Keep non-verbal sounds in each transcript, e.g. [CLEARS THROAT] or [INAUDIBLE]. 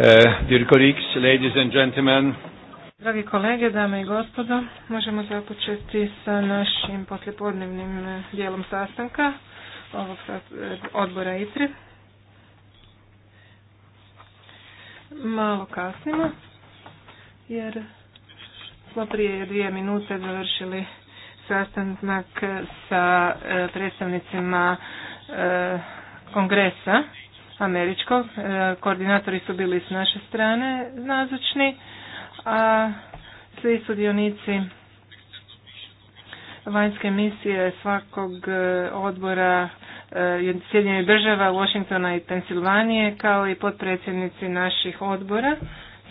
Eh, dear colleagues, ladies and gentlemen. Dragi kolege, dame i gospodo, možemo započeti sa našim poslijepodnevnim eh, dijelom sastanka ovog eh, odbora ITRI. Malo kasnimo, jer smo prije dvije minute završili sastanak sa predstavnicima kongresa američkog. E, koordinatori su bili s naše strane nazočni, a svi sudionici vanjske misije svakog e, odbora e, Sjedinjenih država, Washingtona i Pensilvanije, kao i potpredsjednici naših odbora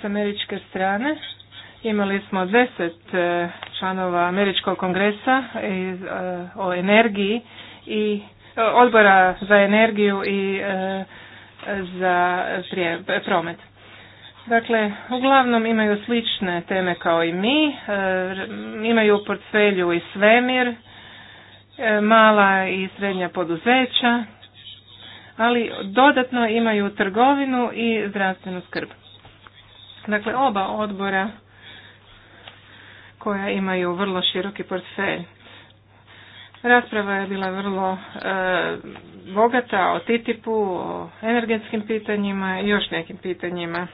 s američke strane. Imali smo deset članova Američkog kongresa o energiji i odbora za energiju i za promet. Dakle, uglavnom imaju slične teme kao i mi, e, imaju u portfelju i svemir, e, mala i srednja poduzeća, ali dodatno imaju trgovinu i zdravstvenu skrb. Dakle, oba odbora koja imaju vrlo široki portfelj. Rasprava je bila vrlo e, bogata o TTIP-u, o energetskim pitanjima i još nekim pitanjima.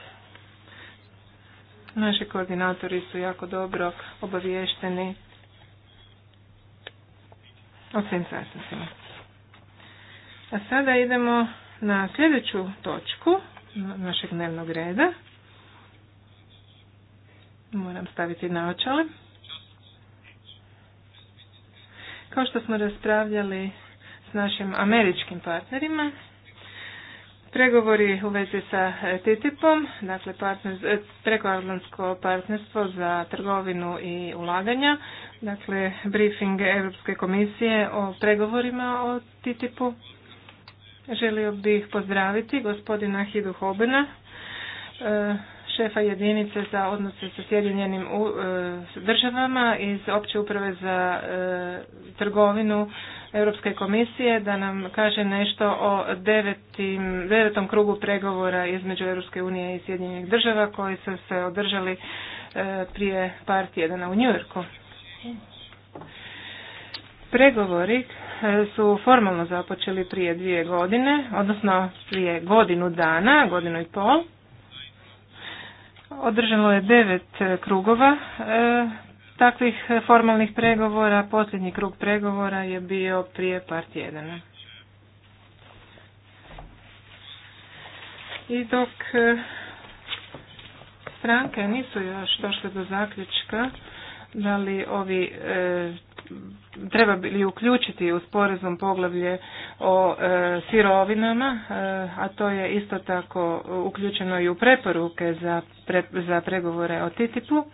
Naši koordinatori su jako dobro obaviješteni o svim sastancima. A sada idemo na sljedeću točku našeg dnevnog reda. Moram staviti na očale. Kao što smo raspravljali s našim američkim partnerima, Pregovori u vezi sa TTIP-om, dakle eh, partnerstvo za trgovinu i ulaganja, dakle briefing Europske komisije o pregovorima o TTIP-u. Želio bih pozdraviti gospodina Hidu Hobena, eh, šefa jedinice za odnose sa Sjedinjenim e, državama iz opće uprave za e, trgovinu Europske komisije da nam kaže nešto o devetim, devetom krugu pregovora između Europske unije i Sjedinjenih država koji su se održali e, prije par tjedana u Njujorku. Pregovori su formalno započeli prije dvije godine, odnosno prije godinu dana, godinu i pol Održalo je devet e, krugova e, takvih formalnih pregovora. Posljednji krug pregovora je bio prije par tjedana. I dok e, stranke nisu još došle do zaključka da li ovi treba bili uključiti u sporazum poglavlje o e, sirovinama, e, a to je isto tako uključeno i u preporuke za, pre, za pregovore o TTIP-u.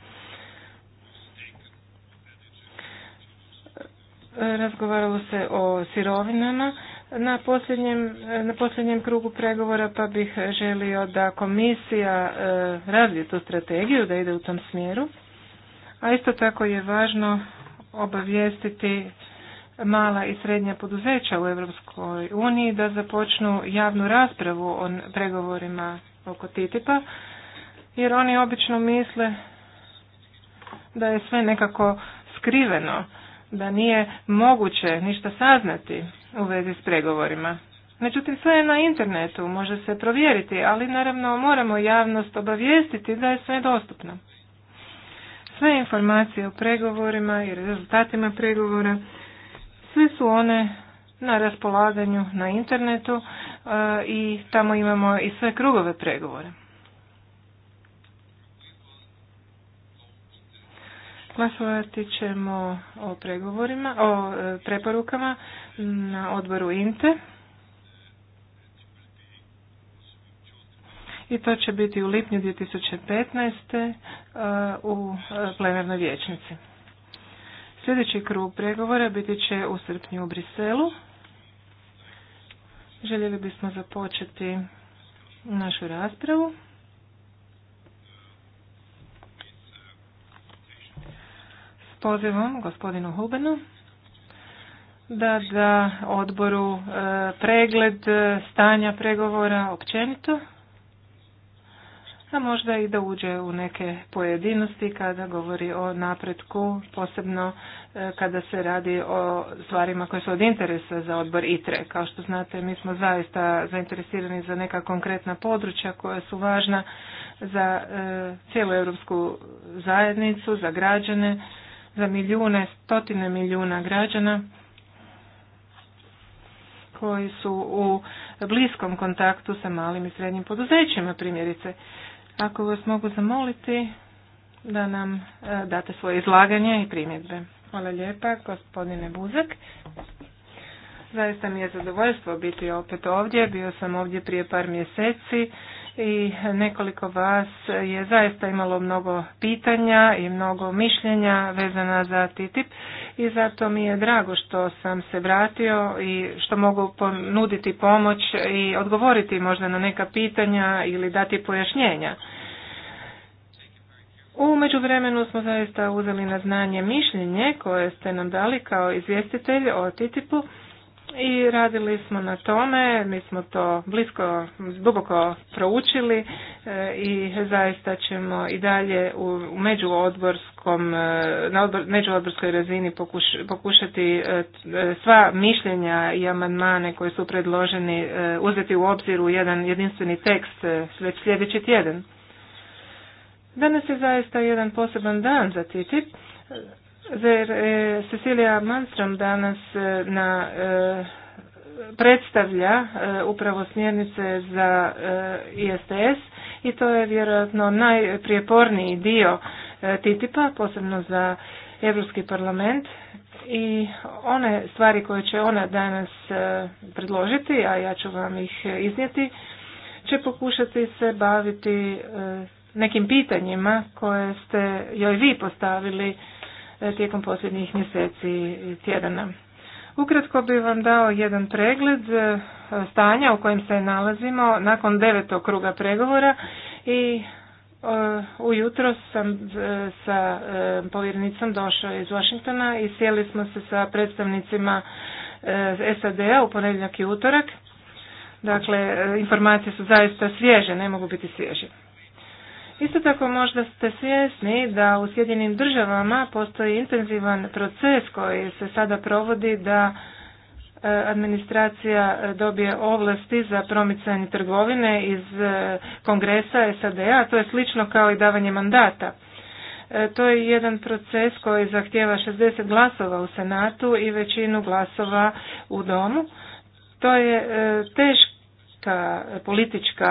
razgovaralo se o sirovinama na posljednjem, na posljednjem krugu pregovora pa bih želio da komisija e, razvije tu strategiju da ide u tom smjeru. A isto tako je važno obavijestiti mala i srednja poduzeća u Europskoj uniji da započnu javnu raspravu o pregovorima oko TTIP-a, jer oni obično misle da je sve nekako skriveno, da nije moguće ništa saznati u vezi s pregovorima. Međutim, sve je na internetu, može se provjeriti, ali naravno moramo javnost obavijestiti da je sve dostupno. Sve informacije o pregovorima i rezultatima pregovora, sve su one na raspolaganju na internetu e, i tamo imamo i sve krugove pregovora. Glasovati ćemo o pregovorima, o e, preporukama na odboru INTE. i to će biti u lipnju 2015. E, u e, plenarnoj vječnici. Sljedeći krug pregovora biti će u srpnju u Briselu. Željeli bismo započeti našu raspravu. S pozivom gospodinu Hubenu da da odboru e, pregled stanja pregovora općenito a možda i da uđe u neke pojedinosti kada govori o napretku, posebno e, kada se radi o stvarima koje su od interesa za odbor ITRE. Kao što znate, mi smo zaista zainteresirani za neka konkretna područja koja su važna za e, cijelu europsku zajednicu, za građane, za milijune, stotine milijuna građana koji su u bliskom kontaktu sa malim i srednjim poduzećima primjerice. Ako vas mogu zamoliti da nam e, date svoje izlaganje i primjedbe. Hvala lijepa, gospodine Buzak. Zaista mi je zadovoljstvo biti opet ovdje. Bio sam ovdje prije par mjeseci i nekoliko vas je zaista imalo mnogo pitanja i mnogo mišljenja vezana za TTIP i zato mi je drago što sam se vratio i što mogu ponuditi pomoć i odgovoriti možda na neka pitanja ili dati pojašnjenja. U međuvremenu smo zaista uzeli na znanje mišljenje koje ste nam dali kao izvjestitelj o TTIP-u i radili smo na tome, mi smo to blisko, duboko proučili e, i zaista ćemo i dalje u međuodborskom, e, na odbor, međuodborskoj razini pokuš, pokušati e, sva mišljenja i amandmane koji su predloženi uzeti u obzir u jedan jedinstveni tekst već sljedeći tjedan. Danas je zaista jedan poseban dan za TTIP e, Cecilija Manstrom danas e, na e, predstavlja e, upravo smjernice za ISTS i to je vjerojatno najprijeporniji dio TTIP-a, posebno za Europski parlament i one stvari koje će ona danas predložiti, a ja ću vam ih iznijeti, će pokušati se baviti nekim pitanjima koje ste joj vi postavili tijekom posljednjih mjeseci tjedana. Ukratko bih vam dao jedan pregled e, stanja u kojem se nalazimo nakon devetog kruga pregovora i e, ujutro sam e, sa povjernicom došao iz Washingtona i sjeli smo se sa predstavnicima SAD-a u ponedjeljak i utorak. Dakle, informacije su zaista svježe, ne mogu biti svježe. Isto tako možda ste svjesni da u Sjedinim državama postoji intenzivan proces koji se sada provodi da e, administracija dobije ovlasti za promicanje trgovine iz e, kongresa SAD-a, to je slično kao i davanje mandata. E, to je jedan proces koji zahtjeva 60 glasova u Senatu i većinu glasova u domu. To je teško teška politička,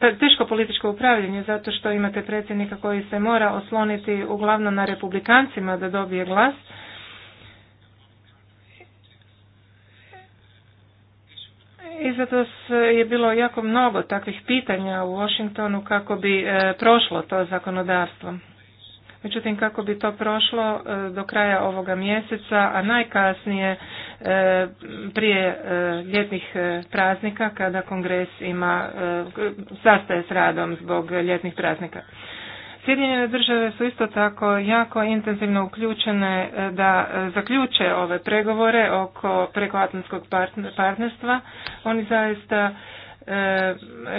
e, teško političko upravljanje zato što imate predsjednika koji se mora osloniti uglavnom na republikancima da dobije glas. I zato je bilo jako mnogo takvih pitanja u Washingtonu kako bi e, prošlo to zakonodavstvo. Međutim, kako bi to prošlo e, do kraja ovoga mjeseca, a najkasnije prije e, ljetnih e, praznika kada kongres ima e, sastaje s radom zbog ljetnih praznika. Sjedinjene države su isto tako jako intenzivno uključene da zaključe ove pregovore oko prekoatlantskog partnerstva. Oni zaista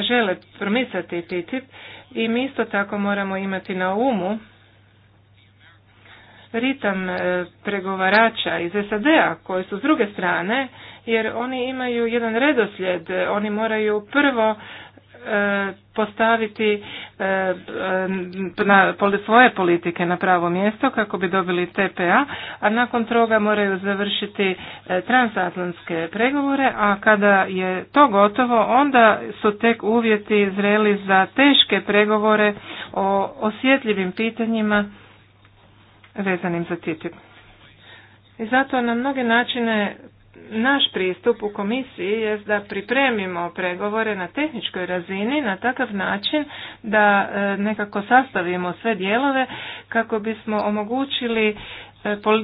žele promicati TTIP i mi isto tako moramo imati na umu ritam e, pregovarača iz SAD-a koji su s druge strane jer oni imaju jedan redoslijed, oni moraju prvo e, postaviti e, na svoje politike na pravo mjesto kako bi dobili TPA, a nakon toga moraju završiti transatlantske pregovore, a kada je to gotovo onda su tek uvjeti zreli za teške pregovore o osjetljivim pitanjima vezanim za TTIP. I zato na mnoge načine naš pristup u komisiji je da pripremimo pregovore na tehničkoj razini na takav način da e, nekako sastavimo sve dijelove kako bismo omogućili e,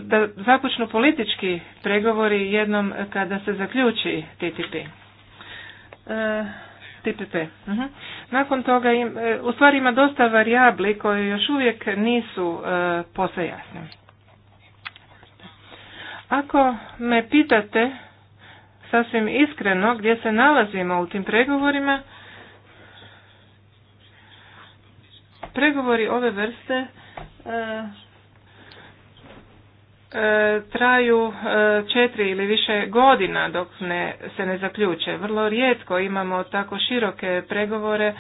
da započnu politički pregovori jednom kada se zaključi TTP. E, TPP. Mhm. Nakon toga, im, e, u stvari ima dosta varijabli koje još uvijek nisu e, posve jasne. Ako me pitate sasvim iskreno gdje se nalazimo u tim pregovorima, pregovori ove vrste e, E, traju e, četiri ili više godina dok ne, se ne zaključe. Vrlo rijetko imamo tako široke pregovore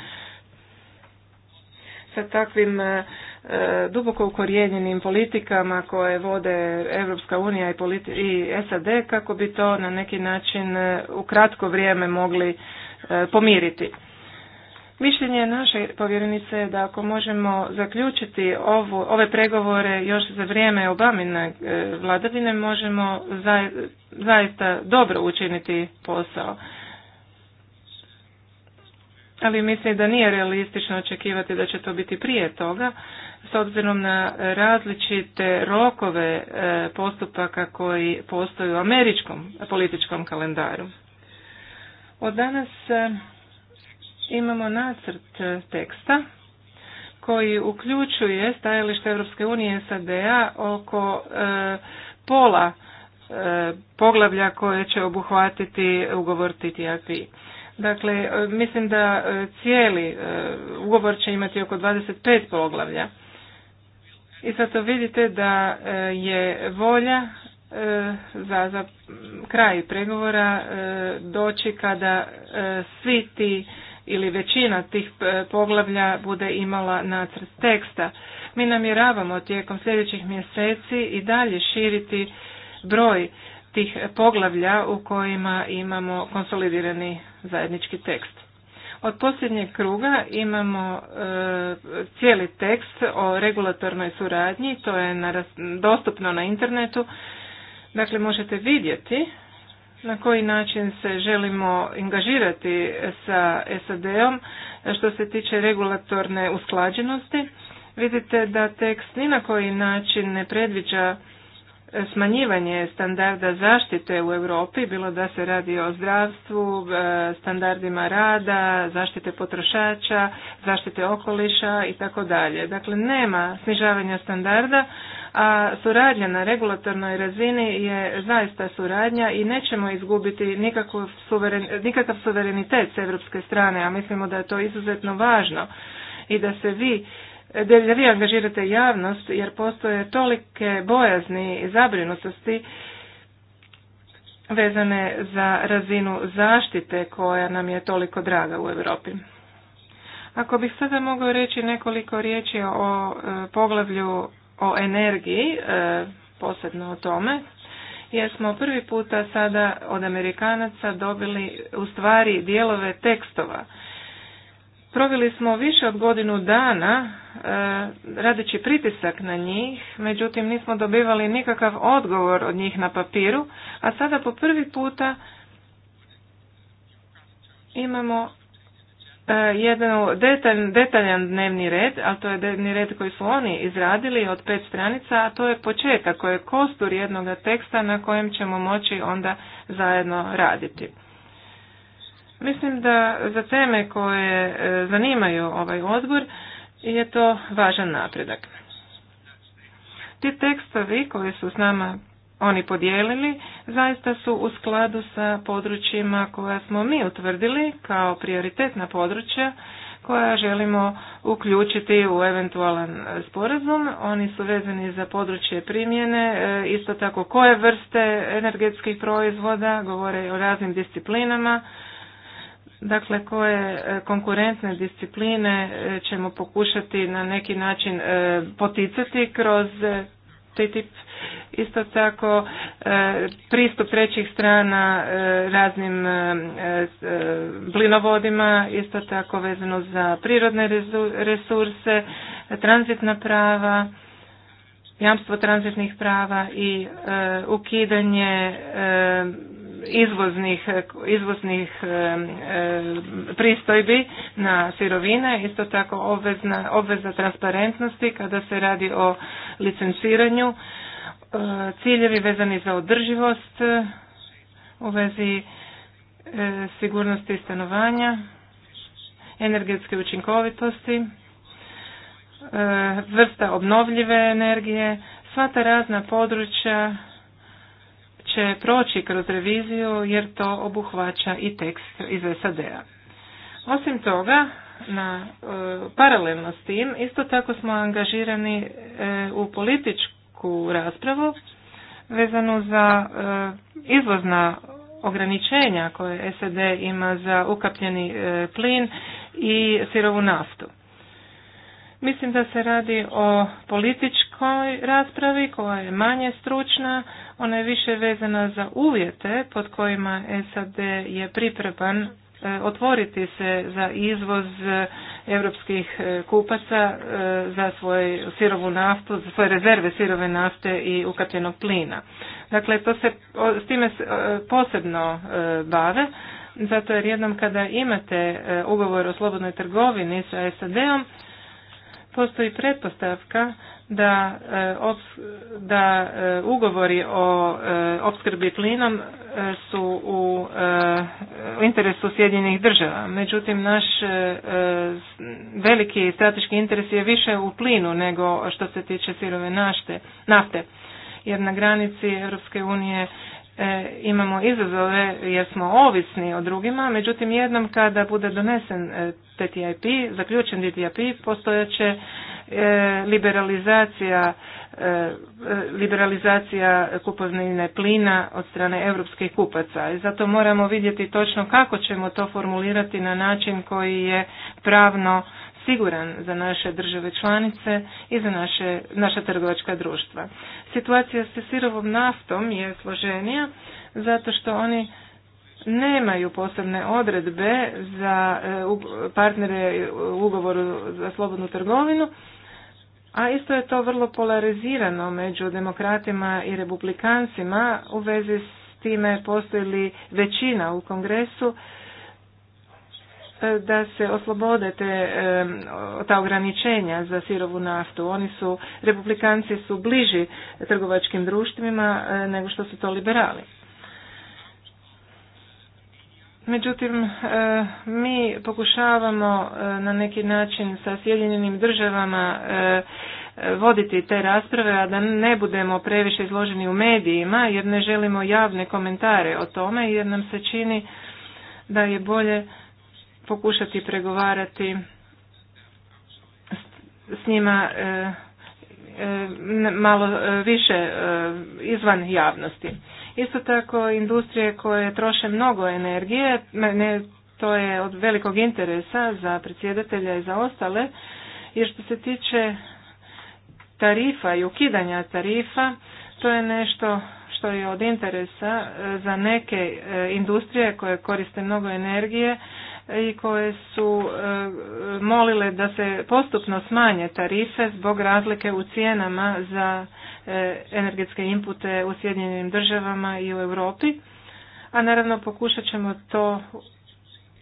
sa takvim e, duboko ukorijenjenim politikama koje vode Europska unija i, i SAD kako bi to na neki način u kratko vrijeme mogli pomiriti. Mišljenje naše povjerenice je da ako možemo zaključiti ovu, ove pregovore još za vrijeme Obamine e, vladavine, možemo zaista dobro učiniti posao. Ali mislim da nije realistično očekivati da će to biti prije toga, s obzirom na različite rokove e, postupaka koji postoju u američkom političkom kalendaru. Od danas e, imamo nacrt teksta koji uključuje stajalište Europske unije SAD-a oko e, pola e, poglavlja koje će obuhvatiti ugovor TTIP. Dakle, e, mislim da cijeli ugovor će imati oko 25 poglavlja. I zato vidite da je volja za, za kraj pregovora doći kada svi ti ili većina tih e, poglavlja bude imala nacrt teksta. Mi namjeravamo tijekom sljedećih mjeseci i dalje širiti broj tih poglavlja u kojima imamo konsolidirani zajednički tekst. Od posljednjeg kruga imamo e, cijeli tekst o regulatornoj suradnji, to je na, dostupno na internetu. Dakle, možete vidjeti na koji način se želimo angažirati sa SAD-om što se tiče regulatorne usklađenosti. Vidite da tekst ni na koji način ne predviđa smanjivanje standarda zaštite u Europi, bilo da se radi o zdravstvu, e, standardima rada, zaštite potrošača, zaštite okoliša i tako dalje. Dakle, nema snižavanja standarda, a suradnja na regulatornoj razini je zaista suradnja i nećemo izgubiti nikakav, suveren, nikakav suverenitet s europske strane, a mislimo da je to izuzetno važno i da se vi da vi angažirate javnost jer postoje tolike bojazni i zabrinutosti vezane za razinu zaštite koja nam je toliko draga u Europi. Ako bih sada mogao reći nekoliko riječi o e, poglavlju o energiji, e, posebno o tome, jer smo prvi puta sada od Amerikanaca dobili u stvari dijelove tekstova. Proveli smo više od godinu dana e, radeći pritisak na njih, međutim nismo dobivali nikakav odgovor od njih na papiru, a sada po prvi puta imamo E, jedan detalj, detaljan dnevni red, ali to je dnevni red koji su oni izradili od pet stranica, a to je početak koji je kostur jednog teksta na kojem ćemo moći onda zajedno raditi. Mislim da za teme koje e, zanimaju ovaj odbor je to važan napredak. Ti tekstovi koji su s nama oni podijelili zaista su u skladu sa područjima koja smo mi utvrdili kao prioritetna područja koja želimo uključiti u eventualan sporazum. Oni su vezani za područje primjene, e, isto tako koje vrste energetskih proizvoda, govore o raznim disciplinama, dakle koje e, konkurentne discipline e, ćemo pokušati na neki način poticati kroz TTIP. Isto tako e, pristup trećih strana e, raznim e, plinovodima, isto tako vezano za prirodne resurse, tranzitna prava, jamstvo tranzitnih prava i ukidanje izvoznih, izvoznih e, e, pristojbi na sirovine, isto tako obvezna, obveza transparentnosti kada se radi o licenciranju, e, ciljevi vezani za održivost u vezi sigurnosti stanovanja, energetske učinkovitosti, vrsta obnovljive energije, sva ta razna područja će proći kroz reviziju jer to obuhvaća i tekst iz SAD-a. Osim toga, na e, paralelno s tim, isto tako smo angažirani e, u političku raspravu vezanu za e, izvozna ograničenja koje SAD ima za ukapljeni e, plin i sirovu naftu. Mislim da se radi o političkoj raspravi koja je manje stručna, ona je više vezana za uvjete pod kojima SAD je pripreban e, otvoriti se za izvoz europskih e, kupaca e, za svoju sirovu naftu, za svoje rezerve sirove nafte i ukapljenog plina. Dakle, to se, s time posebno bave, zato jer jednom kada imate ugovor o slobodnoj trgovini sa SAD-om, postoji pretpostavka da, e, da e, ugovori o e, opskrbi plinom su u interesu Sjedinjenih država. Međutim, naš veliki strateški interes je više u plinu nego što se tiče sirove nafte. Jer na granici Europske unije E, imamo izazove jer smo ovisni o drugima, međutim jednom kada bude donesen e, TTIP, zaključen TTIP, postojeće e, liberalizacija liberalizacija kupovnine plina od strane europskih kupaca i zato moramo vidjeti točno kako ćemo to formulirati na način koji je pravno siguran za naše države članice i za naše, naša trgovačka društva. Situacija sa sirovom naftom je složenija zato što oni nemaju posebne odredbe za e, partnere u ugovoru za slobodnu trgovinu, a isto je to vrlo polarizirano među demokratima i republikancima u vezi s time postoji li većina u kongresu da se oslobode te, ta ograničenja za sirovu naftu. Oni su, republikanci su bliži trgovačkim društvima e, nego što su to liberali. Međutim, e, mi pokušavamo e, na neki način sa Sjedinjenim državama voditi te rasprave, a da ne budemo previše izloženi u medijima, jer ne želimo javne komentare o tome, jer nam se čini da je bolje pokušati pregovarati s njima e, e, malo e, više izvan javnosti. Isto tako industrije koje troše mnogo energije, ne, to je od velikog interesa za predsjedatelja i za ostale, jer što se tiče tarifa i ukidanja tarifa, to je nešto što je od interesa za neke industrije koje koriste mnogo energije i koje su e, molile da se postupno smanje tarife zbog razlike u cijenama za e, energetske impute u Sjedinjenim državama i u Europi. A naravno pokušat ćemo to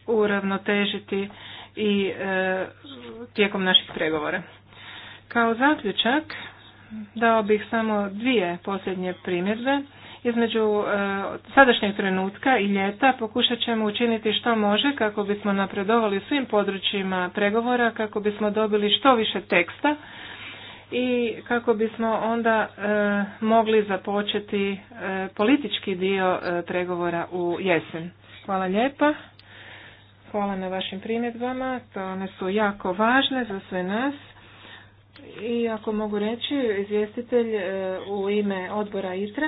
uravnotežiti i e, tijekom naših pregovora. Kao zaključak dao bih samo dvije posljednje primjedbe. Između e, sadašnjeg trenutka i ljeta pokušat ćemo učiniti što može kako bismo napredovali u svim područjima pregovora, kako bismo dobili što više teksta i kako bismo onda e, mogli započeti e, politički dio pregovora u jesen. Hvala lijepa. Hvala na vašim primjedbama, to one su jako važne za sve nas. I ako mogu reći, izvjestitelj u ime odbora ITRE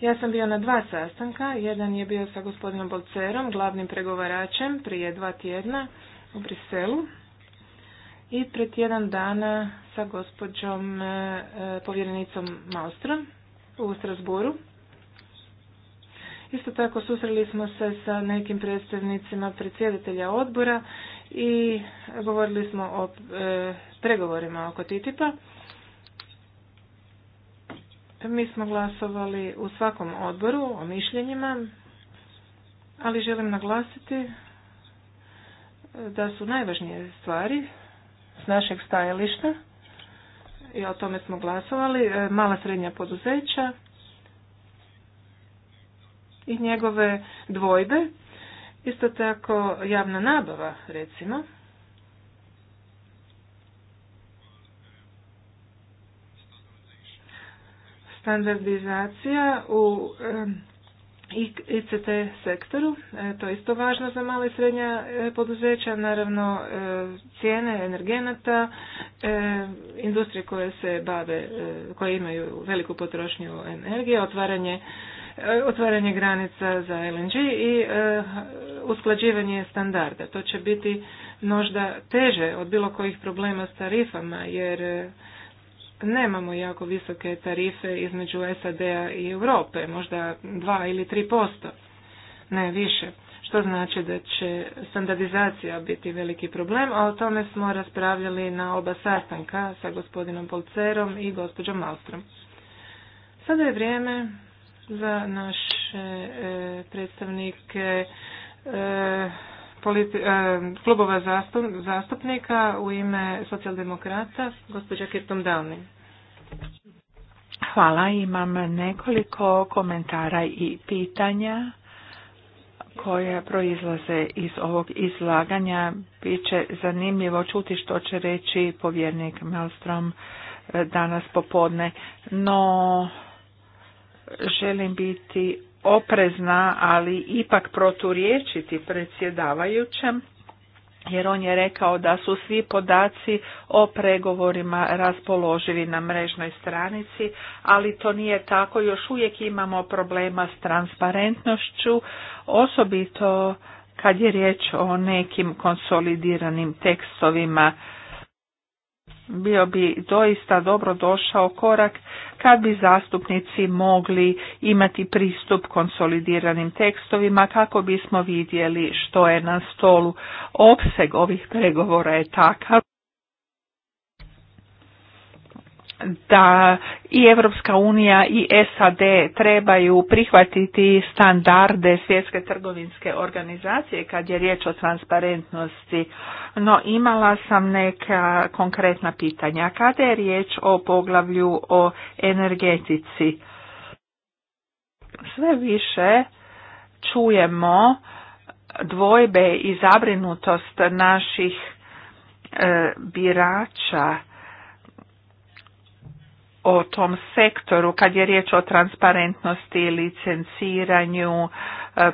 ja sam bio na dva sastanka, jedan je bio sa gospodinom Bolcerom, glavnim pregovaračem, prije dva tjedna u Briselu i pred tjedan dana sa gospođom e, povjerenicom Maustrom u Strasburu. Isto tako susreli smo se sa nekim predstavnicima predsjedatelja odbora i govorili smo o e, pregovorima oko TTIP-a. Mi smo glasovali u svakom odboru o mišljenjima, ali želim naglasiti e, da su najvažnije stvari s našeg stajališta i o tome smo glasovali, e, mala srednja poduzeća i njegove dvojbe, isto tako javna nabava recimo. standardizacija u ICT sektoru. E, to je isto važno za male i srednja e, poduzeća, naravno e, cijene energenata, industrije koje se bave, koje imaju veliku potrošnju energije, otvaranje otvaranje granica za LNG i usklađivanje standarda. To će biti možda teže od bilo kojih problema s tarifama jer nemamo jako visoke tarife između SAD-a i Europe, možda 2 ili 3%, ne više. Što znači da će standardizacija biti veliki problem, a o tome smo raspravljali na oba sastanka sa gospodinom Polcerom i gospođom Malstrom. Sada je vrijeme za naše e, predstavnike e, E, klubova zastupnika u ime socijaldemokrata, gospođa Kirtom dalni Hvala, imam nekoliko komentara i pitanja koje proizlaze iz ovog izlaganja. Biće zanimljivo čuti što će reći povjernik Melstrom e, danas popodne, no želim biti oprezna, ali ipak proturječiti predsjedavajućem, jer on je rekao da su svi podaci o pregovorima raspoloživi na mrežnoj stranici, ali to nije tako, još uvijek imamo problema s transparentnošću, osobito kad je riječ o nekim konsolidiranim tekstovima bio bi doista dobro došao korak kad bi zastupnici mogli imati pristup konsolidiranim tekstovima kako bismo vidjeli što je na stolu. Opseg ovih pregovora je takav da i Evropska unija i SAD trebaju prihvatiti standarde svjetske trgovinske organizacije kad je riječ o transparentnosti, no imala sam neka konkretna pitanja. Kada je riječ o poglavlju o energetici? Sve više čujemo dvojbe i zabrinutost naših e, birača o tom sektoru kad je riječ o transparentnosti, licenciranju, eh,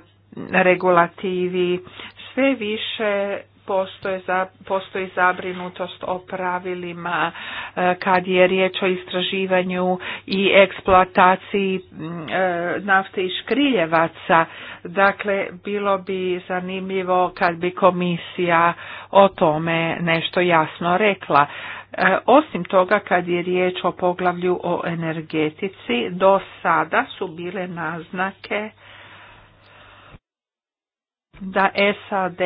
regulativi, sve više postoji zabrinutost o pravilima e, kad je riječ o istraživanju i eksploataciji e, nafte i škriljevaca. Dakle, bilo bi zanimljivo kad bi komisija o tome nešto jasno rekla. E, osim toga, kad je riječ o poglavlju o energetici, do sada su bile naznake da SAD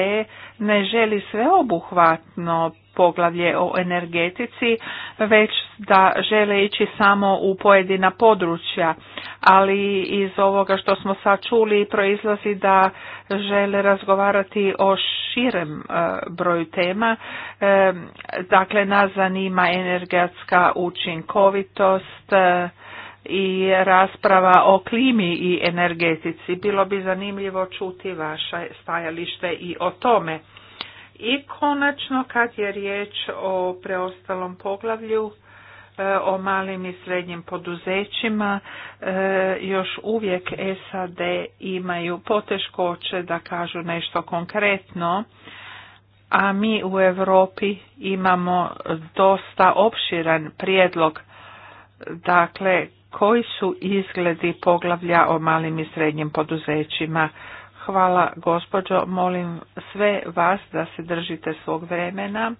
ne želi sveobuhvatno poglavlje o energetici, već da žele ići samo u pojedina područja. Ali iz ovoga što smo sad čuli proizlazi da žele razgovarati o širem e, broju tema. E, dakle, nas zanima energetska učinkovitost, e, i rasprava o klimi i energetici. Bilo bi zanimljivo čuti vaše stajalište i o tome. I konačno kad je riječ o preostalom poglavlju, e, o malim i srednjim poduzećima, e, još uvijek SAD imaju poteškoće da kažu nešto konkretno, a mi u Europi imamo dosta opširan prijedlog Dakle, koji su izgledi poglavlja o malim i srednjim poduzećima. Hvala gospođo, molim sve vas da se držite svog vremena.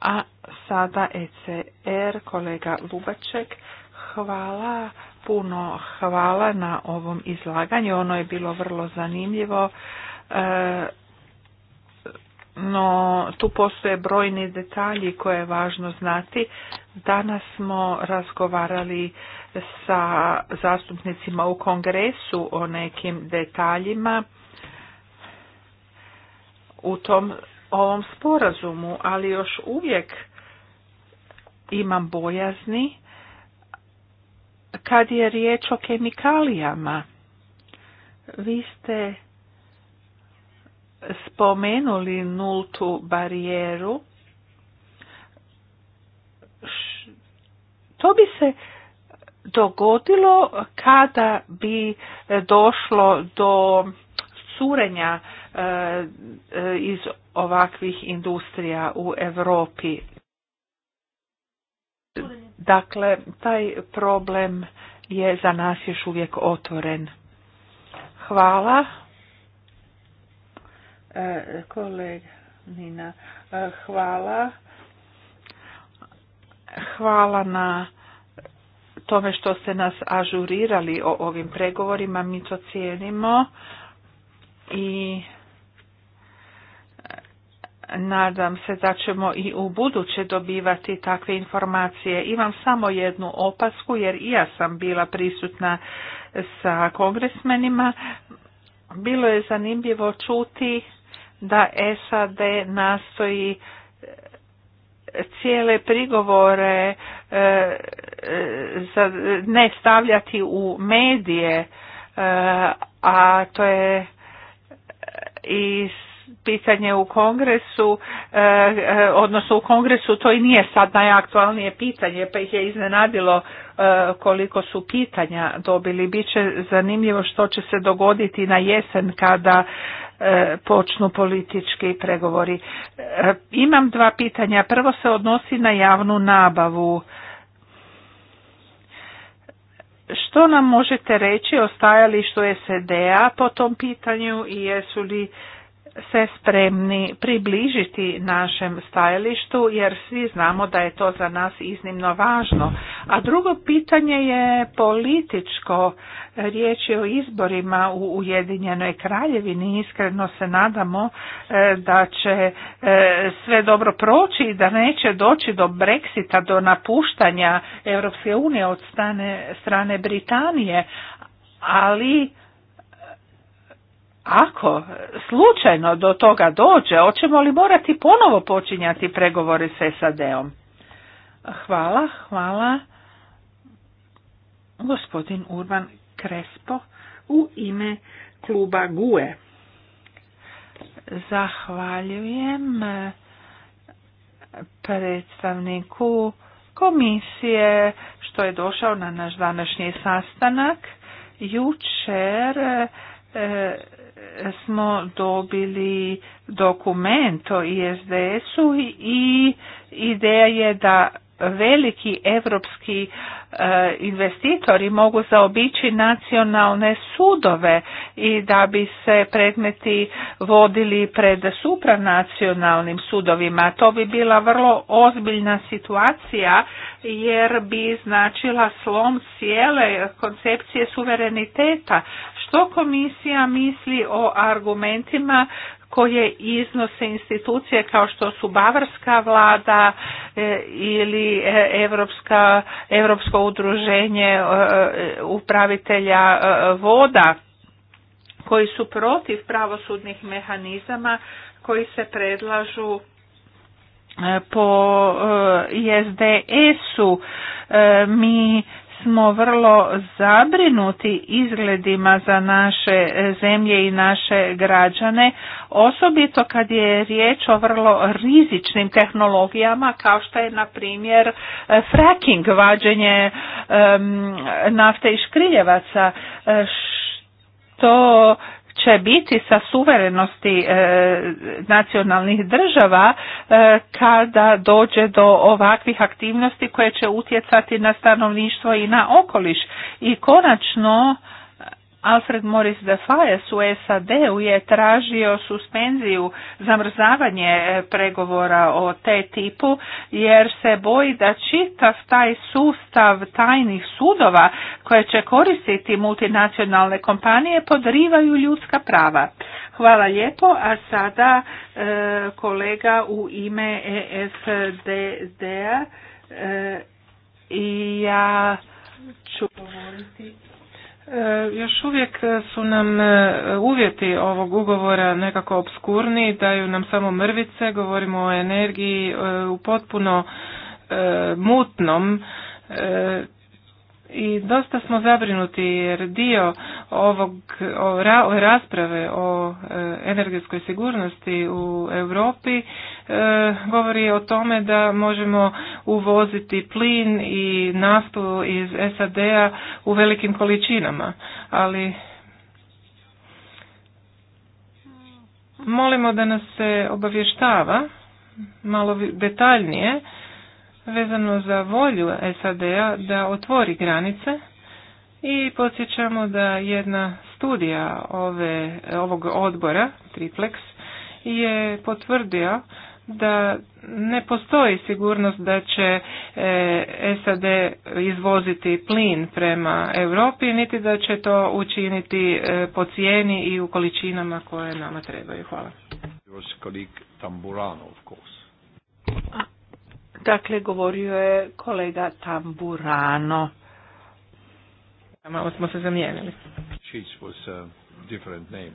A sada ECR, kolega Lubaček, hvala, puno hvala na ovom izlaganju, ono je bilo vrlo zanimljivo. E, no tu postoje brojni detalji koje je važno znati. Danas smo razgovarali sa zastupnicima u kongresu o nekim detaljima u tom ovom sporazumu, ali još uvijek imam bojazni kad je riječ o kemikalijama. Vi ste spomenuli nultu barijeru, to bi se dogodilo kada bi došlo do curenja e, e, iz ovakvih industrija u Europi. Dakle, taj problem je za nas još uvijek otvoren. Hvala kolega Nina. Hvala. Hvala na tome što ste nas ažurirali o ovim pregovorima. Mi to cijenimo i nadam se da ćemo i u buduće dobivati takve informacije. Imam samo jednu opasku jer i ja sam bila prisutna sa kongresmenima. Bilo je zanimljivo čuti da SAD nastoji e, cijele prigovore e, ne stavljati u medije, e, a to je i pitanje u kongresu, e, e, odnosno u kongresu to i nije sad najaktualnije pitanje, pa ih je iznenadilo e, koliko su pitanja dobili. Biće zanimljivo što će se dogoditi na jesen kada počnu politički pregovori. Imam dva pitanja. Prvo se odnosi na javnu nabavu. Što nam možete reći o stajalištu SED-a po tom pitanju i jesu li se spremni približiti našem stajalištu jer svi znamo da je to za nas iznimno važno. A drugo pitanje je političko. Riječ je o izborima u Ujedinjenoj kraljevini. Iskreno se nadamo e, da će e, sve dobro proći i da neće doći do Brexita, do napuštanja Europske unije od strane, strane Britanije. Ali ako slučajno do toga dođe, hoćemo li morati ponovo počinjati pregovore s SAD-om? Hvala, hvala. Gospodin Urban Krespo u ime kluba GUE. Zahvaljujem predstavniku komisije što je došao na naš današnji sastanak. Jučer eh, smo dobili dokument o ISDS-u i ideja je da veliki evropski E, investitori mogu zaobići nacionalne sudove i da bi se predmeti vodili pred supranacionalnim sudovima. To bi bila vrlo ozbiljna situacija jer bi značila slom cijele koncepcije suvereniteta. Što komisija misli o argumentima koje iznose institucije kao što su Bavarska vlada e, ili e, Evropska, Evropsko udruženje e, upravitelja voda koji su protiv pravosudnih mehanizama koji se predlažu po ISDS-u mi smo vrlo zabrinuti izgledima za naše zemlje i naše građane, osobito kad je riječ o vrlo rizičnim tehnologijama kao što je na primjer fracking, vađenje nafte i škriljevaca, što će biti sa suverenosti e, nacionalnih država e, kada dođe do ovakvih aktivnosti koje će utjecati na stanovništvo i na okoliš. I konačno Alfred Morris de u SAD-u je tražio suspenziju zamrzavanje e, pregovora o te tipu jer se boji da čitav taj sustav tajnih sudova koje će koristiti multinacionalne kompanije podrivaju ljudska prava. Hvala lijepo, a sada e, kolega u ime ESDD-a e, i ja ću govoriti E, još uvijek su nam e, uvjeti ovog ugovora nekako obskurni, daju nam samo mrvice, govorimo o energiji e, u potpuno mutnom i dosta smo zabrinuti jer dio ovog rasprave o e, energetskoj sigurnosti u Europi e, govori o tome da možemo uvoziti plin i naftu iz SAD-a u velikim količinama, ali molimo da nas se obavještava malo detaljnije vezano za volju SAD-a da otvori granice i podsjećamo da jedna studija ove, ovog odbora, Triplex, je potvrdio da ne postoji sigurnost da će e, SAD izvoziti plin prema Europi, niti da će to učiniti e, po cijeni i u količinama koje nama trebaju. Hvala. Tamburano, of Dakle, govorio je kolega Tamburano. Malo smo se zamijenili. was different name.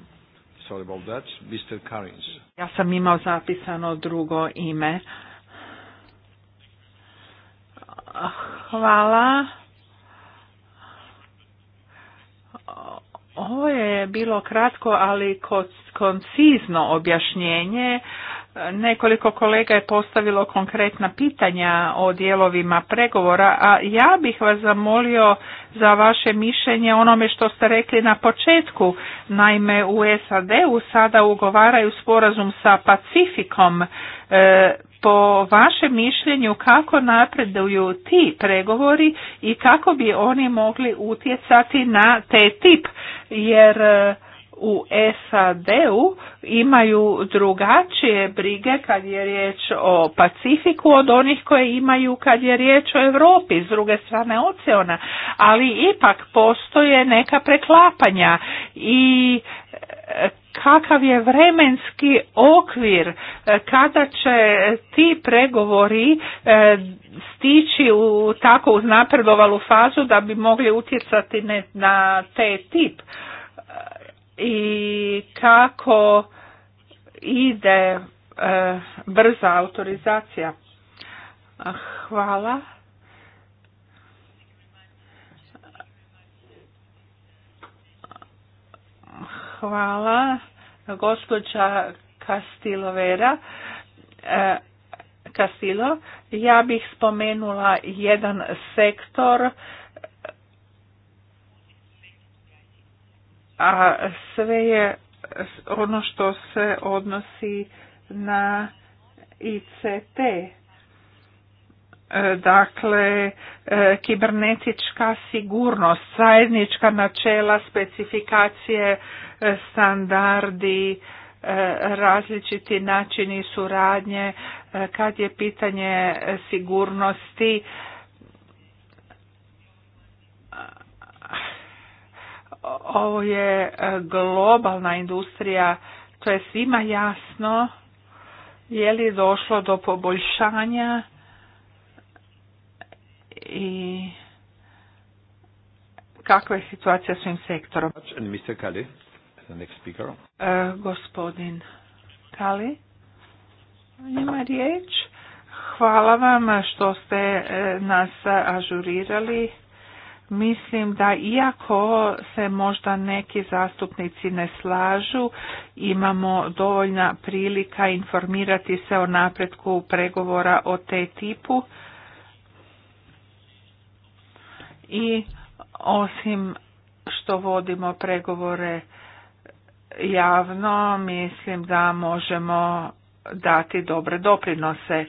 Sorry about that. Mr. Karins. Ja sam imao zapisano drugo ime. Hvala. Ovo je bilo kratko, ali koncizno objašnjenje Nekoliko kolega je postavilo konkretna pitanja o dijelovima pregovora, a ja bih vas zamolio za vaše mišljenje onome što ste rekli na početku. Naime, u SAD-u sada ugovaraju sporazum sa Pacifikom. E, po vašem mišljenju kako napreduju ti pregovori i kako bi oni mogli utjecati na te tip, jer... E, u SAD-u imaju drugačije brige kad je riječ o Pacifiku od onih koje imaju kad je riječ o Europi s druge strane oceana, ali ipak postoje neka preklapanja i e, kakav je vremenski okvir e, kada će ti pregovori e, stići u tako uznapredovalu fazu da bi mogli utjecati na te tip i kako ide e, brza autorizacija. Hvala. Hvala. Gospođa e, Kastilo, ja bih spomenula jedan sektor a sve je ono što se odnosi na ICT. E, dakle, e, kibernetička sigurnost, zajednička načela, specifikacije, e, standardi, različiti načini suradnje kad je pitanje sigurnosti ovo je e, globalna industrija, to je svima jasno je li došlo do poboljšanja i kakva je situacija s ovim sektorom. E, gospodin Kali, ima riječ. Hvala vam što ste e, nas ažurirali. Mislim da iako se možda neki zastupnici ne slažu, imamo dovoljna prilika informirati se o napretku pregovora o te tipu. I osim što vodimo pregovore javno, mislim da možemo dati dobre doprinose.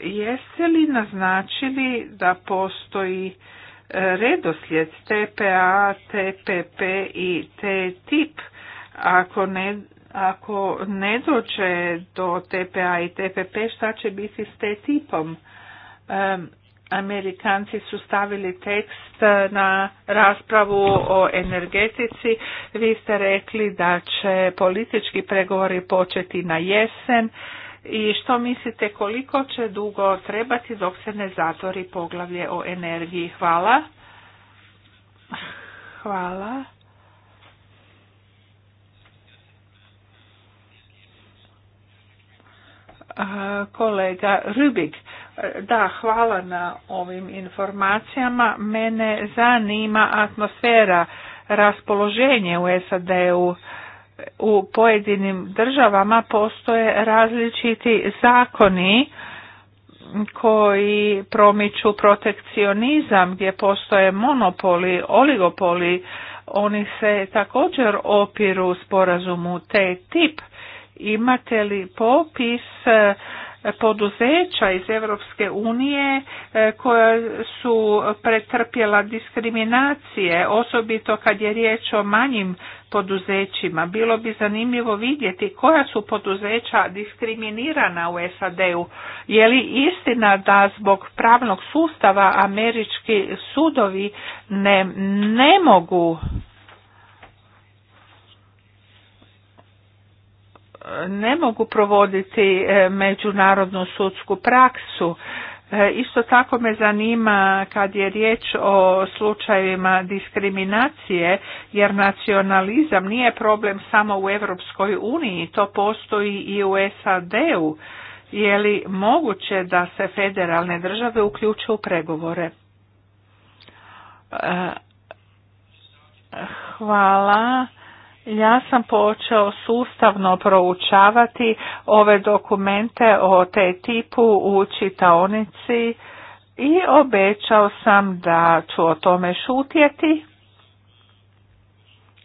Jeste li naznačili da postoji redoslijed TPA, TPP i tip ako ne ako ne dođe do TPA i TPP, šta će biti s te tipom? Amerikanci su stavili tekst na raspravu o energetici. Vi ste rekli da će politički pregovori početi na jesen i što mislite koliko će dugo trebati dok se ne zatvori poglavlje o energiji? Hvala. Hvala. kolega Rubik. Da, hvala na ovim informacijama. Mene zanima atmosfera, raspoloženje u SAD-u u pojedinim državama postoje različiti zakoni koji promiču protekcionizam gdje postoje monopoli, oligopoli, oni se također opiru sporazumu te tip. Imate li popis poduzeća iz Europske unije e, koja su pretrpjela diskriminacije, osobito kad je riječ o manjim poduzećima. Bilo bi zanimljivo vidjeti koja su poduzeća diskriminirana u SAD-u. Je li istina da zbog pravnog sustava američki sudovi ne mogu ne mogu provoditi e, međunarodnu sudsku praksu. E, isto tako me zanima kad je riječ o slučajevima diskriminacije, jer nacionalizam nije problem samo u Europskoj uniji, to postoji i u SAD-u. Je li moguće da se federalne države uključe u pregovore? E, hvala. Ja sam počeo sustavno proučavati ove dokumente o te tipu u čitaonici i obećao sam da ću o tome šutjeti,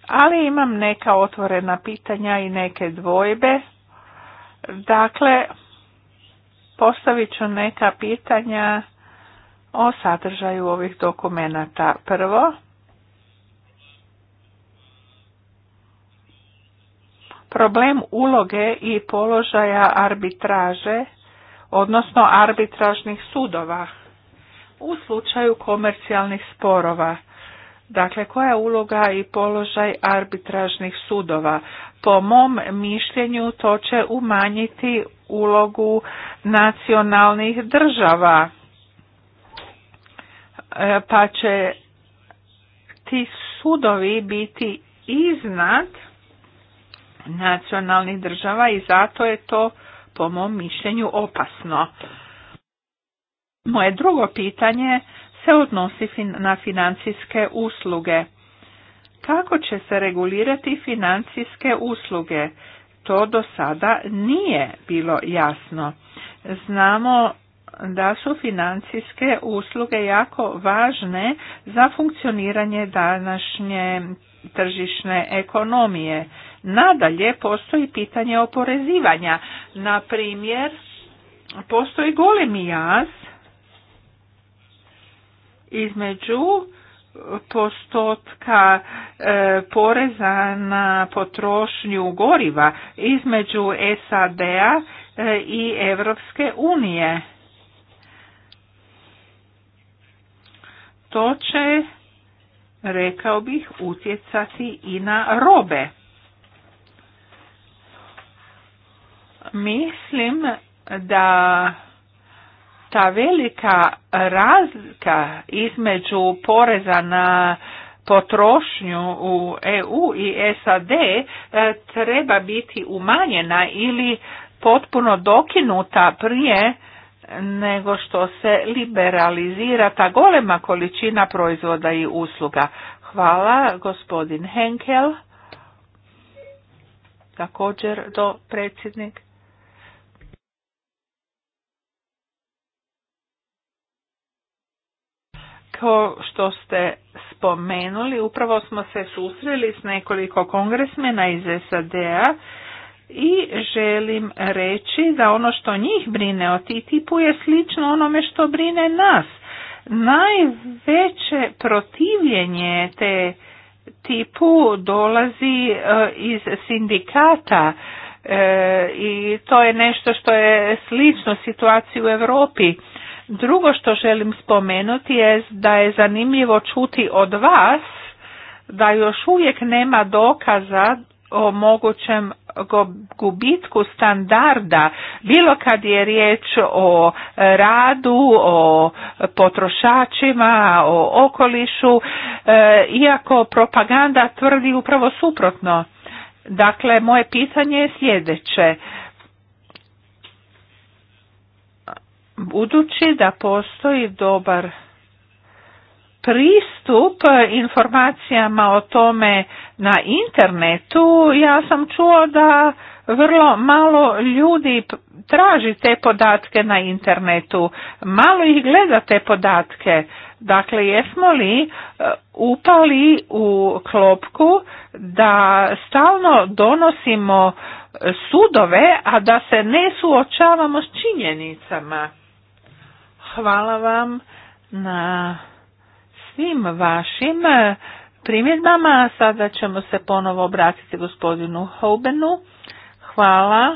ali imam neka otvorena pitanja i neke dvojbe. Dakle, postavit ću neka pitanja o sadržaju ovih dokumenata. Prvo, Problem uloge i položaja arbitraže, odnosno arbitražnih sudova u slučaju komercijalnih sporova. Dakle, koja je uloga i položaj arbitražnih sudova? Po mom mišljenju to će umanjiti ulogu nacionalnih država, e, pa će ti sudovi biti iznad nacionalnih država i zato je to po mom mišljenju opasno. Moje drugo pitanje se odnosi na financijske usluge. Kako će se regulirati financijske usluge? To do sada nije bilo jasno. Znamo da su financijske usluge jako važne za funkcioniranje današnje tržišne ekonomije. Nadalje, postoji pitanje oporezivanja. Na primjer, postoji golemi jaz između postotka e, poreza na potrošnju goriva između SAD-a e, i Europske unije. To će, rekao bih, utjecati i na robe. Mislim da ta velika razlika između poreza na potrošnju u EU i SAD e, treba biti umanjena ili potpuno dokinuta prije nego što se liberalizira ta golema količina proizvoda i usluga. Hvala gospodin Henkel, također do predsjednik. to što ste spomenuli, upravo smo se susreli s nekoliko kongresmena iz SAD-a i želim reći da ono što njih brine o TTIP-u je slično onome što brine nas. Najveće protivljenje te tipu dolazi e, iz sindikata e, i to je nešto što je slično situaciji u Europi. Drugo što želim spomenuti je da je zanimljivo čuti od vas da još uvijek nema dokaza o mogućem gubitku standarda, bilo kad je riječ o radu, o potrošačima, o okolišu, e, iako propaganda tvrdi upravo suprotno. Dakle, moje pitanje je sljedeće. Budući da postoji dobar pristup informacijama o tome na internetu, ja sam čuo da vrlo malo ljudi traži te podatke na internetu, malo ih gleda te podatke. Dakle, jesmo li e, upali u klopku da stalno donosimo sudove, a da se ne suočavamo s činjenicama? hvala vam na svim vašim e, primjedbama. Sada ćemo se ponovo obratiti gospodinu Hobenu. Hvala. E,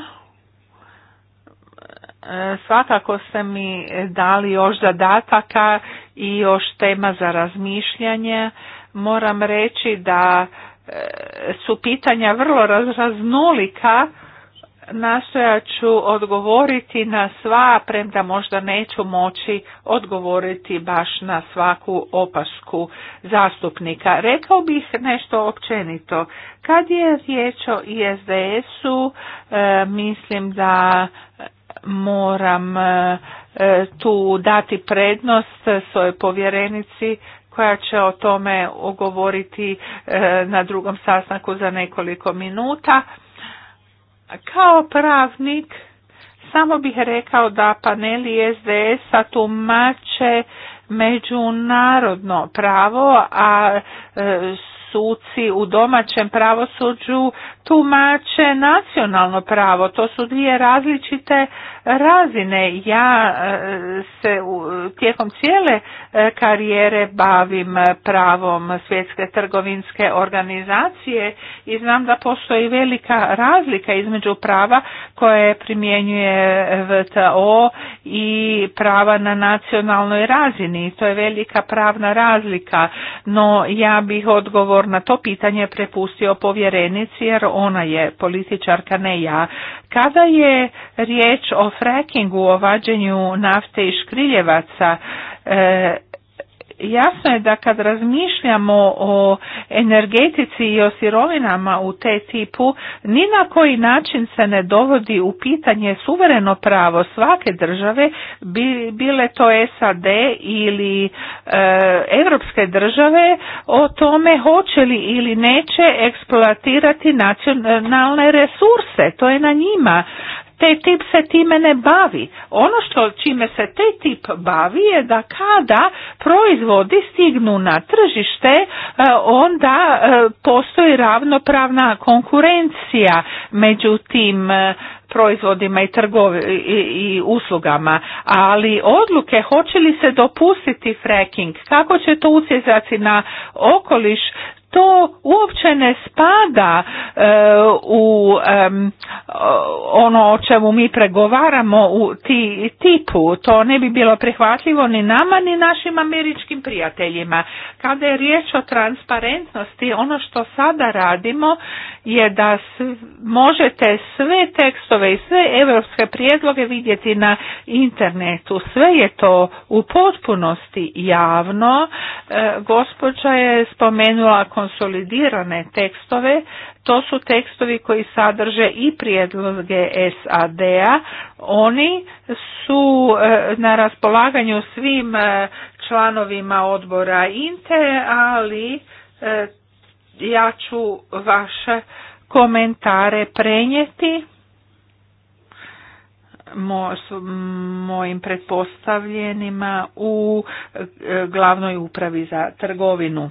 svakako ste mi dali još zadataka i još tema za razmišljanje. Moram reći da e, su pitanja vrlo raznolika nastojat ću odgovoriti na sva, premda možda neću moći odgovoriti baš na svaku opasku zastupnika. Rekao bih nešto općenito. Kad je riječ o ISDS-u, e, mislim da moram e, tu dati prednost svojoj povjerenici koja će o tome ogovoriti e, na drugom sastanku za nekoliko minuta. Kao pravnik samo bih rekao da paneli SDS-a tumače međunarodno pravo, a e, suci u domaćem pravosuđu tumače nacionalno pravo. To su dvije različite razine. Ja e, se tijekom cijele e, karijere bavim e, pravom svjetske trgovinske organizacije i znam da postoji velika razlika između prava koje primjenjuje VTO i prava na nacionalnoj razini. To je velika pravna razlika, no ja bih odgovor na to pitanje prepustio povjerenici jer ona je političarka, ne ja. Kada je riječ o frackingu, o vađenju nafte i škriljevaca, e, jasno je da kad razmišljamo o energetici i o sirovinama u te tipu, ni na koji način se ne dovodi u pitanje suvereno pravo svake države, bile to SAD ili europske države, o tome hoće li ili neće eksploatirati nacionalne resurse. To je na njima. Taj tip se time ne bavi. Ono što čime se taj tip bavi je da kada proizvodi stignu na tržište, e, onda e, postoji ravnopravna konkurencija među tim e, proizvodima i, trgovi, i, i uslugama, ali odluke hoće li se dopustiti fracking, kako će to utjecati na okoliš to uopće ne spada e, u ono o čemu mi pregovaramo u tipu. To ne bi bilo prihvatljivo ni nama ni našim američkim prijateljima. Kada je riječ o transparentnosti, ono što sada radimo je da možete sve tekstove i sve europske prijedloge vidjeti na internetu. Sve je to u potpunosti javno. E, gospođa je spomenula konsolidirane tekstove, to su tekstovi koji sadrže i prijedloge SAD-a, oni su e, na raspolaganju svim e, članovima odbora INTE, ali e, ja ću vaše komentare prenijeti mojim pretpostavljenima u glavnoj upravi za trgovinu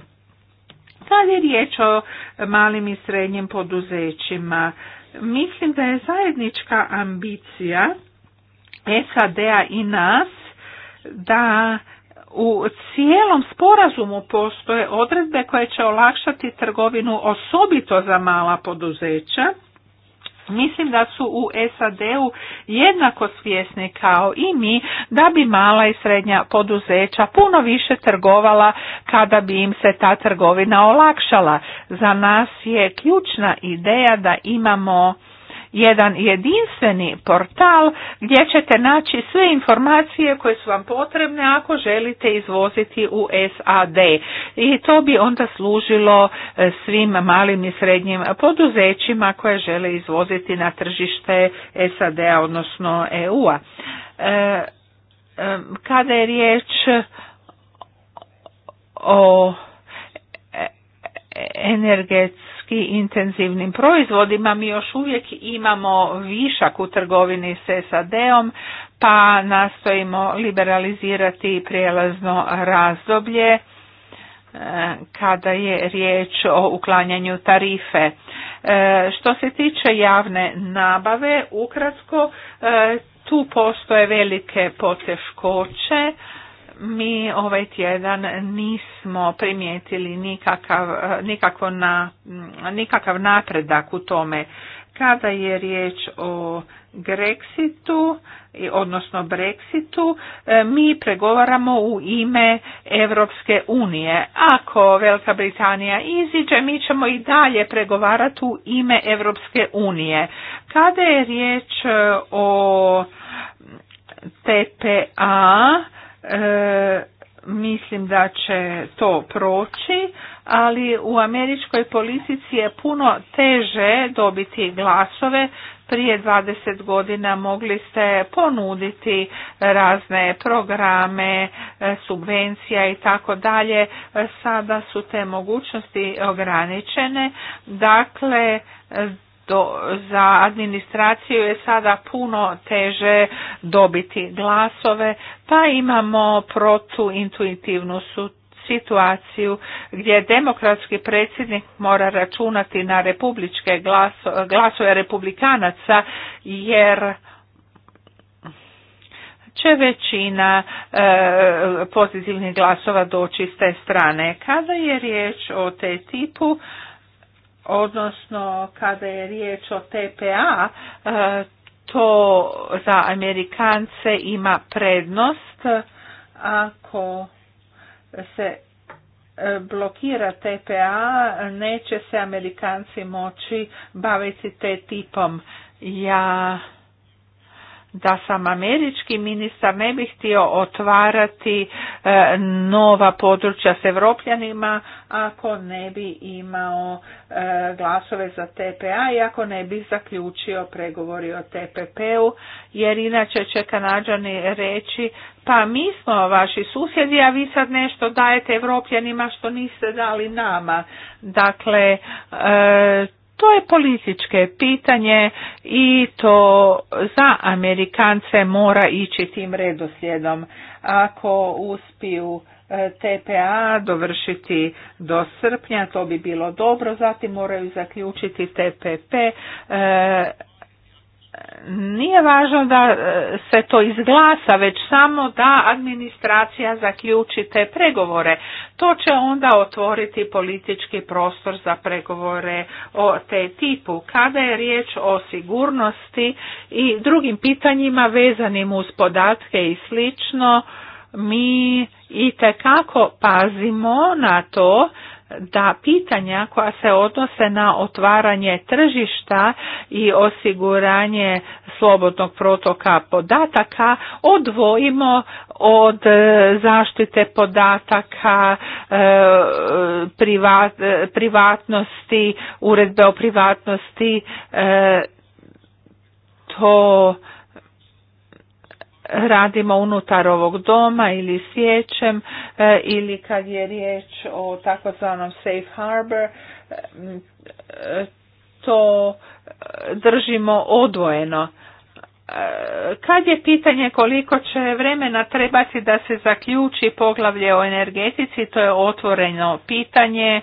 kad je riječ o malim i srednjim poduzećima. Mislim da je zajednička ambicija SAD-a i nas da u cijelom sporazumu postoje odredbe koje će olakšati trgovinu osobito za mala poduzeća Mislim da su u SAD-u jednako svjesni kao i mi da bi mala i srednja poduzeća puno više trgovala kada bi im se ta trgovina olakšala. Za nas je ključna ideja da imamo jedan jedinstveni portal gdje ćete naći sve informacije koje su vam potrebne ako želite izvoziti u SAD. I to bi onda služilo e, svim malim i srednjim poduzećima koje žele izvoziti na tržište sad odnosno EU-a. E, e, kada je riječ o energetskom energetski intenzivnim proizvodima mi još uvijek imamo višak u trgovini s SAD-om pa nastojimo liberalizirati prijelazno razdoblje e, kada je riječ o uklanjanju tarife. E, što se tiče javne nabave, ukratko, e, tu postoje velike poteškoće mi ovaj tjedan nismo primijetili nikakav, nikakav napredak u tome. Kada je riječ o Grexitu, odnosno Brexitu, e, mi pregovaramo u ime Europske unije. Ako Velika Britanija iziđe, mi ćemo i dalje pregovarati u ime Europske unije. Kada je riječ e, o TPA, E, mislim da će to proći, ali u američkoj politici je puno teže dobiti glasove. Prije 20 godina mogli ste ponuditi razne programe, e, subvencija i tako dalje. Sada su te mogućnosti ograničene. Dakle, do, za administraciju je sada puno teže dobiti glasove, pa imamo protuintuitivnu situaciju gdje demokratski predsjednik mora računati na republičke glaso, glasove republikanaca jer će većina e, pozitivnih glasova doći s te strane. Kada je riječ o te tipu, odnosno kada je riječ o TPA, e, to za Amerikance ima prednost ako se e, blokira TPA, neće se Amerikanci moći baviti te tipom. Ja da sam američki ministar ne bi htio otvarati e, nova područja s evropljanima ako ne bi imao e, glasove za TPA i ako ne bi zaključio pregovori o TPP-u jer inače će Kanadžani reći pa mi smo vaši susjedi a vi sad nešto dajete evropljanima što niste dali nama. Dakle e, to je političke pitanje i to za Amerikance mora ići tim redoslijedom. Ako uspiju e, TPA dovršiti do srpnja, to bi bilo dobro, zatim moraju zaključiti TPP, nije važno da e, se to izglasa, već samo da administracija zaključi te pregovore. To će onda otvoriti politički prostor za pregovore o te tipu. Kada je riječ o sigurnosti i drugim pitanjima vezanim uz podatke i slično, mi i kako pazimo na to da pitanja koja se odnose na otvaranje tržišta i osiguranje slobodnog protoka podataka odvojimo od e, zaštite podataka e, e, privatnosti uredbe o privatnosti to radimo unutar ovog doma ili sjećem e, ili kad je riječ o takozvanom safe harbor e, to držimo odvojeno. E, kad je pitanje koliko će vremena trebati da se zaključi poglavlje o energetici, to je otvoreno pitanje,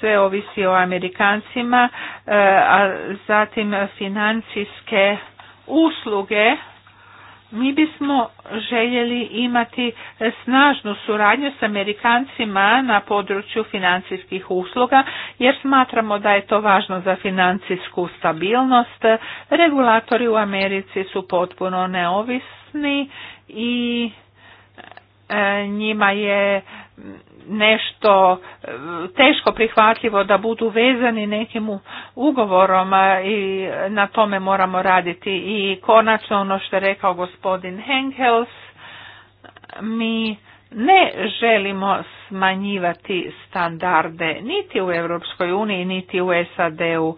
sve ovisi o Amerikancima, a zatim financijske usluge mi bismo željeli imati snažnu suradnju s Amerikancima na području financijskih usluga jer smatramo da je to važno za financijsku stabilnost. Regulatori u Americi su potpuno neovisni i e, njima je nešto e, teško prihvatljivo da budu vezani nekim ugovorom i na tome moramo raditi. I konačno ono što je rekao gospodin Henkels, mi ne želimo smanjivati standarde niti u Europskoj uniji niti u SAD-u.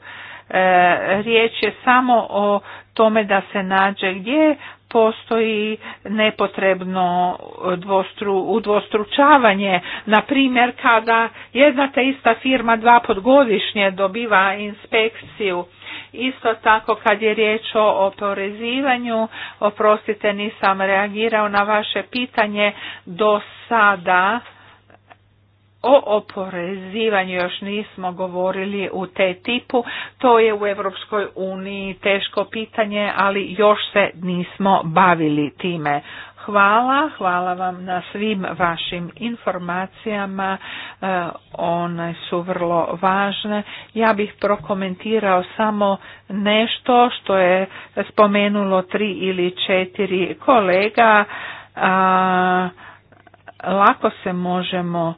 E, riječ je samo o tome da se nađe gdje postoji nepotrebno dvostru, udvostručavanje. Na primjer, kada jedna te ista firma dva podgodišnje dobiva inspekciju, Isto tako kad je riječ o oporezivanju, oprostite nisam reagirao na vaše pitanje do sada o oporezivanju još nismo govorili u te tipu. To je u Europskoj uniji teško pitanje, ali još se nismo bavili time. Hvala, hvala vam na svim vašim informacijama, e, one su vrlo važne. Ja bih prokomentirao samo nešto što je spomenulo tri ili četiri kolega. Lako se možemo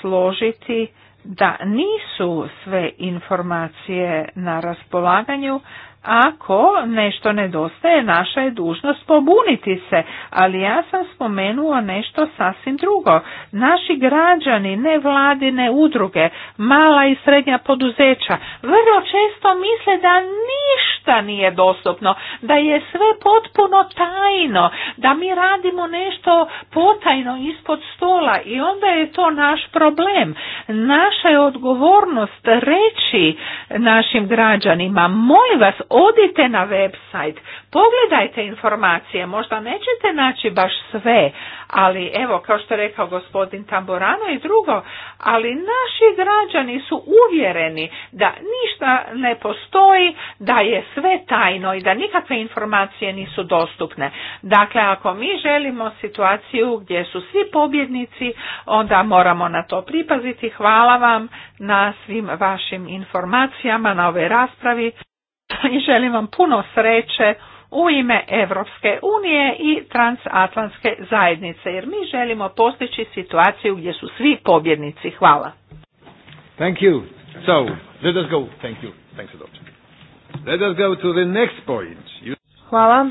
složiti da nisu sve informacije na raspolaganju, ako nešto nedostaje, naša je dužnost pobuniti se, ali ja sam spomenula nešto sasvim drugo. Naši građani, nevladine udruge, mala i srednja poduzeća, vrlo često misle da ništa nije dostupno, da je sve potpuno tajno, da mi radimo nešto potajno ispod stola i onda je to naš problem. Naša je odgovornost reći našim građanima, moj vas odite na website, pogledajte informacije, možda nećete naći baš sve, ali evo kao što je rekao gospodin Tamborano i drugo, ali naši građani su uvjereni da ništa ne postoji, da je sve tajno i da nikakve informacije nisu dostupne. Dakle, ako mi želimo situaciju gdje su svi pobjednici, onda moramo na to pripaziti. Hvala vam na svim vašim informacijama, na ovoj raspravi i želim vam puno sreće u ime Evropske unije i transatlantske zajednice, jer mi želimo postići situaciju gdje su svi pobjednici. Hvala. Thank you. So, go. Thank you. Thanks go to the next point. You... Hvala.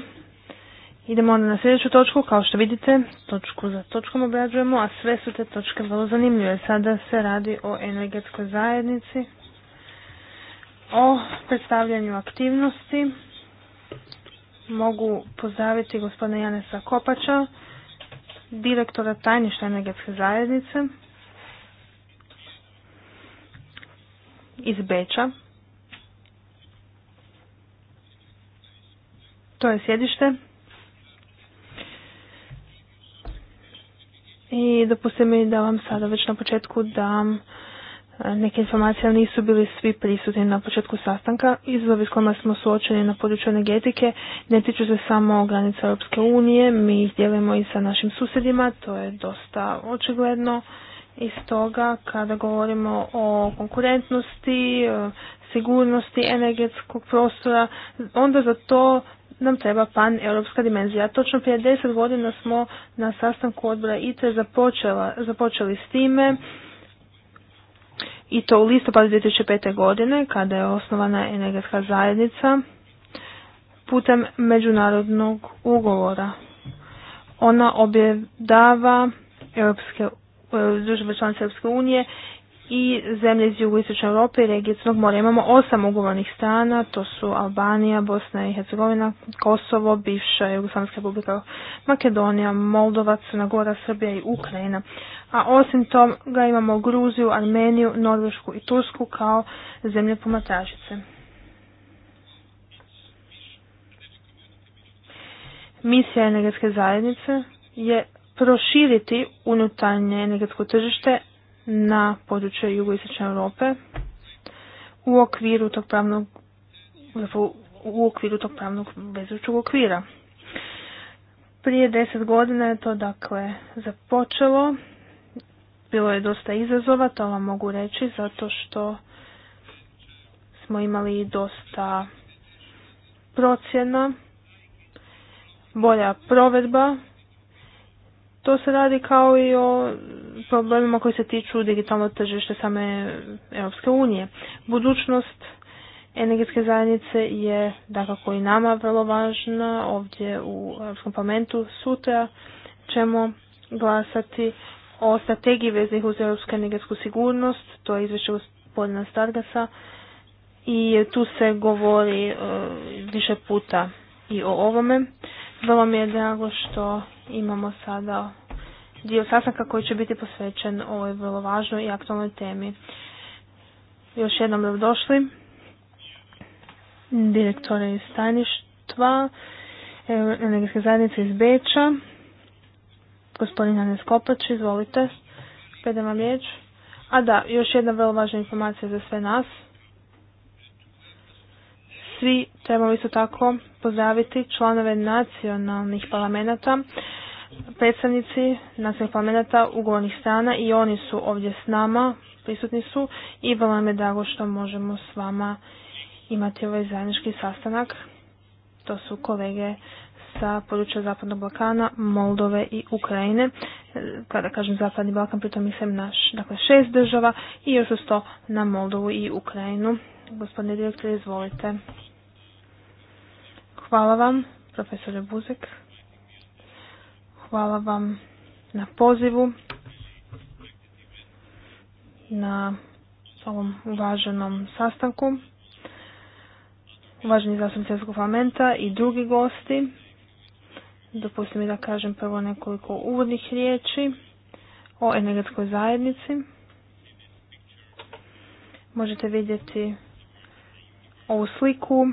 Idemo onda na sljedeću točku, kao što vidite, točku za točkom obrađujemo, a sve su te točke vrlo zanimljive. Sada se radi o energetskoj zajednici o predstavljanju aktivnosti mogu pozdraviti gospodina Janesa Kopača, direktora tajništa energetske zajednice iz Beča. To je sjedište. I dopustite mi da vam sada već na početku dam neke informacije nisu bili svi prisutni na početku sastanka. Izazovi s kojima smo suočeni na području energetike ne tiču se samo granica Europske unije, mi ih dijelimo i sa našim susjedima, to je dosta očigledno. I stoga kada govorimo o konkurentnosti, e, sigurnosti energetskog prostora, onda za to nam treba pan europska dimenzija. Točno prije deset godina smo na sastanku odbora ITER započela, započeli s time i to u listopadu 2005. godine kada je osnovana energetska zajednica putem međunarodnog ugovora. Ona objedava europske, e, države članice Europske unije i zemlje iz jugoistočne Europe i regije Crnog mora. Imamo osam ugovornih strana, to su Albanija, Bosna i Hercegovina, Kosovo, bivša Jugoslavska republika Makedonija, Moldova, Crna Gora, Srbija i Ukrajina. A osim toga imamo Gruziju, Armeniju, Norvešku i Tursku kao zemlje pomatražice. Misija energetske zajednice je proširiti unutarnje energetsko tržište na područje jugoistočne Europe u okviru tog pravnog u okviru tog pravnog bezručnog okvira. Prije deset godina je to dakle započelo. Bilo je dosta izazova, to vam mogu reći, zato što smo imali dosta procjena, bolja provedba. To se radi kao i o problemima koji se tiču digitalnog tržišta same Europske unije. Budućnost energetske zajednice je kako i nama vrlo važna ovdje u Europskom parlamentu. Sutra ćemo glasati o strategiji veznih uz europsku energetsku sigurnost, to je izvješće gospodina Stargasa i tu se govori e, više puta i o ovome. Vrlo mi je drago što imamo sada dio sastanka koji će biti posvećen ovoj vrlo važnoj i aktualnoj temi. Još jednom da došli direktore iz tajništva energetske zajednice iz Beča, gospodin Anes izvolite, predam vam riječ. A da, još jedna vrlo važna informacija za sve nas. Svi trebamo isto tako pozdraviti članove nacionalnih parlamenta predstavnici nacionalnih parlamenta ugovornih strana i oni su ovdje s nama, prisutni su i vrlo nam je drago što možemo s vama imati ovaj zajednički sastanak. To su kolege sa područja Zapadnog Balkana, Moldove i Ukrajine. E, kada kažem Zapadni Balkan, pritom mislim naš, dakle šest država i još sto na Moldovu i Ukrajinu. Gospodine direktore, izvolite. Hvala vam, profesore Buzek. Hvala vam na pozivu, na ovom uvaženom sastanku. Uvaženi zastupnici Europskog parlamenta i drugi gosti, dopustite mi da kažem prvo nekoliko uvodnih riječi o energetskoj zajednici. Možete vidjeti ovu sliku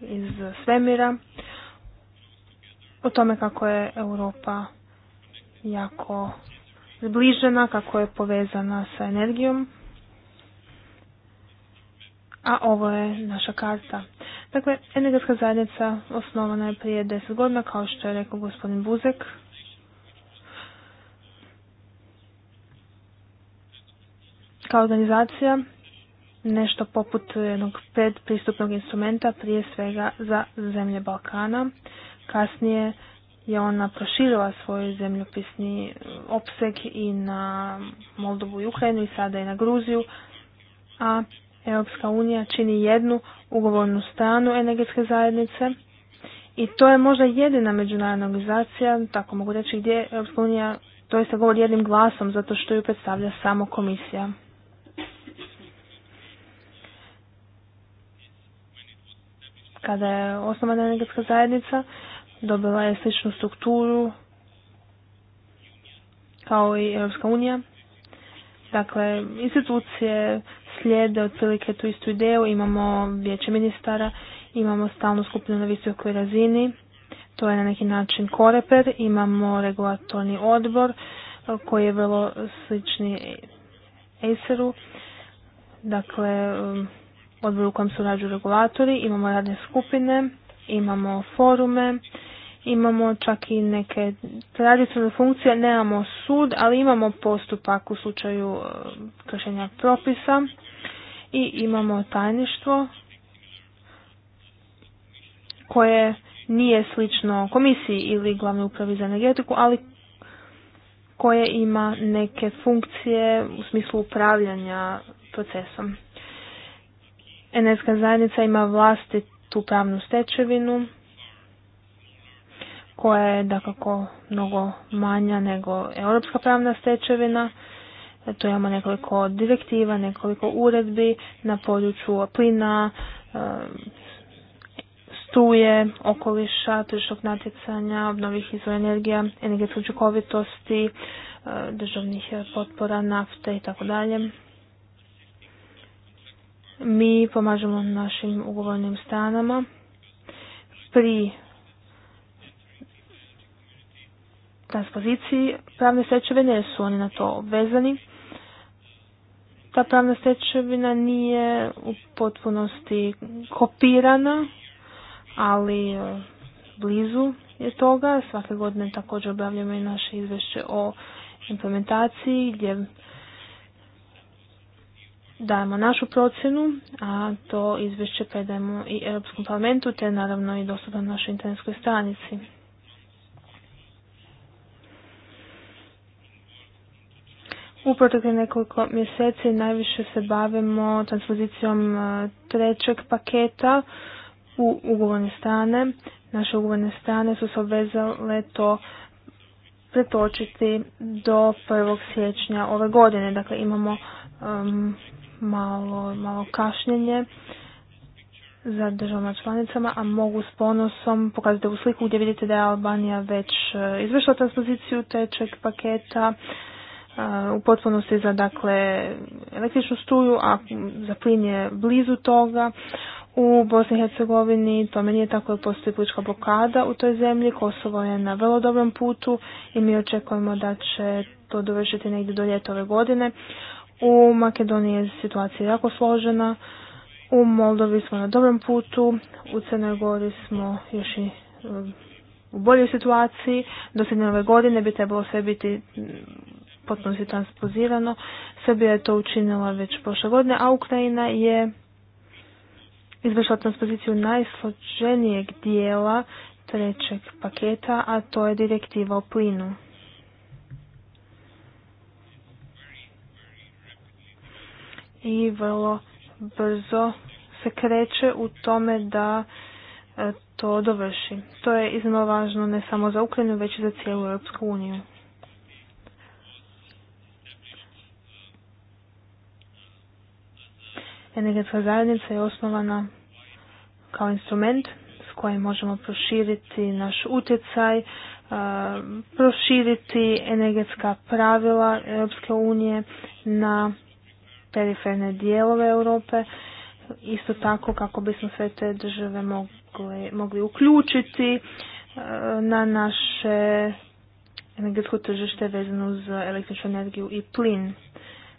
iz svemira o tome kako je Europa jako zbližena, kako je povezana sa energijom. A ovo je naša karta. Dakle, energetska zajednica osnovana je prije deset godina, kao što je rekao gospodin Buzek. Kao organizacija, nešto poput jednog predpristupnog instrumenta, prije svega za zemlje Balkana, Kasnije je ona proširila svoj zemljopisni eh, opseg i na Moldovu i Ukrajinu i sada i na Gruziju, a Europska unija čini jednu ugovornu stranu energetske zajednice i to je možda jedina međunarodna organizacija, tako mogu reći, gdje Europska unija se govori jednim glasom zato što ju predstavlja samo komisija. Kada je osnovana energetska zajednica, dobila je sličnu strukturu kao i Europska unija. Dakle, institucije slijede otprilike tu istu ideju, imamo vijeće ministara, imamo stalnu skupinu na visokoj razini, to je na neki način koreper, imamo regulatorni odbor eh, koji je vrlo slični ESER-u, dakle eh, odbor u kojem surađuju regulatori, imamo radne skupine, imamo forume, imamo čak i neke tradicionalne funkcije, nemamo sud, ali imamo postupak u slučaju e, kršenja propisa i imamo tajništvo koje nije slično komisiji ili glavnoj upravi za energetiku, ali koje ima neke funkcije u smislu upravljanja procesom. Energetska zajednica ima vlastitu pravnu stečevinu koja je dakako mnogo manja nego europska pravna stečevina. Tu imamo nekoliko direktiva, nekoliko uredbi na području plina, eh, struje, okoliša, tržišnog natjecanja, obnovih izvora energija, energetske učinkovitosti, eh, državnih potpora, nafte i tako dalje. Mi pomažemo našim ugovornim stranama pri transpoziciji pravne stečevine su oni na to obvezani. Ta pravna stečevina nije u potpunosti kopirana, ali e, blizu je toga. Svake godine također objavljamo i naše izvješće o implementaciji gdje dajemo našu procjenu, a to izvješće predajemo i Europskom parlamentu, te naravno i dostupno na našoj internetskoj stranici. U proteklih nekoliko mjeseci najviše se bavimo transpozicijom e, trećeg paketa u ugovorne strane. Naše ugovorne strane su se obvezale to pretočiti do 1. siječnja ove godine. Dakle, imamo malo, malo kašnjenje za državama članicama, a mogu s ponosom pokazati u sliku gdje vidite da je Albanija već e, izvršila transpoziciju trećeg paketa u potpunosti za dakle električnu struju, a za plin je blizu toga. U Bosni i Hercegovini tome nije tako da postoji politička blokada u toj zemlji. Kosovo je na vrlo dobrom putu i mi očekujemo da će to dovršiti negdje do ljeta ove godine. U Makedoniji je situacija jako složena. U Moldovi smo na dobrom putu. U Crnoj Gori smo još i e, u boljoj situaciji. Do sredine ove godine bi trebalo sve biti potpunosti transpozirano. Srbija je to učinila već prošle godine, a Ukrajina je izvršila transpoziciju najsloženijeg dijela trećeg paketa, a to je direktiva o plinu. I vrlo brzo se kreće u tome da e, to dovrši. To je iznimno važno ne samo za Ukrajinu, već i za cijelu Europsku uniju. Energetska zajednica je osnovana kao instrument s kojim možemo proširiti naš utjecaj, e, proširiti energetska pravila Europske unije na periferne dijelove Europe, isto tako kako bismo sve te države mogli, mogli uključiti e, na naše energetsko tržište vezano uz električnu energiju i plin.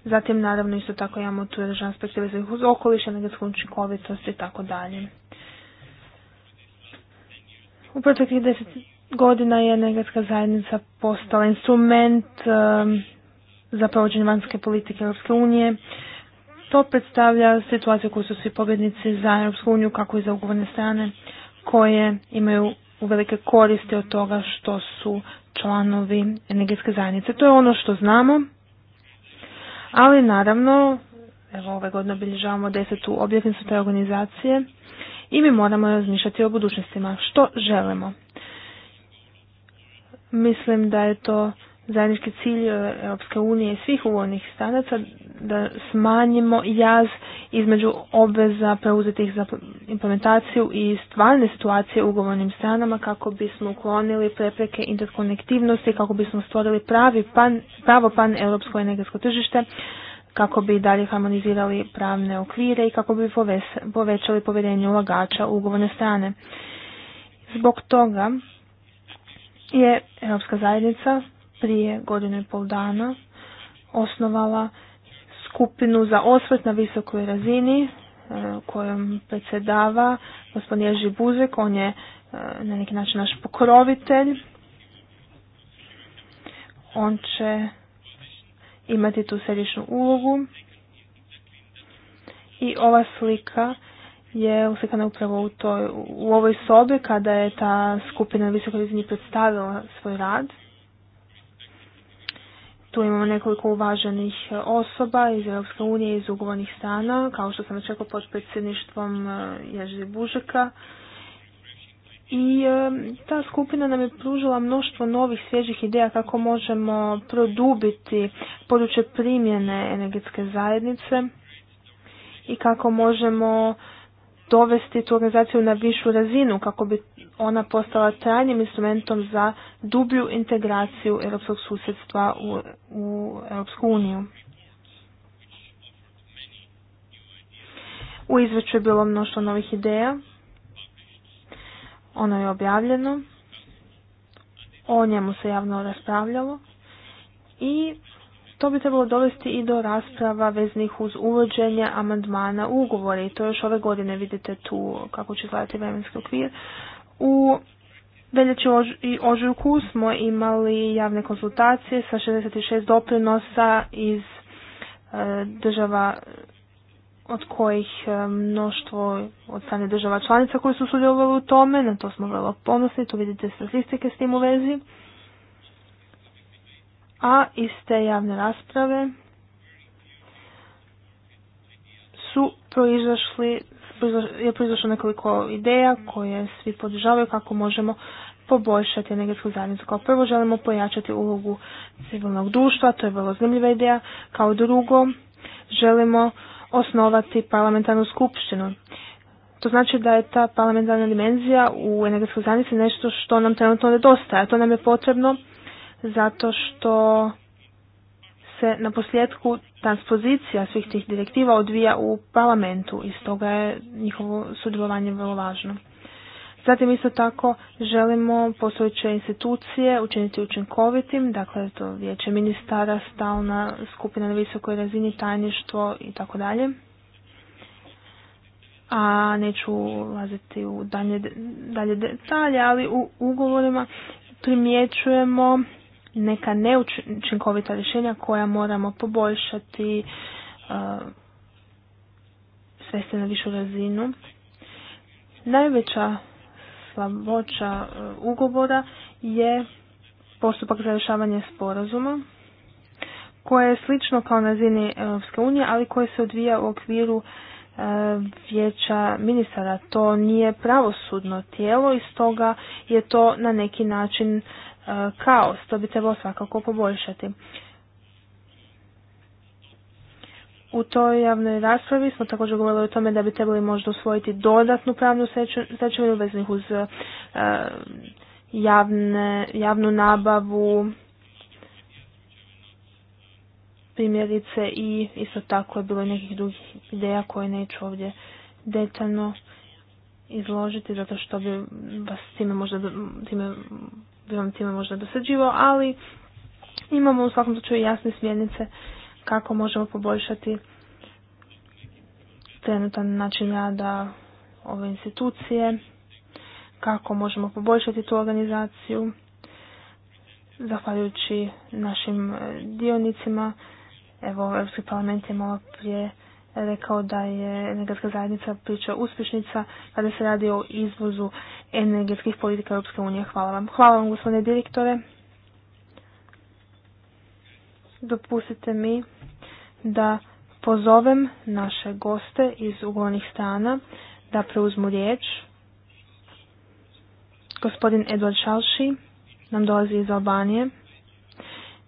Zatim, naravno, isto tako imamo tu aspektive za uz okoliš, energetsku učinkovitost i tako dalje. U proteklih deset godina je energetska zajednica postala instrument um, za provođenje vanjske politike Europske unije. To predstavlja situaciju koju su svi pobjednici za Europsku uniju, kako i za ugovorne strane, koje imaju velike koristi od toga što su članovi energetske zajednice. To je ono što znamo ali naravno, evo ove godine obilježavamo desetu obljetnicu te organizacije i mi moramo razmišljati o budućnostima. Što želimo? Mislim da je to zajednički cilj Europske unije i svih ugovornih stanaca da smanjimo jaz između obveza preuzetih za implementaciju i stvarne situacije u ugovornim stranama kako bismo uklonili prepreke interkonektivnosti, kako bismo stvorili pravi pravo pan europsko energetsko tržište, kako bi dalje harmonizirali pravne okvire i kako bi povećali povjerenje ulagača u ugovorne strane. Zbog toga je Europska zajednica prije godinu i pol dana osnovala skupinu za osvrt na visokoj razini e, kojom predsjedava gospodin Ježi Buzek, on je e, na neki način naš pokrovitelj. On će imati tu središnju ulogu i ova slika je uslikana upravo u, toj, u ovoj sobi kada je ta skupina visokoj razini predstavila svoj rad. Tu imamo nekoliko uvaženih e, osoba iz Europske unije, iz ugovornih strana, kao što sam očekao pod predsjedništvom e, Ježi Bužeka. I e, ta skupina nam je pružila mnoštvo novih svježih ideja kako možemo produbiti područje primjene energetske zajednice i kako možemo dovesti tu organizaciju na višu razinu kako bi ona postala trajnim instrumentom za dublju integraciju europskog susjedstva u, u Europsku uniju. U izveću je bilo mnoštvo novih ideja. Ono je objavljeno. O njemu se javno raspravljalo. I to bi trebalo dovesti i do rasprava veznih uz uvođenje amandmana ugovore i to još ove godine vidite tu kako će gledati vremenski okvir. U veljači i ožujku smo imali javne konsultacije sa 66 doprinosa iz e, država od kojih e, mnoštvo od strane država članica koji su sudjelovali u tome, na to smo vrlo ponosni, tu vidite statistike s tim u vezi. A iz te javne rasprave su proizašli je proizašlo nekoliko ideja koje svi podržavaju kako možemo poboljšati energetsku zajednicu. Kao prvo želimo pojačati ulogu civilnog društva, to je vrlo zanimljiva ideja. Kao drugo želimo osnovati parlamentarnu skupštinu. To znači da je ta parlamentarna dimenzija u energetskoj zajednici nešto što nam trenutno nedostaje. To nam je potrebno zato što se na posljedku transpozicija svih tih direktiva odvija u parlamentu i stoga je njihovo sudjelovanje vrlo važno. Zatim isto tako želimo postojeće institucije učiniti učinkovitim, dakle to vijeće ministara, stalna skupina na visokoj razini, tajništvo i tako dalje. A neću ulaziti u dalje, dalje detalje, ali u ugovorima primjećujemo neka neučinkovita rješenja koja moramo poboljšati, e, sveste na višu razinu. Najveća slaboća e, ugovora je postupak za rješavanje sporazuma koje je slično kao na razini Europske unije, ali koje se odvija u okviru e, vijeća ministara. To nije pravosudno tijelo i stoga je to na neki način kaos. To bi trebalo svakako poboljšati. U toj javnoj raspravi smo također govorili o tome da bi trebali možda usvojiti dodatnu pravnu stečevinu veznih uz e, javnu nabavu, primjerice i isto tako je bilo nekih drugih ideja koje neću ovdje detaljno izložiti zato što bi vas time možda time bi vam time možda dosađivao, ali imamo u svakom slučaju jasne smjernice kako možemo poboljšati trenutan način rada ove institucije, kako možemo poboljšati tu organizaciju, zahvaljujući našim e, dionicima. Evo, Europski parlament je malo prije rekao da je energetska zajednica priča uspješnica kada se radi o izvozu energetskih politika Europske unije. Hvala vam. Hvala vam gospodine direktore. Dopustite mi da pozovem naše goste iz ugovornih strana da preuzmu riječ. Gospodin Edward Šalši nam dolazi iz Albanije.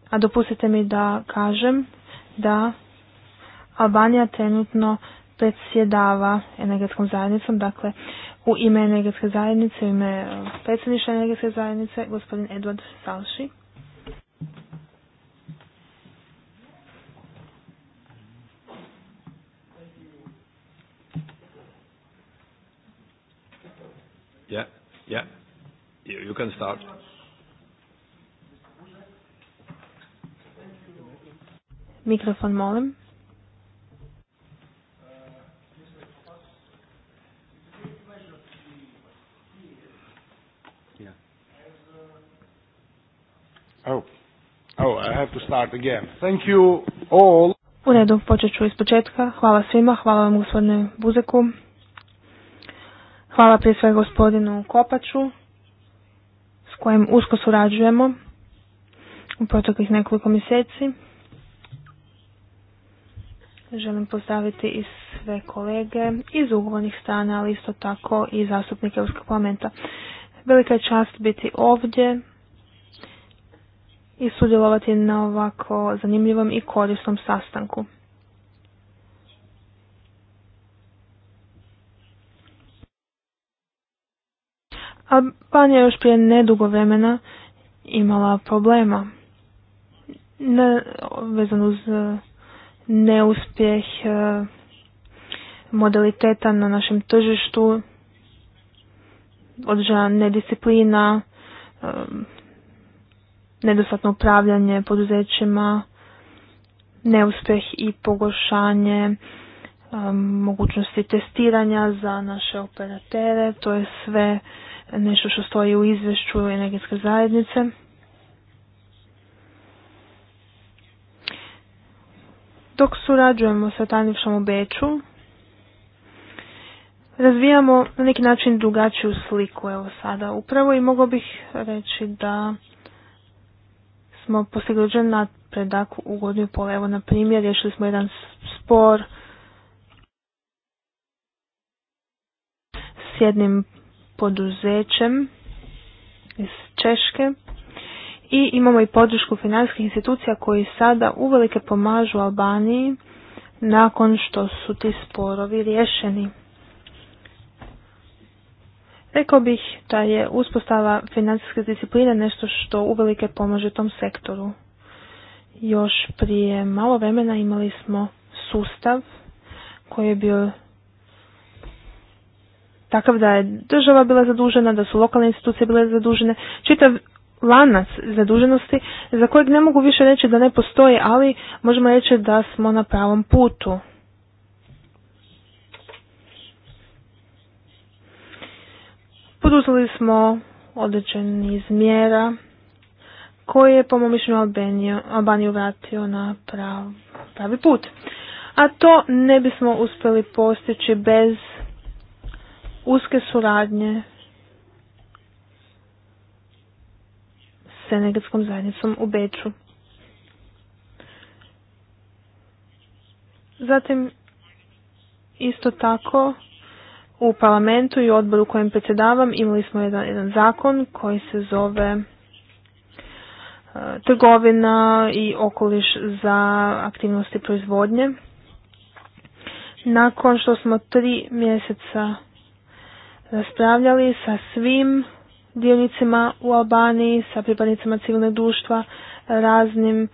A dopustite mi da kažem da Albanija trenutno predsjedava energetskom zajednicom, dakle u ime energetske zajednice, u ime e, predsjedniša energetske zajednice, gospodin Edward Salši. You, can Mikrofon molim. Oh. Oh, U redu, počet ću iz početka. Hvala svima, hvala vam gospodine Buzeku. Hvala prije svega gospodinu Kopaču, s kojim usko surađujemo u proteklih nekoliko mjeseci. Želim pozdraviti i sve kolege iz ugovornih strana, ali isto tako i zastupnike Europskog parlamenta. Velika je čast biti ovdje i sudjelovati na ovako zanimljivom i korisnom sastanku. Albanija još prije nedugo vremena imala problema ne, vezan uz e, neuspjeh e, modaliteta na našem tržištu, održana nedisciplina, e, nedostatno upravljanje poduzećima, neuspjeh i pogoršanje um, mogućnosti testiranja za naše operatere. To je sve nešto što stoji u izvješću energetske zajednice. Dok surađujemo sa Tanjevšom u Beču, razvijamo na neki način drugačiju sliku evo sada upravo i mogao bih reći da smo postigli na predaku u godinu pola Evo, na primjer, rješili smo jedan spor s jednim poduzećem iz Češke i imamo i podršku financijskih institucija koji sada uvelike pomažu Albaniji nakon što su ti sporovi riješeni. Rekao bih da je uspostava financijske discipline nešto što uvelike pomaže tom sektoru. Još prije malo vremena imali smo sustav koji je bio takav da je država bila zadužena, da su lokalne institucije bile zadužene, čitav lanac zaduženosti za kojeg ne mogu više reći da ne postoji, ali možemo reći da smo na pravom putu. Poduzeli smo određen iz mjera koji je po mom mišljenju Albaniju vratio na pravi put. A to ne bismo uspjeli postići bez uske suradnje s energetskom zajednicom u Beču. Zatim, isto tako, u parlamentu i odboru kojem predsjedavam imali smo jedan, jedan zakon koji se zove e, trgovina i okoliš za aktivnosti proizvodnje. Nakon što smo tri mjeseca raspravljali sa svim dionicima u Albaniji, sa pripadnicima civilne društva, raznim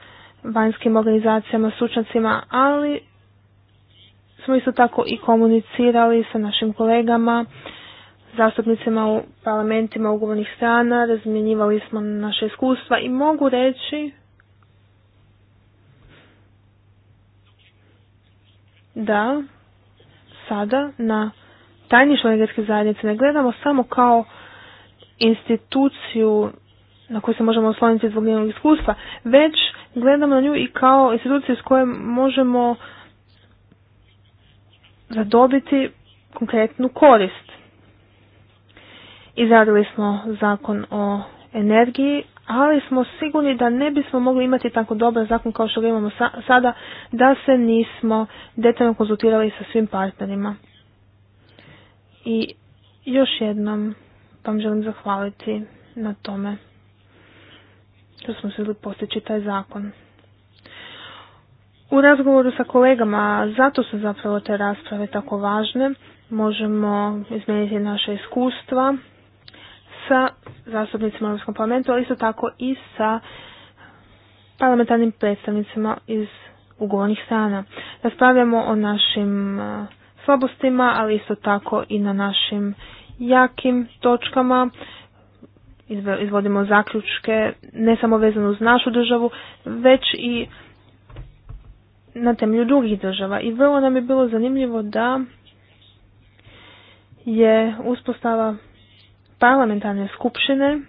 vanjskim organizacijama, sučnacima, ali smo isto tako i komunicirali sa našim kolegama, zastupnicima u parlamentima ugovornih strana, razmjenjivali smo naše iskustva i mogu reći da sada na tajništvo energetske zajednice ne gledamo samo kao instituciju na koju se možemo osloniti zbog njenog iskustva, već gledamo na nju i kao instituciju s kojom možemo dobiti konkretnu korist. Izradili smo zakon o energiji, ali smo sigurni da ne bismo mogli imati tako dobar zakon kao što ga imamo sada, da se nismo detaljno konzultirali sa svim partnerima. I još jednom vam želim zahvaliti na tome što smo se postići taj zakon. U razgovoru sa kolegama, zato su zapravo te rasprave tako važne, možemo izmijeniti naše iskustva sa zastupnicima u Europskom parlamentu, ali isto tako i sa parlamentarnim predstavnicima iz ugovornih strana. Raspravljamo o našim slabostima, ali isto tako i na našim jakim točkama. Izvodimo zaključke ne samo vezano uz našu državu, već i na temelju drugih država. I vrlo nam je bilo zanimljivo da je uspostava parlamentarne skupštine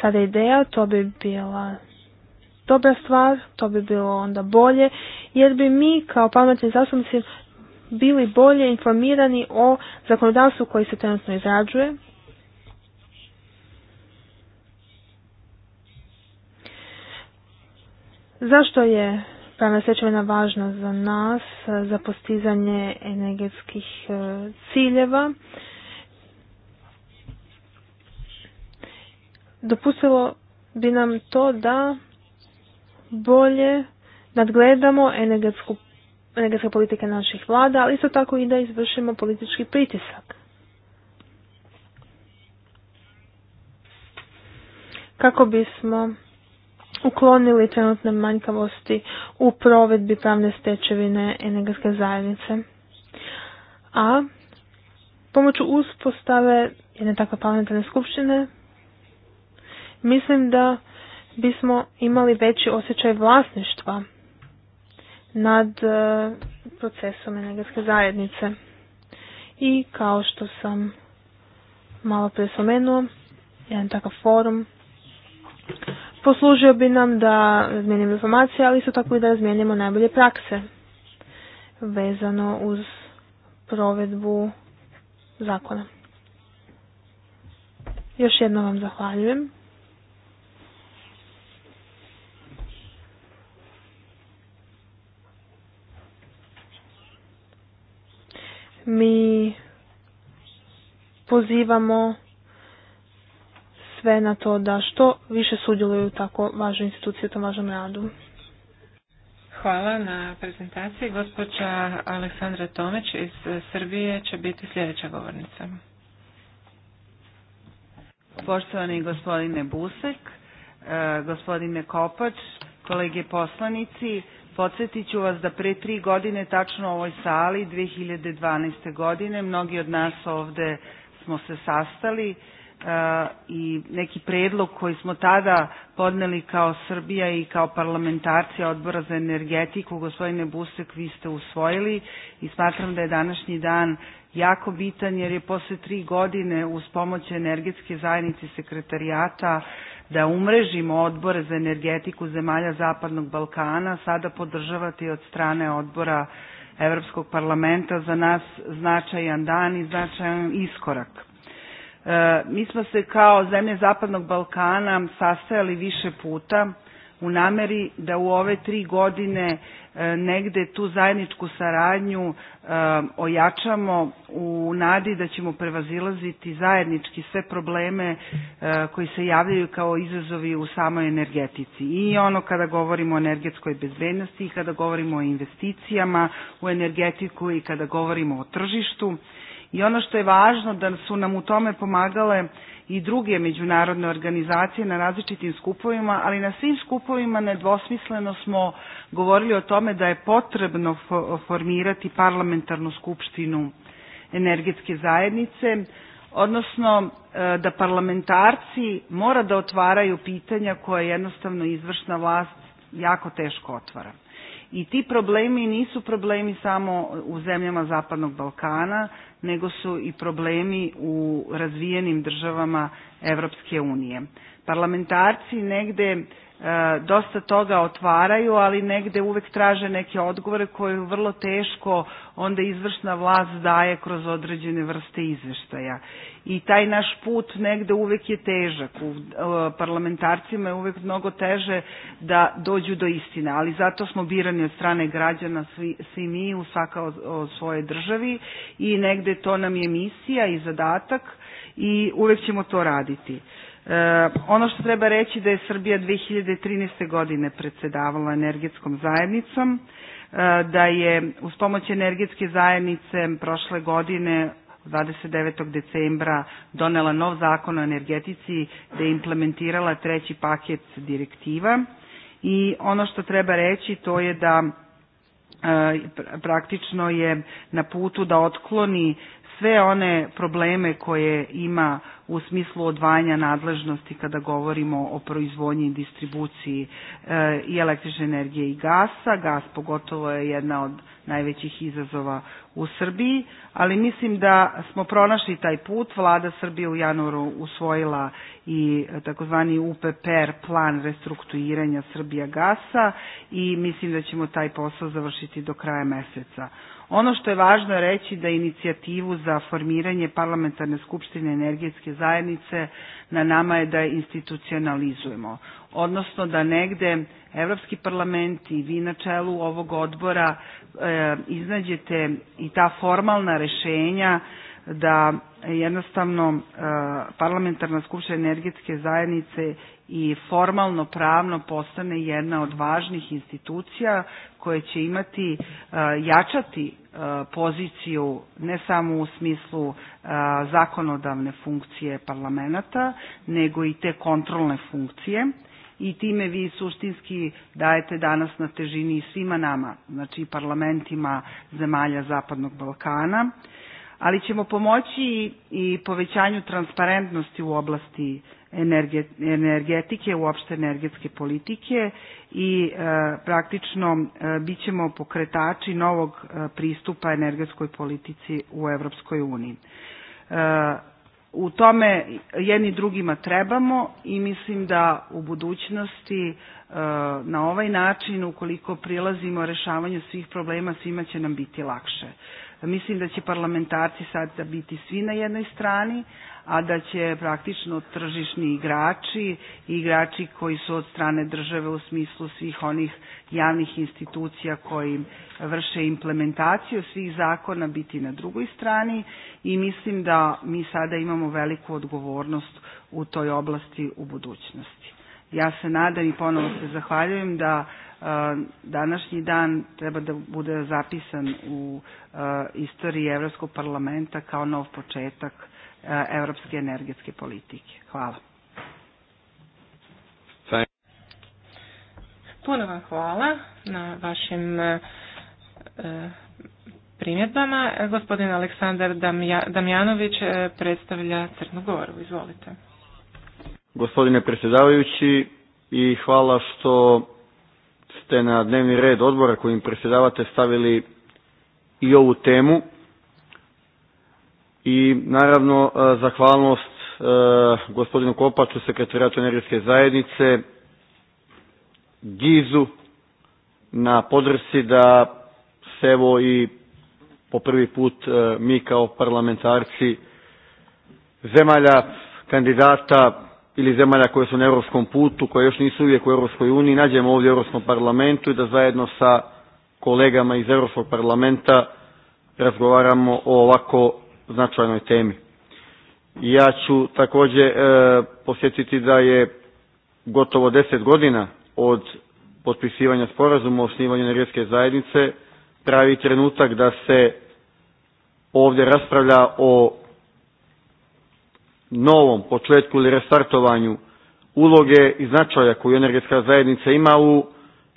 sada ideja, to bi bila dobra stvar, to bi bilo onda bolje, jer bi mi kao parlamentarni zastupnici bili bolje informirani o zakonodavstvu koji se trenutno izrađuje, Zašto je pravna stečevina važna za nas, za postizanje energetskih e, ciljeva? Dopustilo bi nam to da bolje nadgledamo energetsku, energetske politike naših vlada, ali isto tako i da izvršimo politički pritisak. Kako bismo uklonili trenutne manjkavosti u provedbi pravne stečevine energetske zajednice. A pomoću uspostave jedne takve parlamentarne skupštine mislim da bismo imali veći osjećaj vlasništva nad e, procesom energetske zajednice. I kao što sam malo prije spomenuo, jedan takav forum Poslužio bi nam da razmijenimo informacije, ali isto tako i da razmijenimo najbolje prakse vezano uz provedbu zakona. Još jednom vam zahvaljujem. Mi pozivamo sve na to da što više sudjeluju tako važnoj institucije u tom važnom radu. Hvala na prezentaciji. Gospođa Aleksandra Tomeć iz Srbije će biti sljedeća govornica. Poštovani gospodine Busek, e, gospodine Kopač, kolege poslanici, podsjetit ću vas da pre tri godine, tačno u ovoj sali, 2012. godine, mnogi od nas ovde smo se sastali E, i neki predlog koji smo tada podneli kao Srbija i kao parlamentarci odbora za energetiku, gospodine Busek, vi ste usvojili i smatram da je današnji dan jako bitan jer je posle tri godine uz pomoć energetske zajednice sekretarijata da umrežimo odbore za energetiku zemalja Zapadnog Balkana, sada podržavati od strane odbora Evropskog parlamenta za nas značajan dan i značajan iskorak. Mi smo se kao zemlje Zapadnog Balkana sastajali više puta u nameri da u ove tri godine e, negde tu zajedničku saradnju e, ojačamo u nadi da ćemo prevazilaziti zajednički sve probleme e, koji se javljaju kao izazovi u samoj energetici. I ono kada govorimo o energetskoj bezbednosti i kada govorimo o investicijama u energetiku i kada govorimo o tržištu i ono što je važno da su nam u tome pomagale i druge međunarodne organizacije na različitim skupovima, ali na svim skupovima nedvosmisleno smo govorili o tome da je potrebno formirati parlamentarnu skupštinu energetske zajednice, odnosno e, da parlamentarci mora da otvaraju pitanja koja jednostavno izvršna vlast jako teško otvara i ti problemi nisu problemi samo u zemljama Zapadnog Balkana, nego su i problemi u razvijenim državama Europske unije. Parlamentarci negde E, dosta toga otvaraju, ali negde uvek traže neke odgovore koje vrlo teško onda izvršna vlast daje kroz određene vrste izveštaja. I taj naš put negde uvek je težak. U e, parlamentarcima je uvek mnogo teže da dođu do istine, ali zato smo birani od strane građana svi, mi u svaka o, svojoj državi i negde to nam je misija i zadatak i uvek ćemo to raditi. Eh, ono što treba reći da je Srbija 2013. godine predsedavala energetskom zajednicom, eh, da je uz pomoć energetske zajednice prošle godine 29. decembra donela nov zakon o energetici da je implementirala treći paket direktiva i ono što treba reći to je da eh, praktično je na putu da otkloni sve one probleme koje ima u smislu odvajanja nadležnosti kada govorimo o proizvodnji i distribuciji e, i električne energije i gasa. Gas pogotovo je jedna od najvećih izazova u Srbiji, ali mislim da smo pronašli taj put. Vlada Srbije u januaru usvojila i takozvani UPPR plan restrukturiranja Srbija gasa i mislim da ćemo taj posao završiti do kraja meseca. Ono što je važno reći da inicijativu za formiranje parlamentarne skupštine energetske zajednice na nama je da je institucionalizujemo, odnosno da negde Evropski parlament i vi na čelu ovog odbora e, iznađete i ta formalna rješenja da jednostavno e, parlamentarna skupština energetske zajednice i formalno pravno postane jedna od važnih institucija koje će imati e, jačati e, poziciju ne samo u smislu e, zakonodavne funkcije parlamenta nego i te kontrolne funkcije i time vi suštinski dajete danas na težini svima nama, znači parlamentima zemalja Zapadnog Balkana, ali ćemo pomoći i povećanju transparentnosti u oblasti energetike, uopšte energetske politike i e, praktično e, bit ćemo pokretači novog e, pristupa energetskoj politici u Evropskoj uniji. U tome jedni drugima trebamo i mislim da u budućnosti E, na ovaj način ukoliko prilazimo rešavanju svih problema svima će nam biti lakše. Mislim da će parlamentarci sada biti svi na jednoj strani, a da će praktično tržišni igrači i igrači koji su od strane države u smislu svih onih javnih institucija koji vrše implementaciju svih zakona biti na drugoj strani i mislim da mi sada imamo veliku odgovornost u toj oblasti u budućnosti ja se nadam i ponovo se zahvaljujem da e, današnji dan treba da bude zapisan u e, istoriji Evropskog parlamenta kao nov početak e, evropske energetske politike. Hvala. Puno vam hvala na vašim primjedbama. Gospodin Aleksandar Damjanović predstavlja Crnu Goru. Izvolite gospodine predsjedavajući i hvala što ste na dnevni red odbora kojim predsjedavate stavili i ovu temu i naravno e, zahvalnost e, gospodinu Kopaču, sekretaratu energetske zajednice, Gizu na podrsi da se evo i po prvi put e, mi kao parlamentarci zemalja kandidata ili zemalja koje su na europskom putu, koje još nisu uvijek u Europskoj uniji, nađemo ovdje u Europskom parlamentu i da zajedno sa kolegama iz Europskog parlamenta razgovaramo o ovako značajnoj temi. Ja ću također e, posjetiti da je gotovo deset godina od potpisivanja sporazuma o osnivanju energetske zajednice pravi trenutak da se ovdje raspravlja o novom početku ili restartovanju uloge i značaja koju energetska zajednica ima u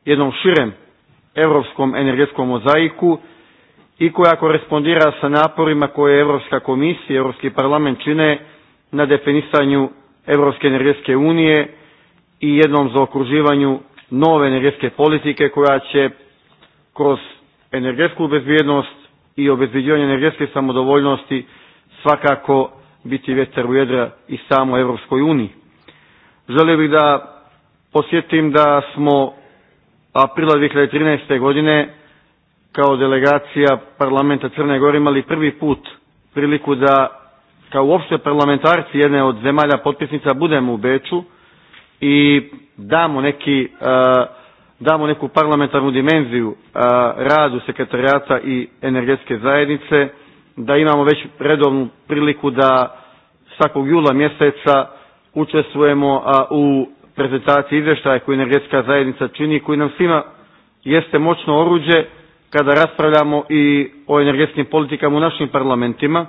jednom širem europskom energetskom mozaiku i koja korespondira sa naporima koje Europska komisija i Europski parlament čine na definisanju Europske energetske unije i jednom zaokruživanju nove energetske politike koja će kroz energetsku bezbjednost i obezbjeđivanje energetske samodovoljnosti svakako biti vjetar u jedra i samo Europskoj uniji. Želio bih da posjetim da smo aprila 2013. godine kao delegacija parlamenta Crne Gore imali prvi put priliku da kao uopšte parlamentarci jedne od zemalja potpisnica budemo u Beču i damo neki damo neku parlamentarnu dimenziju radu sekretarijata i energetske zajednice da imamo već redovnu priliku da svakog jula mjeseca učestvujemo u prezentaciji izvještaja koju energetska zajednica čini, koji nam svima jeste moćno oruđe kada raspravljamo i o energetskim politikama u našim parlamentima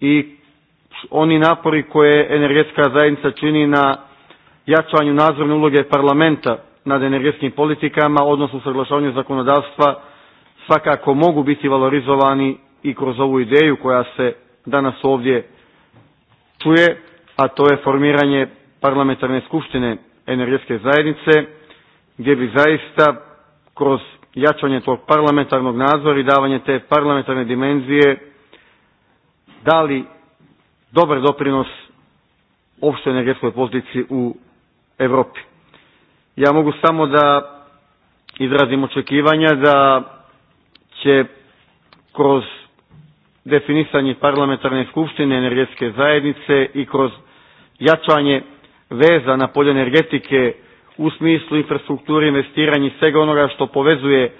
i oni napori koje energetska zajednica čini na jačanju nadzorne uloge parlamenta nad energetskim politikama, odnosno usaglašavanju zakonodavstva, svakako mogu biti valorizovani i kroz ovu ideju koja se danas ovdje čuje, a to je formiranje parlamentarne skupštine energetske zajednice, gdje bi zaista kroz jačanje tog parlamentarnog nadzora i davanje te parlamentarne dimenzije dali dobar doprinos opštoj energetskoj politici u Europi. Ja mogu samo da izrazim očekivanja da će kroz definisanje parlamentarne skupštine energetske zajednice i kroz jačanje veza na polju energetike u smislu infrastrukture, investiranja i svega onoga što povezuje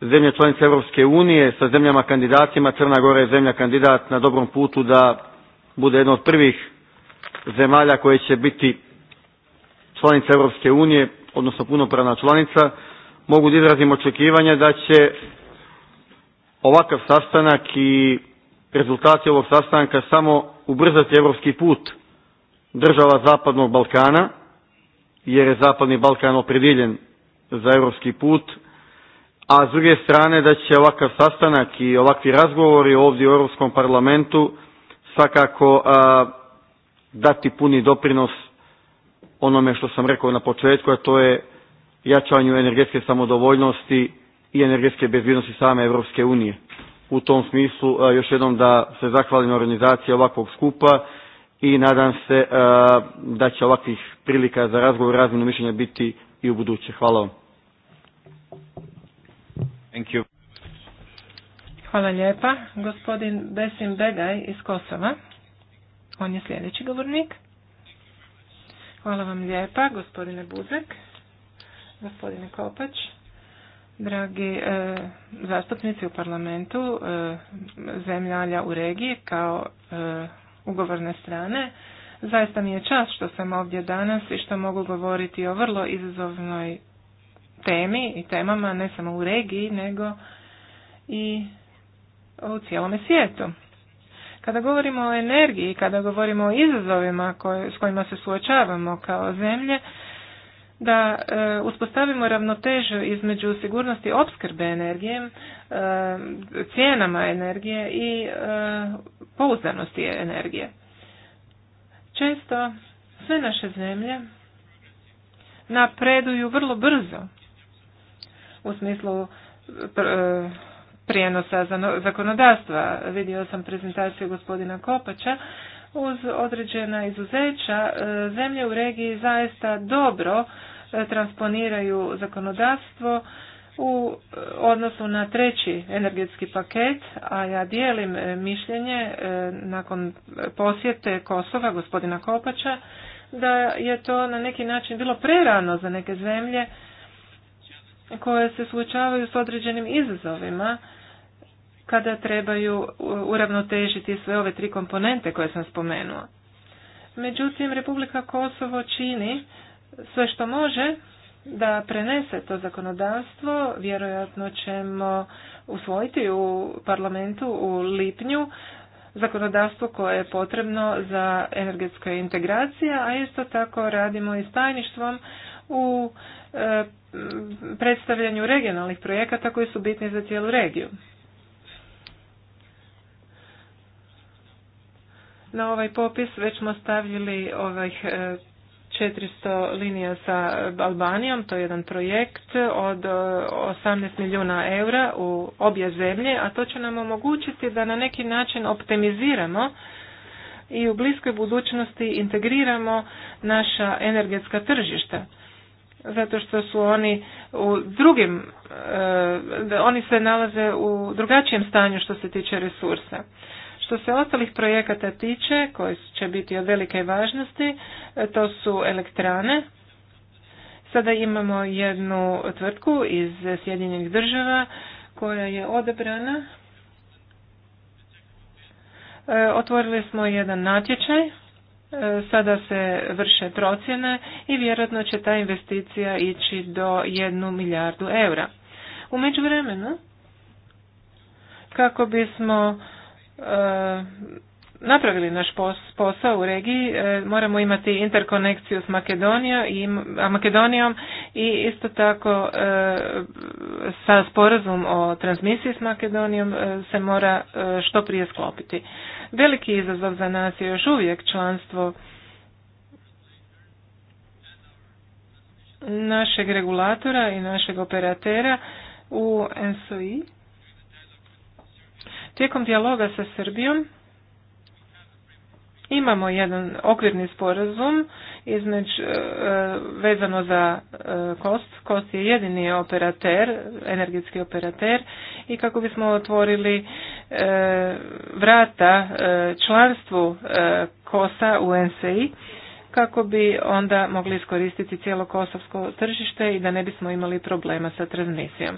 zemlje članice Europske unije sa zemljama kandidatima. Crna Gora je zemlja kandidat na dobrom putu da bude jedna od prvih zemalja koje će biti članica Europske unije, odnosno punopravna članica. Mogu da izrazim očekivanja da će ovakav sastanak i rezultati ovog sastanka samo ubrzati europski put država Zapadnog Balkana, jer je Zapadni Balkan opredijeljen za europski put, a s druge strane da će ovakav sastanak i ovakvi razgovori ovdje u Europskom parlamentu svakako dati puni doprinos onome što sam rekao na početku, a to je jačanju energetske samodovoljnosti i energetske bezbjednosti same Europske unije u tom smislu e, još jednom da se zahvalim organizaciji ovakvog skupa i nadam se e, da će ovakvih prilika za razgovor i razmjenu mišljenja biti i u buduće. Hvala vam. Hvala lijepa. Gospodin Besim Begaj iz Kosova. On je sljedeći govornik. Hvala vam lijepa, gospodine Buzek, gospodine Kopač. Dragi e, zastupnici u parlamentu e, zemljalja u regiji kao e, ugovorne strane, zaista mi je čast što sam ovdje danas i što mogu govoriti o vrlo izazovnoj temi i temama ne samo u regiji nego i u cijelome svijetu. Kada govorimo o energiji, kada govorimo o izazovima koje, s kojima se suočavamo kao zemlje, da e, uspostavimo ravnotežu između sigurnosti opskrbe energije, e, cijenama energije i e, pouzdanosti energije. Često sve naše zemlje napreduju vrlo brzo u smislu prijenosa zakonodavstva. Vidio sam prezentaciju gospodina Kopača uz određena izuzeća e, zemlje u regiji zaista dobro e, transponiraju zakonodavstvo u e, odnosu na treći energetski paket, a ja dijelim mišljenje nakon posjete Kosova gospodina Kopača da je to na neki način bilo prerano za neke zemlje koje se suočavaju s određenim izazovima kada trebaju uravnotežiti sve ove tri komponente koje sam spomenuo. Međutim, Republika Kosovo čini sve što može da prenese to zakonodavstvo, vjerojatno ćemo usvojiti u parlamentu u lipnju zakonodavstvo koje je potrebno za energetska integracija, a isto tako radimo i s tajništvom u e, predstavljanju regionalnih projekata koji su bitni za cijelu regiju. Na ovaj popis već smo stavili ovih 400 e, linija sa Albanijom, to je jedan projekt od 18 e, milijuna eura u obje zemlje, a to će nam omogućiti da na neki način optimiziramo i u bliskoj budućnosti integriramo naša energetska tržišta zato što su oni u drugim e, oni se nalaze u drugačijem stanju što se tiče resursa što se ostalih projekata tiče, koji će biti od velike važnosti, e, to su elektrane. Sada imamo jednu tvrtku iz Sjedinjenih država koja je odebrana. E, otvorili smo jedan natječaj e, sada se vrše procjene i vjerojatno će ta investicija ići do jednu milijardu eura. U međuvremenu, kako bismo E, napravili naš posao u regiji, e, moramo imati interkonekciju s Makedonijom i isto tako e, sa sporazum o transmisiji s Makedonijom se mora što prije sklopiti. Veliki izazov za nas je još uvijek članstvo našeg regulatora i našeg operatera u NSOI Tijekom dijaloga sa Srbijom imamo jedan okvirni sporazum između e, vezano za e, kost kost je jedini operater energetski operater i kako bismo otvorili e, vrata članstvu kosa u NSI kako bi onda mogli iskoristiti cijelo kosovsko tržište i da ne bismo imali problema sa transmisijom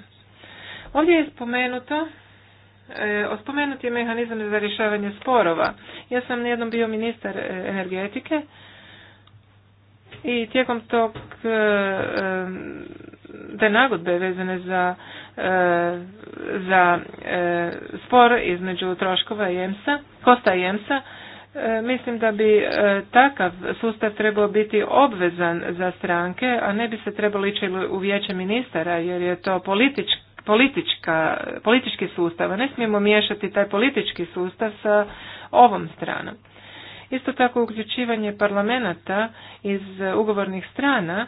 ovdje je spomenuto E, ospomenuti je mehanizam za rješavanje sporova. Ja sam jednom bio ministar e, energetike i tijekom tog e, te nagodbe vezane za, za spor između troškova i Kosta i mislim da bi takav sustav trebao biti obvezan za stranke, a ne bi se trebalo ići u vijeće ministara jer je to politički politička, politički sustav. Ne smijemo miješati taj politički sustav sa ovom stranom. Isto tako uključivanje parlamenta iz ugovornih strana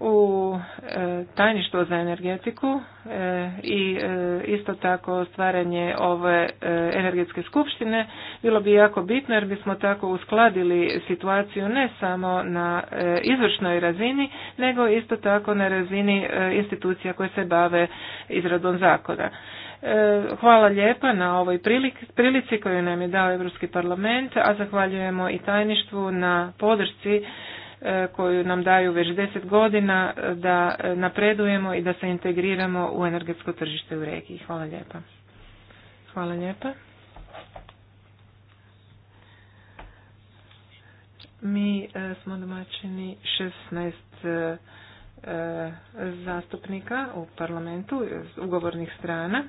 u e, tajništvo za energetiku e, i e, isto tako stvaranje ove energetske skupštine bilo bi jako bitno jer bismo tako uskladili situaciju ne samo na izvršnoj razini nego isto tako na razini institucija koje se bave izradom zakona. Hvala lijepa na ovoj prilici koju nam je dao Europski parlament, a zahvaljujemo i tajništvu na podršci E, koju nam daju već deset godina e, da e, napredujemo i da se integriramo u energetsko tržište u regiji. Hvala lijepa. Hvala lijepa. Mi smo domaćini 16 zastupnika u parlamentu, ugovornih strana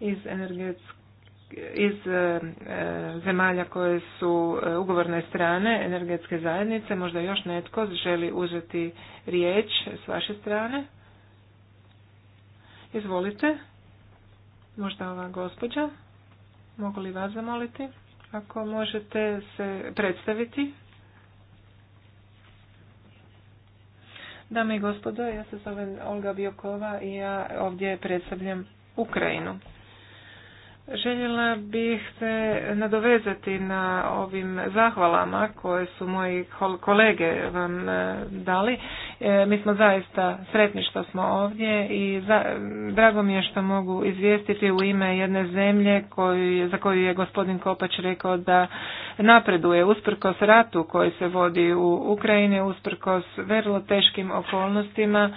iz energetskog iz e, e, zemalja koje su e, ugovorne strane energetske zajednice, možda još netko želi uzeti riječ s vaše strane? Izvolite. Možda ova gospođa. Mogu li vas zamoliti? Ako možete se predstaviti. Dame i gospodo, ja se zovem Olga Bjokova i ja ovdje predstavljam Ukrajinu. Željela bih se nadovezati na ovim zahvalama koje su moji kolege vam e, dali. E, mi smo zaista sretni što smo ovdje i drago mi je što mogu izvijestiti u ime jedne zemlje koju, za koju je gospodin Kopač rekao da napreduje usprkos ratu koji se vodi u Ukrajini, usprkos vrlo teškim okolnostima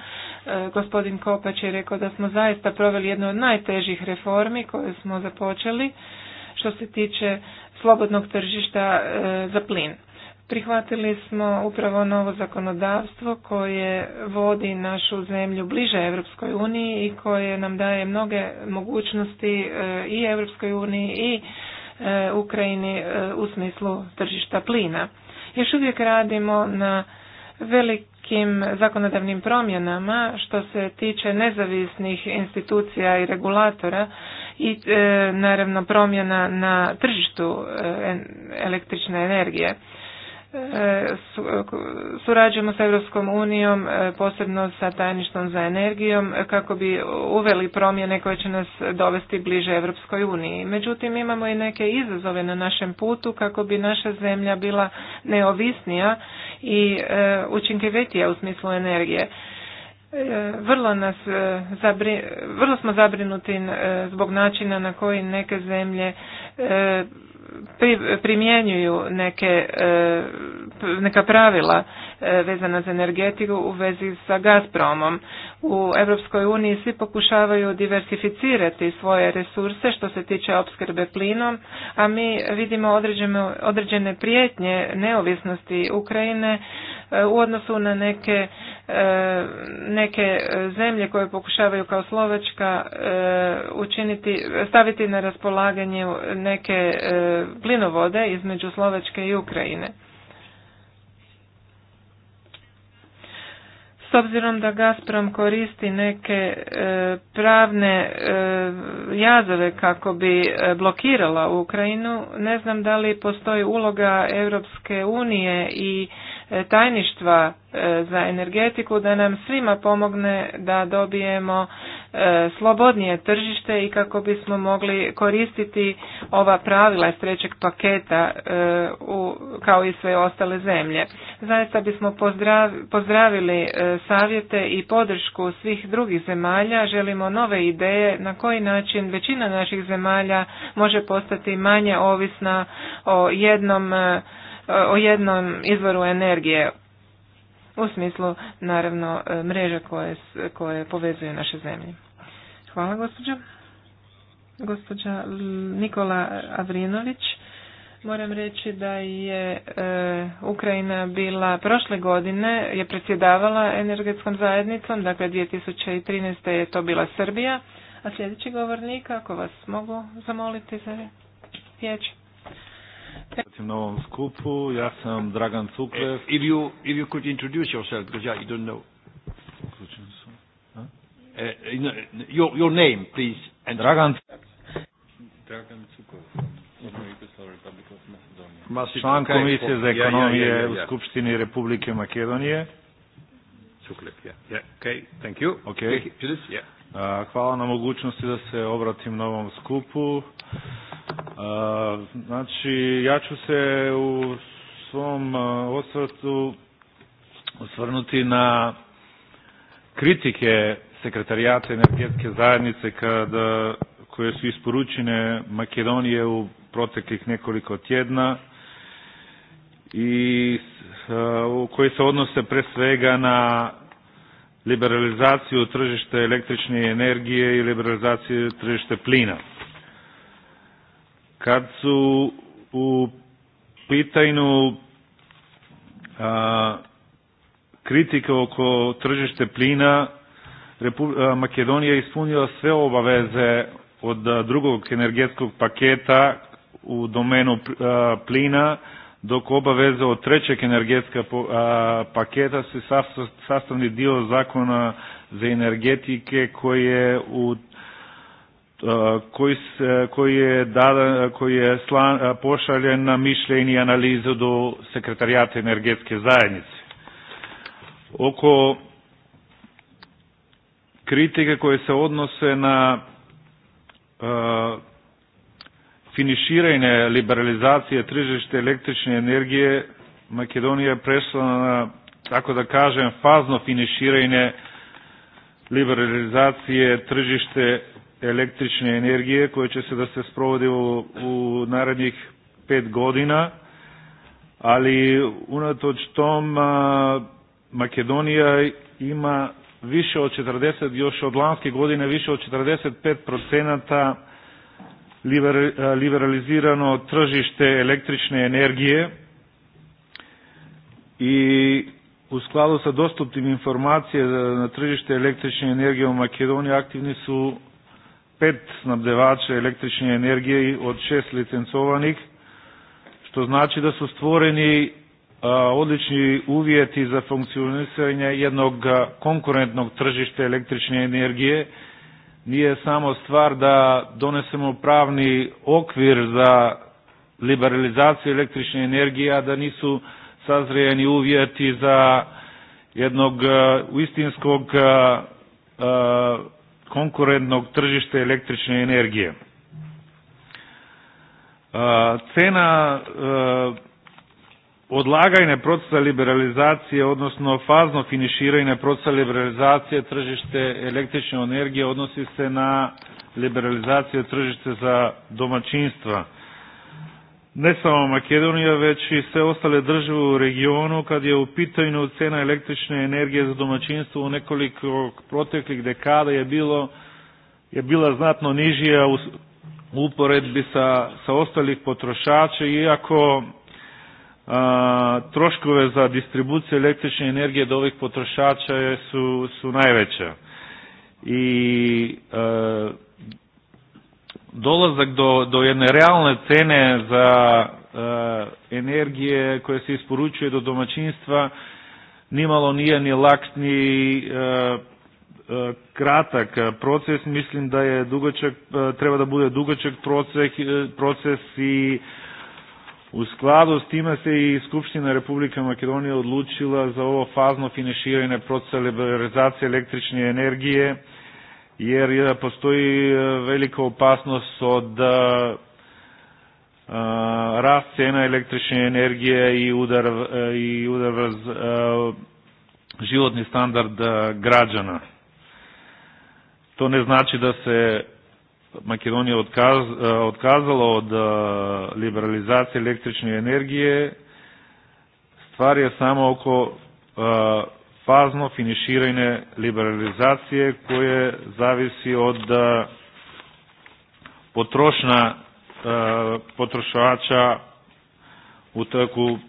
E, gospodin Kopač je rekao da smo zaista proveli jednu od najtežih reformi koje smo započeli što se tiče slobodnog tržišta e, za plin. Prihvatili smo upravo novo zakonodavstvo koje vodi našu zemlju bliže Europskoj uniji i koje nam daje mnoge mogućnosti e, i Europskoj uniji i Ukrajini u smislu tržišta plina. Još uvijek radimo na velik nekim zakonodavnim promjenama što se tiče nezavisnih institucija i regulatora i e, naravno promjena na tržištu e, električne energije. E, surađujemo sa Europskom unijom, e, posebno sa tajništvom za energijom, kako bi uveli promjene koje će nas dovesti bliže Europskoj uniji. Međutim, imamo i neke izazove na našem putu kako bi naša zemlja bila neovisnija i e, učinkovitija u smislu energije. E, vrlo, nas, e, vrlo smo zabrinuti zbog načina na koji neke zemlje primjenjuju neke, neka pravila E, vezana za energetiku u vezi sa Gazpromom. U Europskoj uniji svi pokušavaju diversificirati svoje resurse što se tiče opskrbe plinom, a mi vidimo određene, određene prijetnje neovisnosti Ukrajine e, u odnosu na neke, e, neke zemlje koje pokušavaju kao Slovačka učiniti, staviti na raspolaganje neke plinovode između Slovačke i Ukrajine. obzirom da Gazprom koristi neke e, pravne e, jazove kako bi e, blokirala Ukrajinu, ne znam da li postoji uloga Europske unije i E, tajništva e, za energetiku da nam svima pomogne da dobijemo e, slobodnije tržište i kako bismo mogli koristiti ova pravila iz trećeg paketa kao i sve ostale zemlje. Zaista bismo pozdravili savjete i podršku svih drugih zemalja, želimo nove ideje na koji način većina naših zemalja može postati manje ovisna o jednom o jednom izvoru energije u smislu naravno e, mreže koje, koje povezuju naše zemlje. Hvala gospođo. Gospođa Nikola Avrinović. Moram reći da je e, Ukrajina bila prošle godine, je predsjedavala energetskom zajednicom, dakle 2013. je to bila Srbija. A sljedeći govornik, ako vas mogu zamoliti za riječ novom skupu. Ja sam Dragan Cuklev. Eh, if you, if you could introduce yourself, because you don't know. Uh, your, your name, please. And Dragan Dragan Cukov Član Komisije za ekonomije u Skupštini Republike Makedonije. Cuklev, ja. Okay, thank you. Okay. Hvala na mogućnosti da se obratim na ovom skupu. Znači, ja ću se u svom osvrtu osvrnuti na kritike sekretarijata energetske zajednice koje su isporučene Makedonije u proteklih nekoliko tjedna i u koji se odnose pre svega na liberalizaciju tržišta električne energije i liberalizaciju tržišta plina. Kad su u pitanju kritike oko tržište plina, Makedonija je ispunila sve obaveze od drugog energetskog paketa u domenu plina, dok obaveze od trećeg energetskog paketa su sastavni dio zakona za energetike koji je u E, koji, se, koji je, dala, koji je slan, e, pošaljen na mišljenje i analizu do sekretarijata energetske zajednice. Oko kritike koje se odnose na uh, finiširanje liberalizacije tržište električne energije Makedonija je prešla na, tako da kažem, fazno finiširanje liberalizacije tržište električne energije koje će se da se sprovodi u, u narednih pet godina, ali unatoč tom Makedonija ima više od 40, još od lanske godine više od 45 procenata liberalizirano tržište električne energije i u skladu sa dostupnim informacije na tržište električne energije u Makedoniji aktivni su pet snabdevača električne energije od šest licencovanih, što znači da su stvoreni odlični uvjeti za funkcionisanje jednog konkurentnog tržišta električne energije. Nije samo stvar da donesemo pravni okvir za liberalizaciju električne energije, a da nisu sazrijeni uvjeti za jednog istinskog konkurentnog tržišta električne energije. Cena e, odlagajne procesa liberalizacije, odnosno fazno finiširanje procesa liberalizacije tržište električne energije odnosi se na liberalizaciju tržište za domaćinstva ne samo Makedonija, već i sve ostale države u regionu kad je u pitanju cena električne energije za domaćinstvo u nekoliko proteklih dekada je bilo je bila znatno nižija u uporedbi sa, sa ostalih potrošača, iako troškove za distribuciju električne energije do ovih potrošača su, su najveća. I dolazak do, do jedne realne cene za eh, energije koje se isporučuje do domaćinstva nimalo nije ni lak ni eh, eh, kratak proces, mislim da je dugačak, treba da bude dugačak proces, i u skladu s time se i Skupština Republike Makedonije odlučila za ovo fazno finiširanje procesa liberalizacije električne energije jer postoji e, velika opasnost od e, e, rast cijena električne energije i udar, i životni standard građana. To ne znači da se Makedonija odkazala od liberalizacije električne energije. Stvar je samo oko fazno finiširanje liberalizacije koje zavisi od e, potrošna e, potrošača u toku e,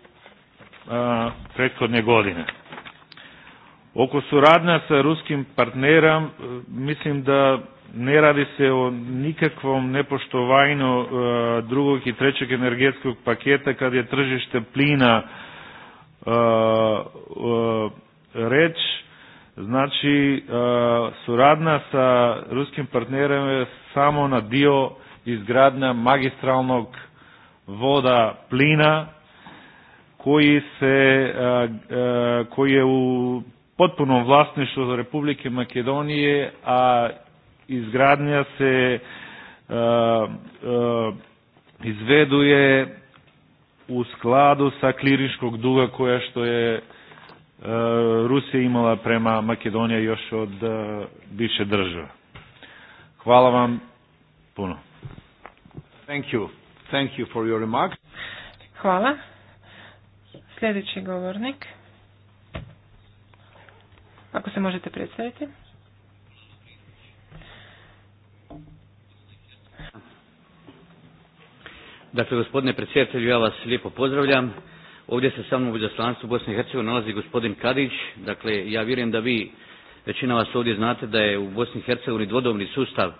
prethodne godine. Oko suradnja sa ruskim partnerom mislim da ne radi se o nikakvom nepoštovanju drugog i trećeg energetskog paketa kad je tržište plina reč. znači e, suradnja sa ruskim partnerima je samo na dio izgradnja magistralnog voda plina koji se e, e, koji je u potpunom vlasništvu Republike Makedonije, a izgradnja se izveduje u skladu sa kliriškog duga koja što je Eh, Rusija imala prema Makedonija još od eh, bivše države. Hvala vam puno. Thank you. Thank you for your remarks. Hvala. Sljedeći govornik. Ako se možete predstaviti. Dakle, gospodine predsjedatelju, ja vas lijepo pozdravljam. Ovdje se sa mnom u izaslanstvu Bosne i Hercegovine nalazi gospodin Kadić. Dakle, ja vjerujem da vi, većina vas ovdje znate da je u Bosni i Hercegovini sustav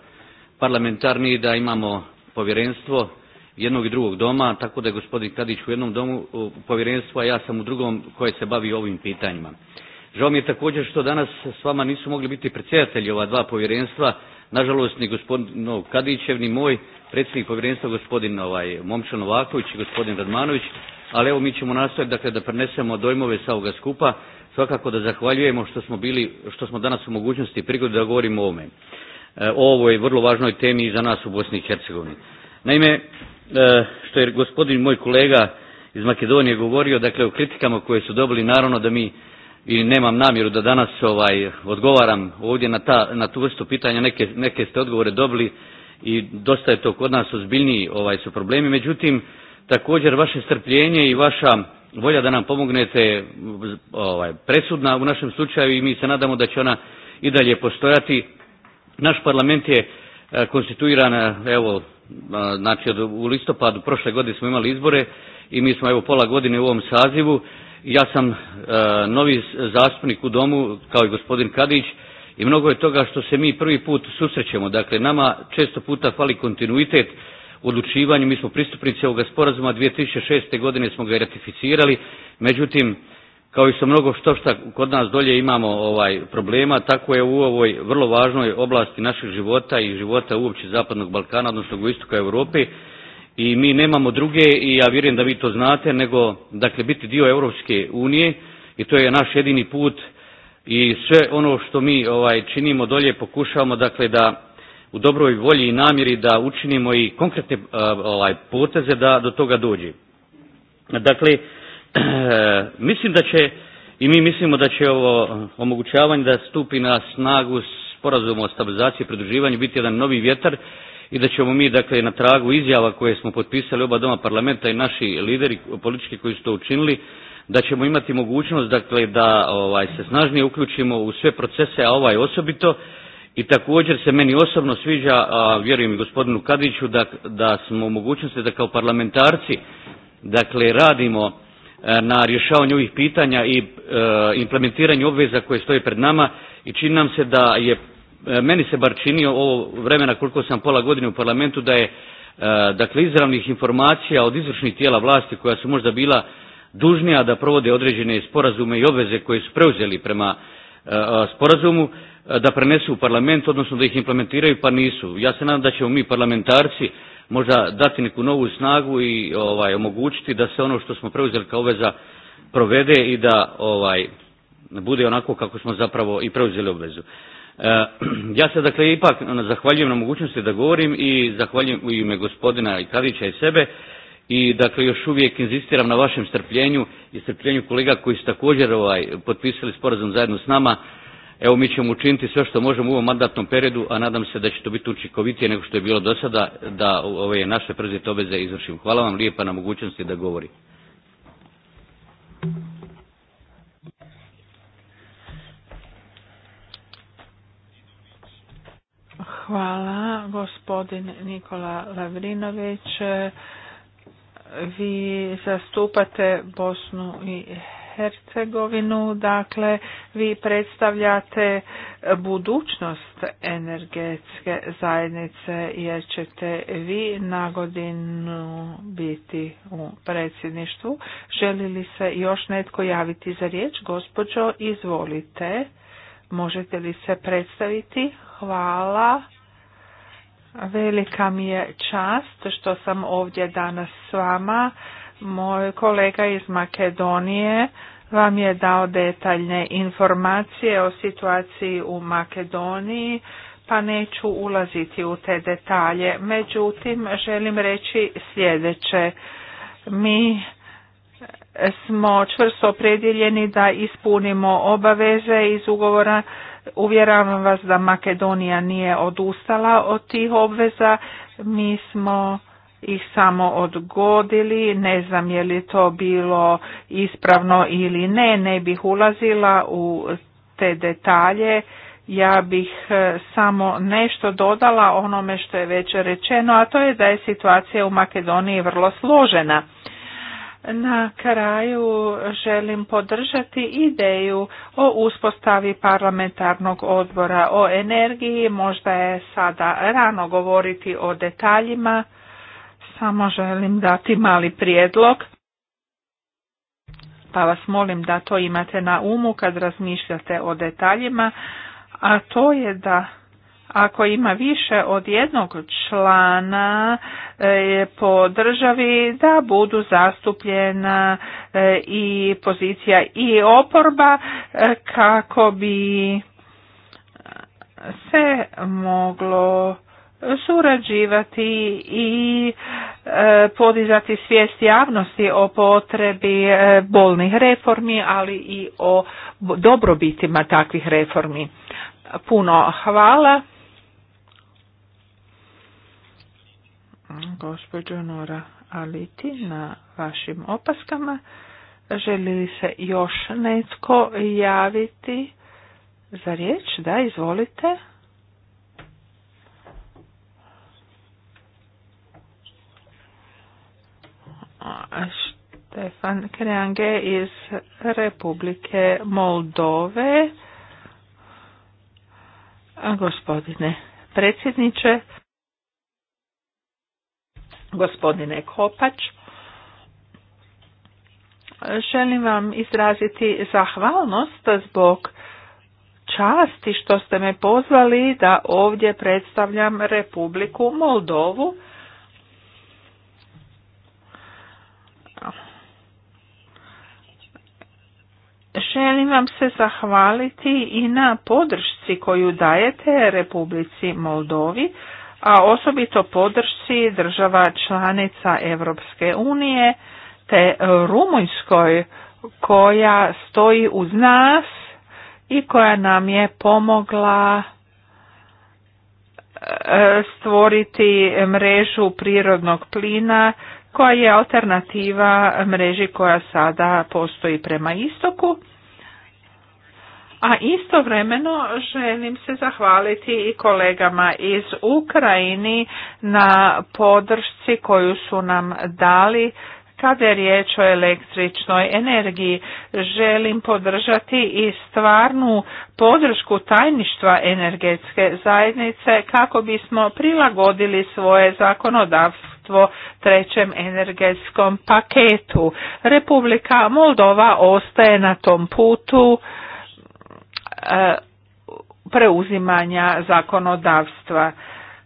parlamentarni da imamo povjerenstvo jednog i drugog doma, tako da je gospodin Kadić u jednom domu povjerenstva, a ja sam u drugom koje se bavi ovim pitanjima. Žao mi je također što danas s vama nisu mogli biti predsjedatelji ova dva povjerenstva, nažalost ni gospodin no, Kadićev, ni moj predsjednik povjerenstva gospodin ovaj, Momčan Novaković i gospodin Radmanović, ali evo mi ćemo nastaviti dakle, da prenesemo dojmove sa ovoga skupa. Svakako da zahvaljujemo što smo, bili, što smo danas u mogućnosti prigodi da govorimo o ovome. E, o ovoj vrlo važnoj temi i za nas u Bosni i Hercegovini. Naime, e, što je gospodin moj kolega iz Makedonije govorio, dakle o kritikama koje su dobili, naravno da mi i nemam namjeru da danas ovaj, odgovaram ovdje na, ta, na tu vrstu pitanja, neke, neke ste odgovore dobili i dosta je to kod nas ozbiljniji ovaj, su problemi. Međutim, također vaše strpljenje i vaša volja da nam pomognete ovaj, presudna u našem slučaju i mi se nadamo da će ona i dalje postojati. Naš parlament je eh, konstituiran, eh, evo, eh, znači u listopadu prošle godine smo imali izbore i mi smo evo pola godine u ovom sazivu. Ja sam novi zastupnik u domu, kao i gospodin Kadić, i mnogo je toga što se mi prvi put susrećemo. Dakle, nama često puta fali kontinuitet odlučivanju. Mi smo pristupnici ovoga sporazuma, 2006. godine smo ga ratificirali, međutim, kao i sa mnogo što šta kod nas dolje imamo ovaj problema, tako je u ovoj vrlo važnoj oblasti našeg života i života uopće Zapadnog Balkana, odnosno istoka Europe, i mi nemamo druge, i ja vjerujem da vi to znate, nego dakle, biti dio Europske unije i to je naš jedini put i sve ono što mi ovaj, činimo dolje pokušavamo dakle, da u dobroj volji i namjeri da učinimo i konkretne eh, ovaj, poteze da do toga dođe. Dakle, [CLEARS THROAT] mislim da će i mi mislimo da će ovo omogućavanje da stupi na snagu sporazuma o stabilizaciji i pridruživanju biti jedan novi vjetar i da ćemo mi dakle na tragu izjava koje smo potpisali oba doma parlamenta i naši lideri politički koji su to učinili da ćemo imati mogućnost dakle da ovaj, se snažnije uključimo u sve procese, a ovaj osobito i također se meni osobno sviđa, a vjerujem i gospodinu Kadiću, da, da smo u mogućnosti da kao parlamentarci dakle radimo e, na rješavanju ovih pitanja i e, implementiranju obveza koje stoje pred nama i čini nam se da je, e, meni se bar čini ovo vremena koliko sam pola godine u parlamentu, da je dakle izravnih informacija od izvršnih tijela vlasti koja su možda bila dužnija da provode određene sporazume i obveze koje su preuzeli prema sporazumu, da prenesu u parlament, odnosno da ih implementiraju, pa nisu. Ja se nadam da ćemo mi parlamentarci možda dati neku novu snagu i ovaj, omogućiti da se ono što smo preuzeli kao obveza provede i da ovaj, bude onako kako smo zapravo i preuzeli obvezu. E, ja se dakle ipak zahvaljujem na mogućnosti da govorim i zahvaljujem u ime gospodina kavića i sebe i dakle još uvijek inzistiram na vašem strpljenju i strpljenju kolega koji su također ovaj, potpisali sporazum zajedno s nama Evo mi ćemo učiniti sve što možemo u ovom mandatnom periodu, a nadam se da će to biti učinkovitije nego što je bilo do sada, da ove naše preuzete obveze izvršimo. Hvala vam lijepa na mogućnosti da govori. Hvala, gospodin Nikola Lavrinović. Vi zastupate Bosnu i Hercegovinu, dakle vi predstavljate budućnost energetske zajednice jer ćete vi na godinu biti u predsjedništvu. Želi li se još netko javiti za riječ? Gospođo, izvolite. Možete li se predstaviti? Hvala. Velika mi je čast što sam ovdje danas s vama. Moj kolega iz Makedonije vam je dao detaljne informacije o situaciji u Makedoniji, pa neću ulaziti u te detalje. Međutim, želim reći sljedeće. Mi smo čvrsto opredjeljeni da ispunimo obaveze iz ugovora. Uvjeravam vas da Makedonija nije odustala od tih obveza. Mi smo ih samo odgodili, ne znam je li to bilo ispravno ili ne, ne bih ulazila u te detalje. Ja bih e, samo nešto dodala onome što je već rečeno, a to je da je situacija u Makedoniji vrlo složena. Na kraju želim podržati ideju o uspostavi parlamentarnog odbora o energiji. Možda je sada rano govoriti o detaljima. Samo želim dati mali prijedlog, pa vas molim da to imate na umu kad razmišljate o detaljima, a to je da ako ima više od jednog člana e, po državi da budu zastupljena e, i pozicija i oporba e, kako bi se moglo surađivati i e, podizati svijest javnosti o potrebi e, bolnih reformi, ali i o dobrobitima takvih reformi. Puno hvala. Gospođo Nora Aliti na vašim opaskama. Želi li se još netko javiti za riječ? Da, izvolite. Stefan Kreange iz Republike Moldove. Gospodine predsjedniče, gospodine Kopač, želim vam izraziti zahvalnost zbog časti što ste me pozvali da ovdje predstavljam Republiku Moldovu Želim vam se zahvaliti i na podršci koju dajete Republici Moldovi, a osobito podršci država članica Europske unije te Rumunjskoj koja stoji uz nas i koja nam je pomogla e, stvoriti mrežu prirodnog plina koja je alternativa mreži koja sada postoji prema istoku a istovremeno želim se zahvaliti i kolegama iz Ukrajini na podršci koju su nam dali kada je riječ o električnoj energiji. Želim podržati i stvarnu podršku tajništva energetske zajednice kako bismo prilagodili svoje zakonodavstvo trećem energetskom paketu. Republika Moldova ostaje na tom putu E, preuzimanja zakonodavstva.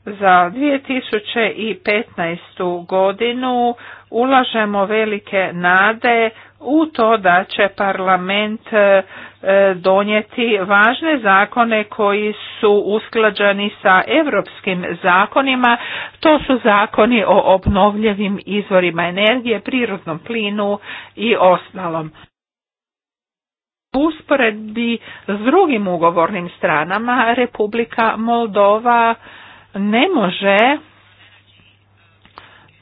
Za 2015. godinu ulažemo velike nade u to da će parlament e, donijeti važne zakone koji su usklađeni sa europskim zakonima. To su zakoni o obnovljivim izvorima energije, prirodnom plinu i ostalom usporedbi s drugim ugovornim stranama Republika Moldova ne može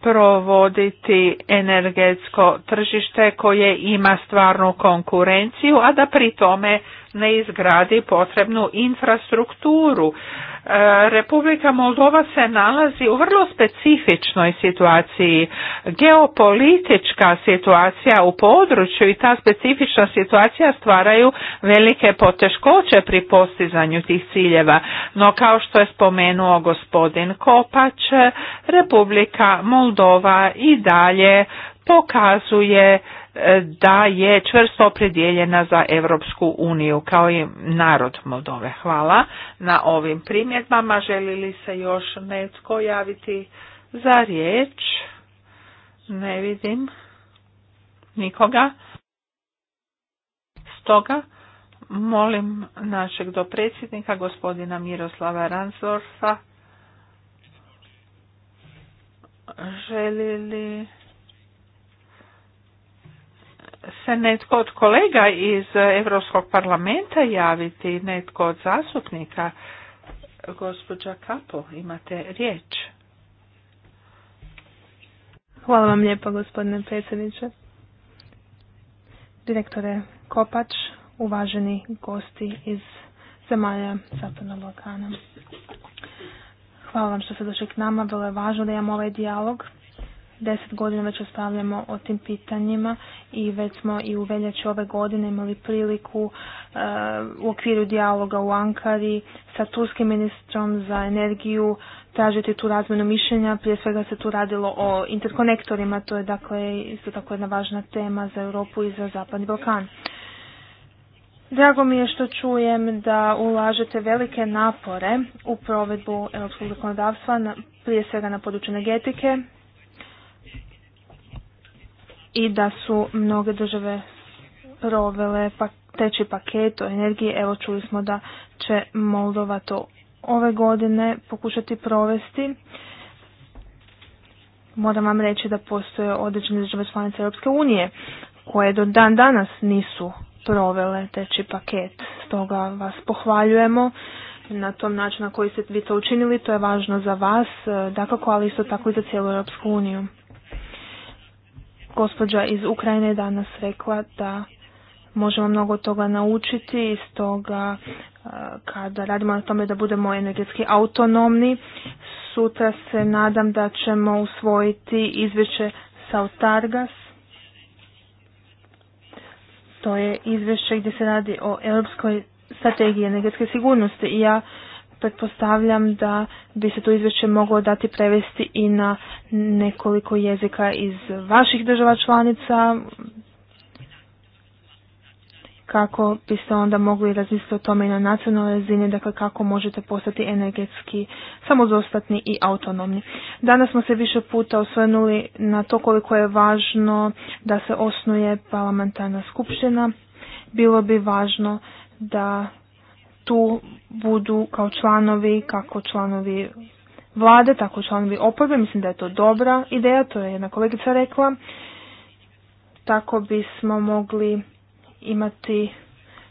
provoditi energetsko tržište koje ima stvarnu konkurenciju, a da pri tome ne izgradi potrebnu infrastrukturu. E, Republika Moldova se nalazi u vrlo specifičnoj situaciji. Geopolitička situacija u području i ta specifična situacija stvaraju velike poteškoće pri postizanju tih ciljeva. No kao što je spomenuo gospodin Kopač, Republika Moldova i dalje pokazuje E, da je čvrsto opredijeljena za Europsku uniju kao i narod Moldove. Hvala na ovim primjedbama. Želi li se još netko javiti za riječ? Ne vidim nikoga. Stoga molim našeg dopredsjednika gospodina Miroslava Ransdorfa želi li se netko od kolega iz Europskog parlamenta javiti, netko od zastupnika. Gospođa Kapo, imate riječ. Hvala vam lijepo, gospodine predsjedniče. Direktore Kopač, uvaženi gosti iz zemalja Zapadnog Balkana. Hvala vam što ste došli k nama, bilo je važno da imamo ovaj dijalog deset godina već ostavljamo o tim pitanjima i već smo i u veljači ove godine imali priliku e, u okviru dijaloga u Ankari sa turskim ministrom za energiju tražiti tu razmjenu mišljenja. Prije svega se tu radilo o interkonektorima, to je dakle isto tako jedna važna tema za Europu i za Zapadni Balkan. Drago mi je što čujem da ulažete velike napore u provedbu europskog zakonodavstva, prije svega na području energetike, i da su mnoge države provele pa, teči paket o energiji. Evo čuli smo da će Moldova to ove godine pokušati provesti. Moram vam reći da postoje određene države članice Europske unije koje do dan danas nisu provele teči paket. Stoga vas pohvaljujemo na tom načinu na koji ste vi to učinili. To je važno za vas, eh, dakako, ali isto tako i za cijelu Europsku uniju. Gospođa iz Ukrajine danas rekla da možemo mnogo toga naučiti iz toga e, kada radimo na tome da budemo energetski autonomni. Sutra se nadam da ćemo usvojiti izvješće Sautargas. To je izvješće gdje se radi o europskoj strategiji energetske sigurnosti i ja pretpostavljam da bi se to izvješće moglo dati prevesti i na nekoliko jezika iz vaših država članica kako biste onda mogli razmisliti o tome i na nacionalnoj razini, dakle kako možete postati energetski samozostatni i autonomni. Danas smo se više puta osvrnuli na to koliko je važno da se osnuje parlamentarna skupština. Bilo bi važno da tu budu kao članovi, kako članovi vlade, tako članovi oporbe. Mislim da je to dobra ideja, to je jedna kolegica rekla. Tako bismo mogli imati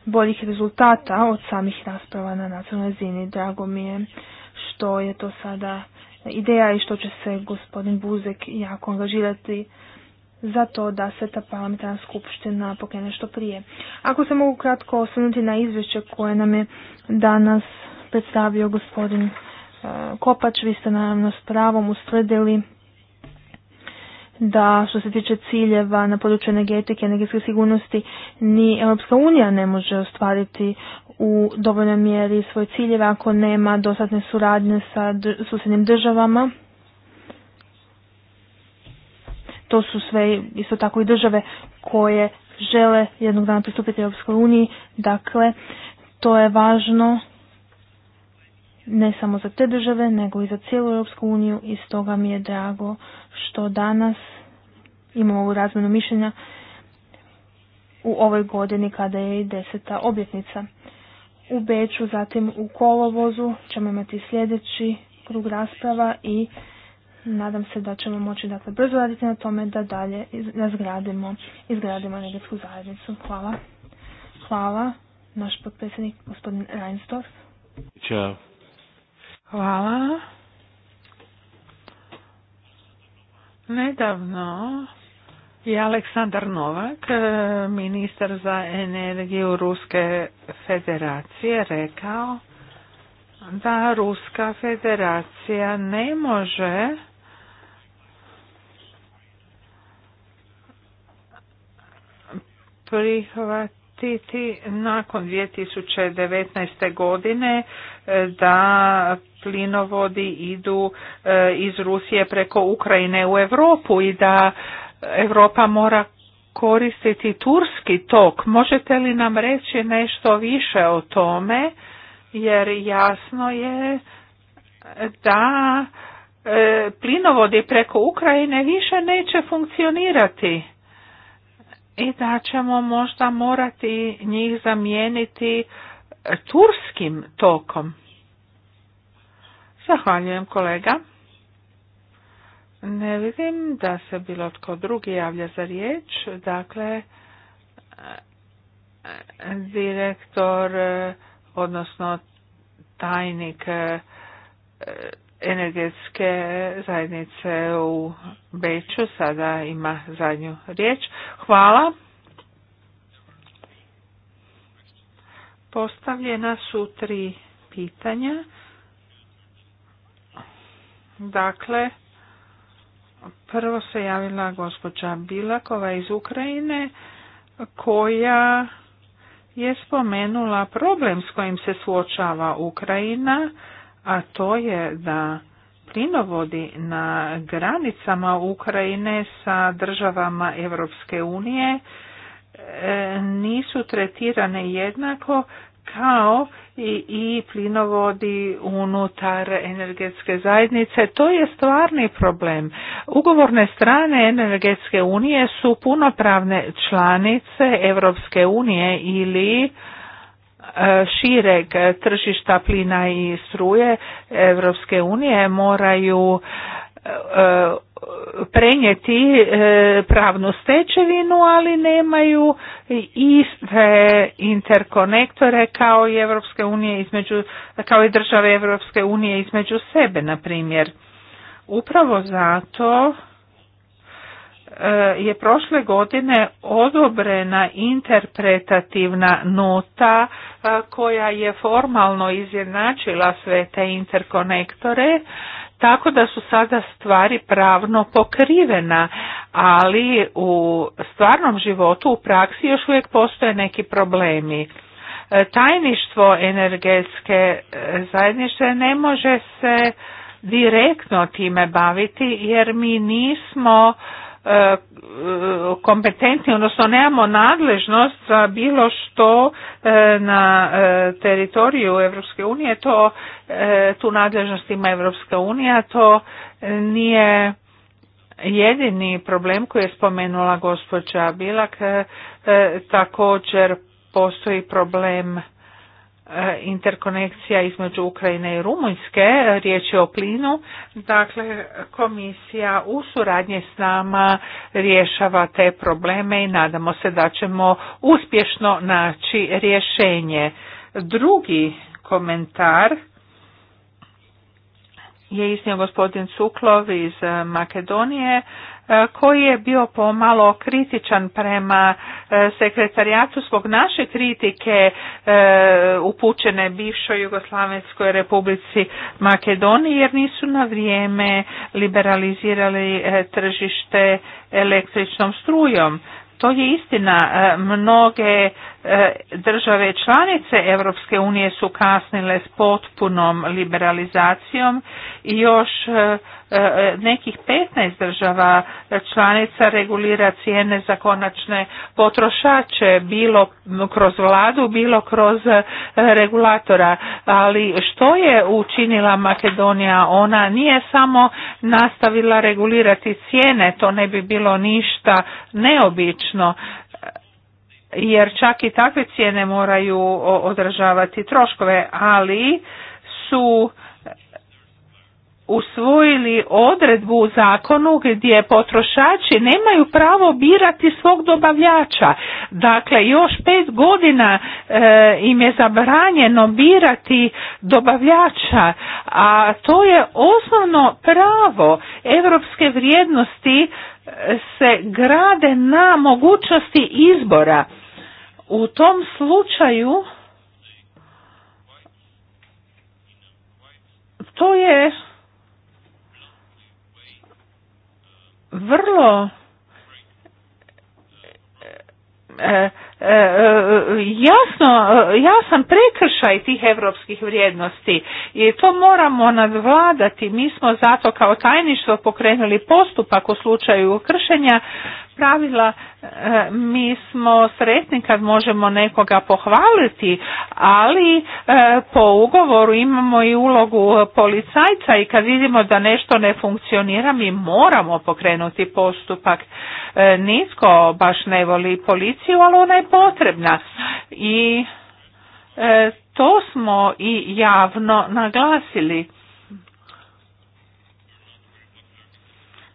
boljih rezultata od samih rasprava na nacionalnoj zini. Drago mi je što je to sada ideja i što će se gospodin Buzek jako angažirati za to da se ta parlamentarna skupština pokrene što prije. Ako se mogu kratko osvrnuti na izvješće koje nam je danas predstavio gospodin e, Kopač, vi ste naravno s pravom ustvrdili da što se tiče ciljeva na području energetike, energetske sigurnosti, ni Europska unija ne može ostvariti u dovoljnoj mjeri svoje ciljeve ako nema dostatne suradnje sa susjednim državama to su sve isto tako i države koje žele jednog dana pristupiti Europskoj uniji. Dakle, to je važno ne samo za te države, nego i za cijelu Europsku uniju i stoga mi je drago što danas imamo ovu razmenu mišljenja u ovoj godini kada je i deseta objetnica. U Beću, zatim u Kolovozu ćemo imati sljedeći krug rasprava i nadam se da ćemo moći dakle brzo raditi na tome da dalje razgradimo, izgradimo energetsku zajednicu. Hvala. Hvala, naš potpredsjednik gospodin Reinstorf. Ćao. Hvala. Nedavno je Aleksandar Novak, e, ministar za energiju Ruske federacije, rekao da Ruska federacija ne može prihvatiti nakon 2019. godine e, da plinovodi idu e, iz Rusije preko Ukrajine u Europu i da Europa mora koristiti turski tok. Možete li nam reći nešto više o tome? Jer jasno je da e, plinovodi preko Ukrajine više neće funkcionirati i da ćemo možda morati njih zamijeniti turskim tokom. Zahvaljujem kolega. Ne vidim da se bilo tko drugi javlja za riječ. Dakle, direktor, odnosno tajnik energetske zajednice u Beću. Sada ima zadnju riječ. Hvala. Postavljena su tri pitanja. Dakle, prvo se javila gospođa Bilakova iz Ukrajine koja je spomenula problem s kojim se suočava Ukrajina a to je da plinovodi na granicama Ukrajine sa državama Europske unije e, nisu tretirane jednako kao i, i plinovodi unutar energetske zajednice. To je stvarni problem. Ugovorne strane energetske unije su punopravne članice Europske unije ili E, šireg tržišta plina i struje Europske unije moraju e, prenijeti e, pravnu stečevinu, ali nemaju iste interkonektore kao i Europske unije između, kao i države Europske unije između sebe, na primjer. Upravo zato Eh, je prošle godine odobrena interpretativna nota eh, koja je formalno izjednačila sve te interkonektore tako da su sada stvari pravno pokrivena, ali u stvarnom životu u praksi još uvijek postoje neki problemi. Eh, tajništvo energetske zajednice ne može se direktno time baviti jer mi nismo E, kompetentni, odnosno nemamo nadležnost za bilo što e, na e, teritoriju Europske unije, to tu nadležnost ima Europska unija, to nije jedini problem koji je spomenula gospođa Bilak, također postoji problem Eh, interkonekcija između Ukrajine i Rumunjske, eh, riječ je o plinu. Dakle, komisija u suradnji s nama rješava te probleme i nadamo se da ćemo uspješno naći rješenje. Drugi komentar je iznio gospodin Cuklov iz Makedonije. E, koji je bio pomalo kritičan prema e, sekretarijatu zbog naše kritike e, upućene bivšoj Jugoslavenskoj republici Makedoniji jer nisu na vrijeme liberalizirali tržište električnom strujom. To je istina. Mnoge E, države članice Europske unije su kasnile s potpunom liberalizacijom i još e, e, nekih 15 država članica regulira cijene za konačne potrošače bilo kroz vladu, bilo kroz regulatora. Ali što je učinila Makedonija? Ona nije samo nastavila regulirati cijene, to ne bi bilo ništa neobično jer čak i takve cijene moraju odražavati troškove, ali su usvojili odredbu u zakonu gdje potrošači nemaju pravo birati svog dobavljača. Dakle, još pet godina e, im je zabranjeno birati dobavljača, a to je osnovno pravo europske vrijednosti e, se grade na mogućnosti izbora u tom slučaju to je vrlo e, E, e, jasno, e, jasan prekršaj tih europskih vrijednosti i to moramo nadvladati. Mi smo zato kao tajništvo pokrenuli postupak u slučaju kršenja pravila. Mi smo sretni kad možemo nekoga pohvaliti, ali po ugovoru imamo i ulogu policajca i kad vidimo da nešto ne funkcionira mi moramo pokrenuti postupak. Nitko baš ne voli policiju, ali ona je potrebna i e, to smo i javno naglasili.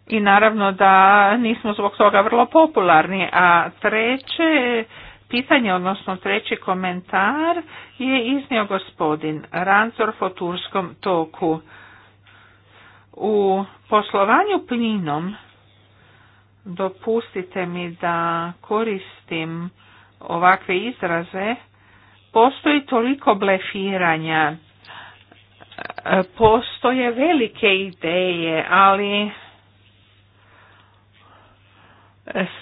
I naravno da nismo zbog toga vrlo popularni. A treće pitanje, odnosno treći komentar je iznio gospodin Ranzor o turskom toku. U poslovanju plinom dopustite mi da koristim ovakve izraze, postoji toliko blefiranja, e, postoje velike ideje, ali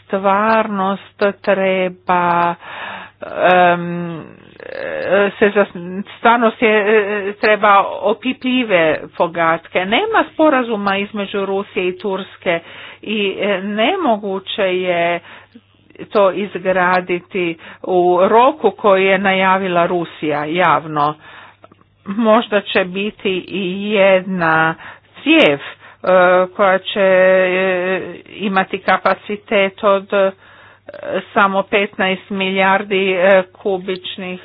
stvarnost treba se za stvarnost je, e, treba opipljive pogatke. Nema sporazuma između Rusije i Turske i e, nemoguće je to izgraditi u roku koji je najavila Rusija javno. Možda će biti i jedna cijev e, koja će e, imati kapacitet od e, samo 15 milijardi kubičnih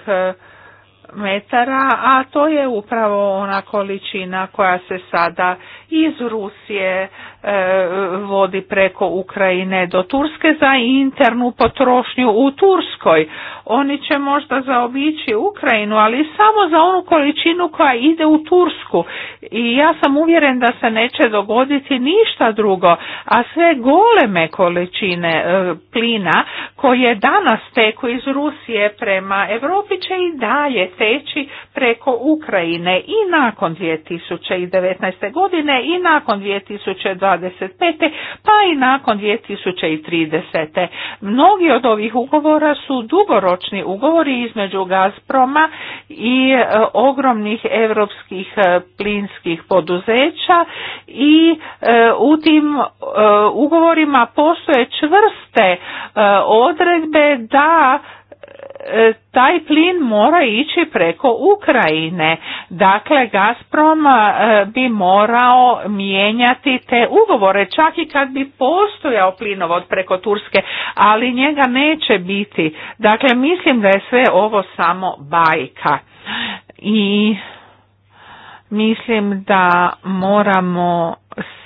metara, a to je upravo ona količina koja se sada iz Rusije E, vodi preko Ukrajine do Turske za internu potrošnju u Turskoj. Oni će možda zaobići Ukrajinu, ali samo za onu količinu koja ide u Tursku. I ja sam uvjeren da se neće dogoditi ništa drugo, a sve goleme količine e, plina koje danas teku iz Rusije prema Europi će i dalje teći preko Ukrajine i nakon 2019. godine i nakon 2020 2025. pa i nakon 2030. Mnogi od ovih ugovora su dugoročni ugovori između Gazproma i e, ogromnih europskih e, plinskih poduzeća i e, u tim ugovorima postoje čvrste odredbe da E, taj plin mora ići preko Ukrajine. Dakle, Gazprom e, bi morao mijenjati te ugovore, čak i kad bi postojao plinovod preko Turske, ali njega neće biti. Dakle, mislim da je sve ovo samo bajka. I mislim da moramo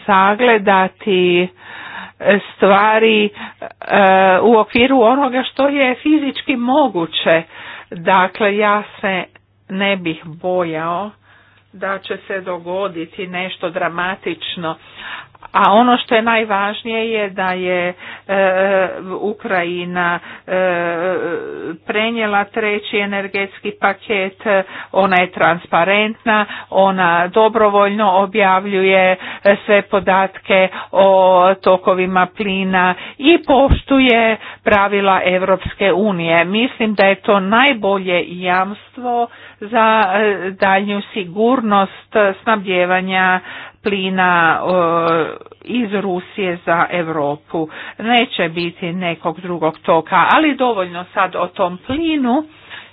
sagledati stvari e, u okviru onoga što je fizički moguće. Dakle, ja se ne bih bojao da će se dogoditi nešto dramatično a ono što je najvažnije je da je e, Ukrajina e, prenijela treći energetski paket, ona je transparentna, ona dobrovoljno objavljuje e, sve podatke o tokovima plina i poštuje pravila Europske unije. Mislim da je to najbolje jamstvo za daljnju sigurnost snabdjevanja plina iz Rusije za Europu. Neće biti nekog drugog toka, ali dovoljno sad o tom plinu.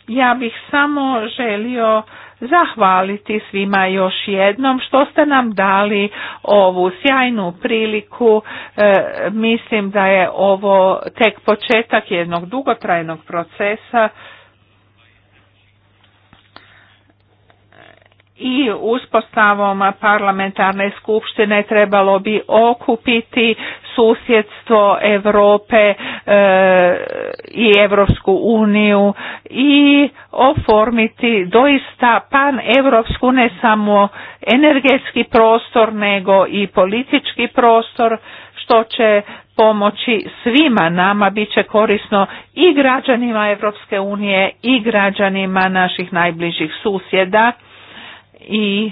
Ja bih samo želio zahvaliti svima još jednom što ste nam dali ovu sjajnu priliku. E, mislim da je ovo tek početak jednog dugotrajnog procesa i uspostavom parlamentarne skupštine trebalo bi okupiti susjedstvo Europe e, i Europsku uniju i oformiti doista pan europsku ne samo energetski prostor nego i politički prostor što će pomoći svima nama bit će korisno i građanima Europske unije i građanima naših najbližih susjeda i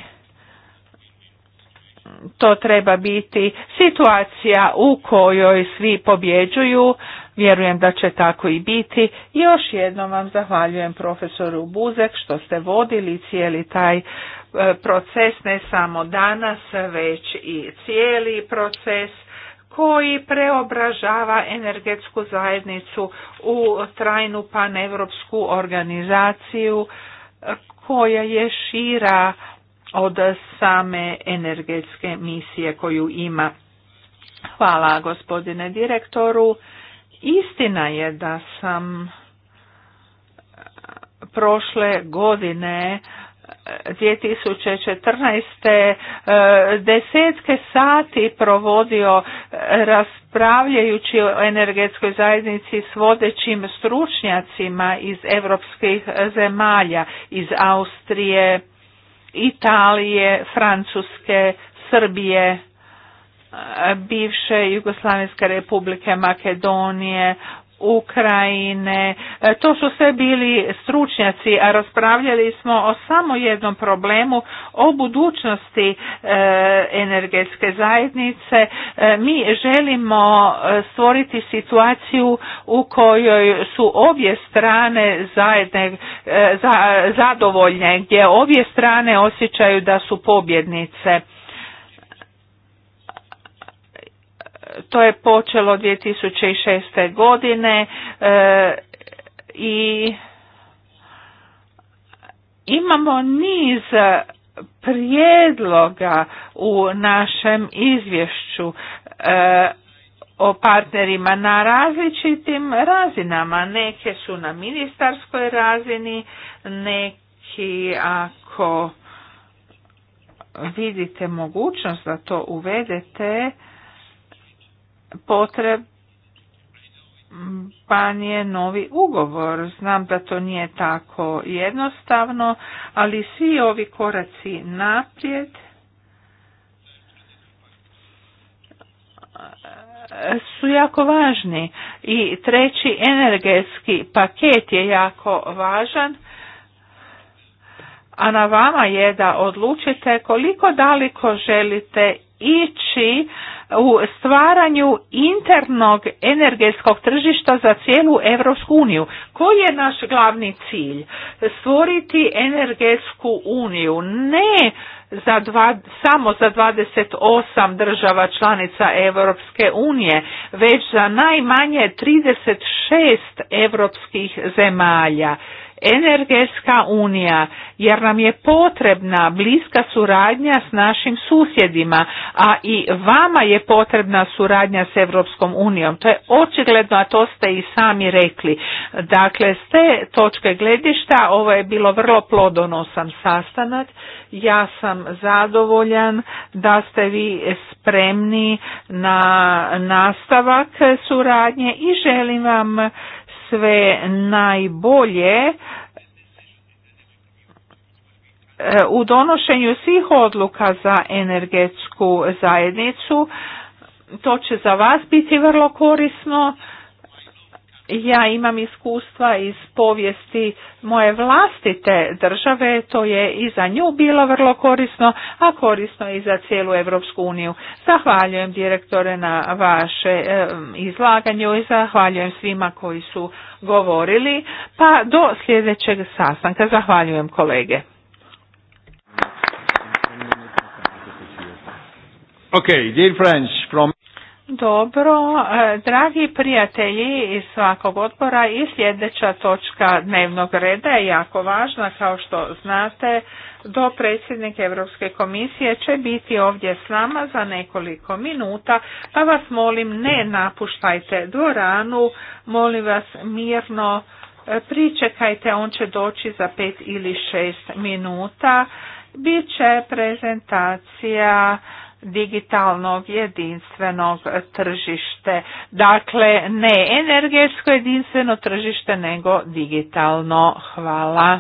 to treba biti situacija u kojoj svi pobjeđuju. Vjerujem da će tako i biti. Još jednom vam zahvaljujem profesoru Buzek što ste vodili cijeli taj e, proces, ne samo danas, već i cijeli proces koji preobražava energetsku zajednicu u trajnu paneuropsku organizaciju koja je šira od same energetske misije koju ima. Hvala gospodine direktoru. Istina je da sam prošle godine 2014. E, desetke sati provodio e, raspravljajući o energetskoj zajednici s vodećim stručnjacima iz europskih zemalja, iz Austrije, Italije, Francuske, Srbije, e, bivše Jugoslavenske republike Makedonije, Ukrajine. E, to su sve bili stručnjaci, a raspravljali smo o samo jednom problemu, o budućnosti e, energetske zajednice. E, mi želimo stvoriti situaciju u kojoj su obje strane zajedne, zadovoljne, gdje obje strane osjećaju da su pobjednice. to je počelo 2006. godine e, i imamo niz prijedloga u našem izvješću e, o partnerima na različitim razinama. Neke su na ministarskoj razini, neki ako vidite mogućnost da to uvedete, potreban je novi ugovor. Znam da to nije tako jednostavno, ali svi ovi koraci naprijed su jako važni i treći energetski paket je jako važan a na vama je da odlučite koliko daleko želite ići u stvaranju internog energetskog tržišta za cijelu EU. uniju. Koji je naš glavni cilj? Stvoriti energetsku uniju, ne za dva, samo za 28 država članica Europske unije, već za najmanje 36 europskih zemalja energetska unija jer nam je potrebna bliska suradnja s našim susjedima, a i vama je potrebna suradnja s Europskom unijom. To je očigledno, a to ste i sami rekli. Dakle, s te točke gledišta ovo je bilo vrlo plodonosan sastanak. Ja sam zadovoljan da ste vi spremni na nastavak suradnje i želim vam sve najbolje e, u donošenju svih odluka za energetsku zajednicu. To će za vas biti vrlo korisno ja imam iskustva iz povijesti moje vlastite države, to je i za nju bilo vrlo korisno, a korisno i za cijelu Europsku uniju. Zahvaljujem direktore na vaše izlaganju i zahvaljujem svima koji su govorili, pa do sljedećeg sastanka. Zahvaljujem kolege. Okay, dear friends, from dobro, e, dragi prijatelji iz svakog odbora i sljedeća točka dnevnog reda je jako važna, kao što znate, do predsjednik Europske komisije će biti ovdje s nama za nekoliko minuta, pa vas molim ne napuštajte dvoranu, molim vas mirno e, pričekajte, on će doći za pet ili šest minuta, bit će prezentacija digitalnog jedinstvenog tržište. Dakle, ne energetsko jedinstveno tržište, nego digitalno. Hvala.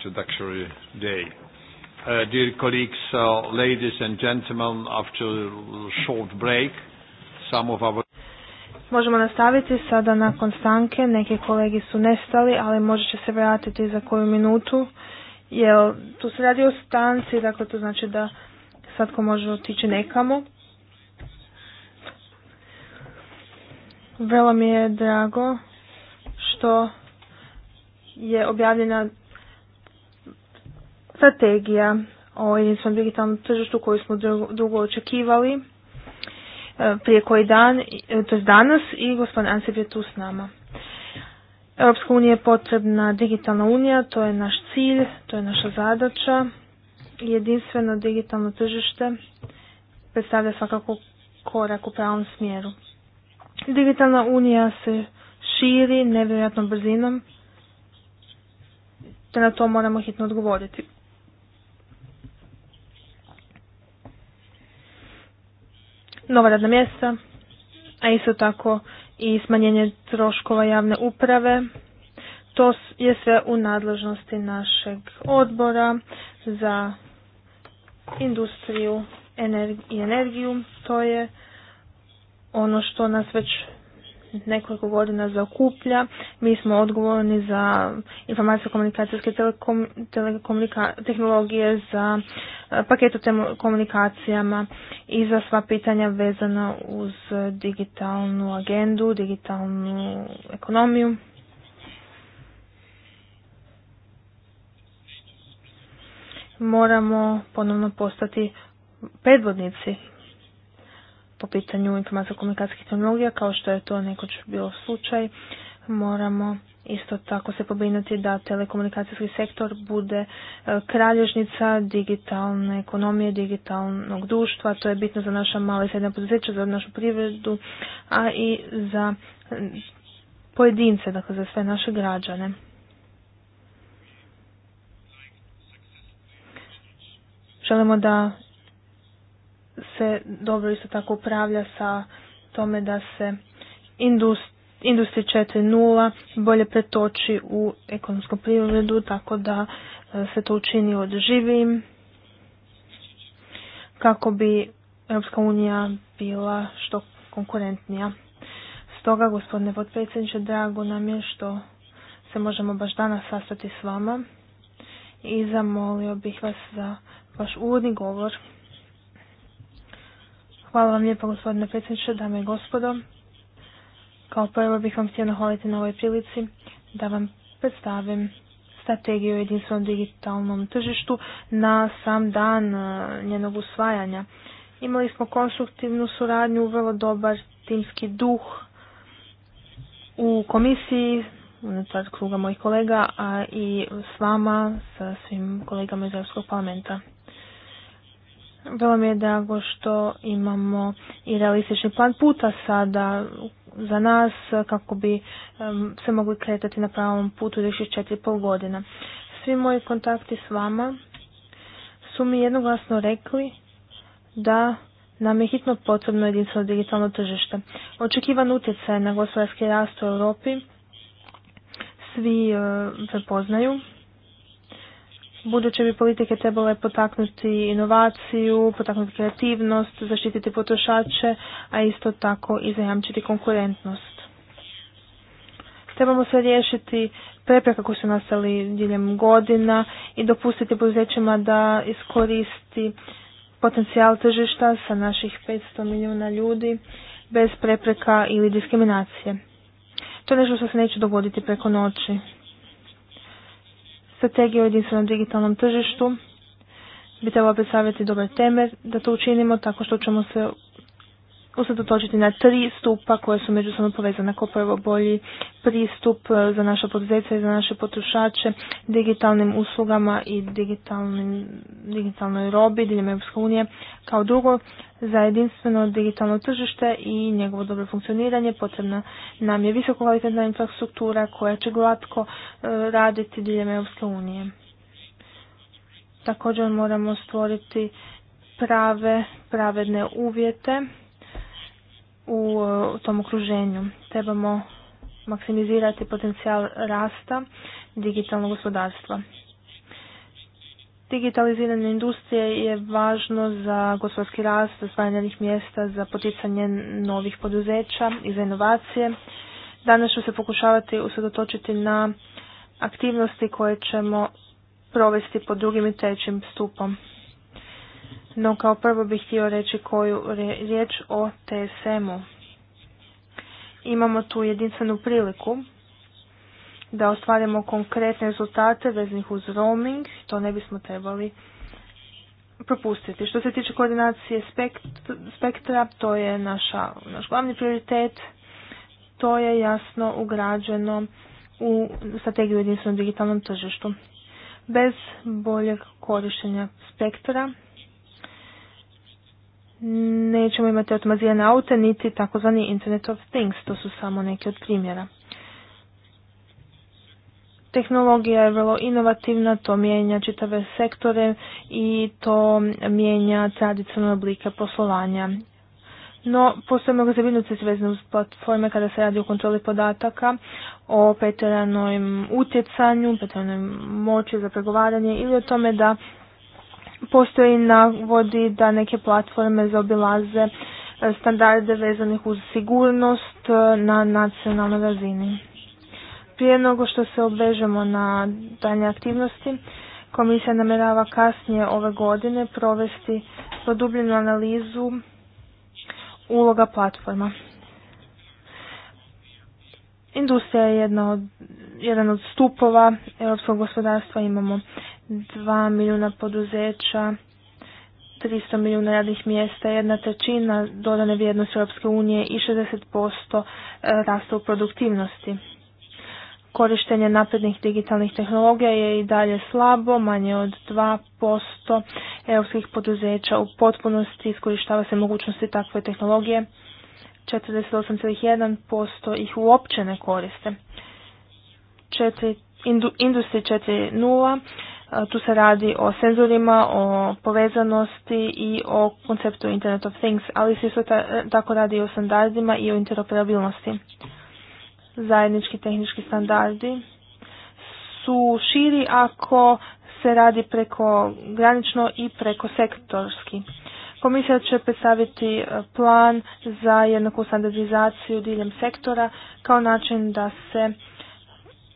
introductory day. Uh, dear colleagues, uh, ladies and gentlemen, after a short break, some of our... Možemo nastaviti sada nakon stanke, neki kolegi su nestali, ali možda će se vratiti za koju minutu, jer tu se radi o stanci, dakle to znači da svatko može otići nekamo. Vrlo mi je drago što je objavljena strategija o jedinstvenom digitalnom tržištu koju smo dugo očekivali e, prije koji dan, e, to je danas i gospodin Ansip je tu s nama. Europska unija je potrebna digitalna unija, to je naš cilj, to je naša zadaća. Jedinstveno digitalno tržište predstavlja svakako korak u pravom smjeru. Digitalna unija se širi nevjerojatnom brzinom, te na to moramo hitno odgovoriti. nova radna mjesta, a isto tako i smanjenje troškova javne uprave. To je sve u nadležnosti našeg odbora za industriju i energiju. To je ono što nas već nekoliko godina zakuplja. Mi smo odgovorni za informacijsko-komunikacijske telekom, tehnologije, za e, paket komunikacijama i za sva pitanja vezana uz digitalnu agendu, digitalnu ekonomiju. Moramo ponovno postati predvodnici po pitanju informacijsko-komunikacijskih tehnologija, kao što je to nekoć bio slučaj, moramo isto tako se pobrinuti da telekomunikacijski sektor bude e, kralježnica digitalne ekonomije, digitalnog društva. To je bitno za naša mala i srednja poduzeća, za našu privredu, a i za e, pojedince, dakle za sve naše građane. Želimo da se dobro isto tako upravlja sa tome da se industrija Industri 4.0 bolje pretoči u ekonomsku privredu tako da e, se to učini odživim kako bi Europska unija bila što konkurentnija. Stoga, gospodine potpredsjedniče, drago nam je što se možemo baš danas sastati s vama i zamolio bih vas za vaš uvodni govor Hvala vam lijepo gospodine predsjedniče, dame i gospodo. Kao prvo bih vam htio nahvaliti na ovoj prilici da vam predstavim strategiju o jedinstvenom digitalnom tržištu na sam dan e, njenog usvajanja. Imali smo konstruktivnu suradnju, vrlo dobar timski duh u komisiji, unutar kruga mojih kolega, a i s vama, sa svim kolegama iz Europskog parlamenta. Vrlo mi je drago što imamo i realistični plan puta sada za nas kako bi se mogli kretati na pravom putu više četiri pol godina. Svi moji kontakti s vama su mi jednoglasno rekli da nam je hitno potrebno jedinstveno digitalno tržište. Očekivan utjecaj na gospodarski rast u Europi svi eh, prepoznaju. Buduće bi politike trebale potaknuti inovaciju, potaknuti kreativnost, zaštititi potrošače, a isto tako i zajamčiti konkurentnost. Trebamo se riješiti prepreka koje su nastali diljem godina i dopustiti poduzećima da iskoristi potencijal tržišta sa naših 500 milijuna ljudi bez prepreka ili diskriminacije. To je nešto što se neće dogoditi preko noći. Strategiju jedinstvenom digitalnom tržištu bi trebalo savjeti dobar teme da to učinimo tako što ćemo se usredotočiti na tri stupa koje su međusobno povezane. kao prvo bolji pristup e, za naše poduzeća i za naše potrošače digitalnim uslugama i digitalnoj robi diljem Europske unije. Kao drugo, za jedinstveno digitalno tržište i njegovo dobro funkcioniranje potrebna nam je visoko kvalitetna infrastruktura koja će glatko e, raditi diljem Europske unije. Također moramo stvoriti prave, pravedne uvjete E, u tom okruženju. Trebamo maksimizirati potencijal rasta digitalnog gospodarstva. Digitalizirana industrije je važno za gospodarski rast, za stvaranje mjesta, za poticanje novih poduzeća i za inovacije. Danas ću se pokušavati usredotočiti na aktivnosti koje ćemo provesti pod drugim i trećim stupom no kao prvo bih htio reći koju riječ o TSM-u. Imamo tu jedinstvenu priliku da ostvarimo konkretne rezultate veznih uz roaming, to ne bismo trebali propustiti. Što se tiče koordinacije spektra, to je naša, naš glavni prioritet, to je jasno ugrađeno u strategiju jedinstvenom digitalnom tržištu. Bez boljeg korištenja spektra nećemo imati automazirane aute, niti takozvani Internet of Things, to su samo neki od primjera. Tehnologija je vrlo inovativna, to mijenja čitave sektore i to mijenja tradicionalne oblike poslovanja. No, postoje mnogo zavidnice vezane uz platforme kada se radi o kontroli podataka, o pretjeranom utjecanju, pretjeranoj moći za pregovaranje ili o tome da Postoji na navodi da neke platforme zaobilaze e, standarde vezanih uz sigurnost e, na nacionalnoj razini. Prije nego što se obvežemo na dalje aktivnosti, komisija namjerava kasnije ove godine provesti podubljenu analizu uloga platforma. Industrija je jedna od, jedan od stupova europskog gospodarstva, imamo dva milijuna poduzeća, 300 milijuna radnih mjesta, jedna trećina dodane vrijednosti Europske unije i 60% e, rasta u produktivnosti. Korištenje naprednih digitalnih tehnologija je i dalje slabo, manje od 2% europskih poduzeća u potpunosti iskorištava se mogućnosti takve tehnologije, 48,1% ih uopće ne koriste. Industri 4.0 tu se radi o senzorima, o povezanosti i o konceptu Internet of Things, ali se isto e, tako radi i o standardima i o interoperabilnosti. Zajednički tehnički standardi su širi ako se radi preko granično i preko sektorski. Komisija će predstaviti e, plan za jednaku standardizaciju diljem sektora kao način da se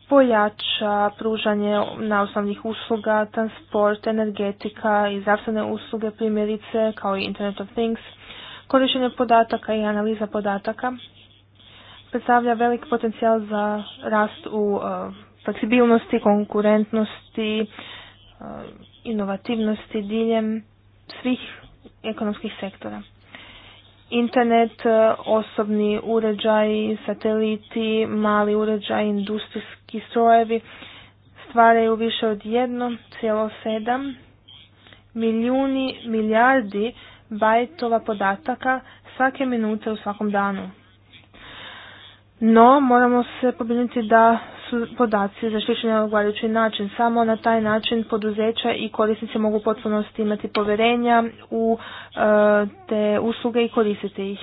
pojača pružanje naosnovnih usluga, transport, energetika i zdravstvene usluge, primjerice kao i Internet of Things, korištenje podataka i analiza podataka predstavlja velik potencijal za rast u uh, fleksibilnosti, konkurentnosti, uh, inovativnosti diljem svih ekonomskih sektora. Internet, e, osobni uređaji, sateliti, mali uređaji, industrijski strojevi stvaraju više od 1,7 milijuni milijardi bajtova podataka svake minute u svakom danu. No, moramo se pobrinuti da su podaci zaštićeni na odgovarajući način. Samo na taj način poduzeća i korisnici mogu potpunosti imati poverenja u e, te usluge i koristiti ih.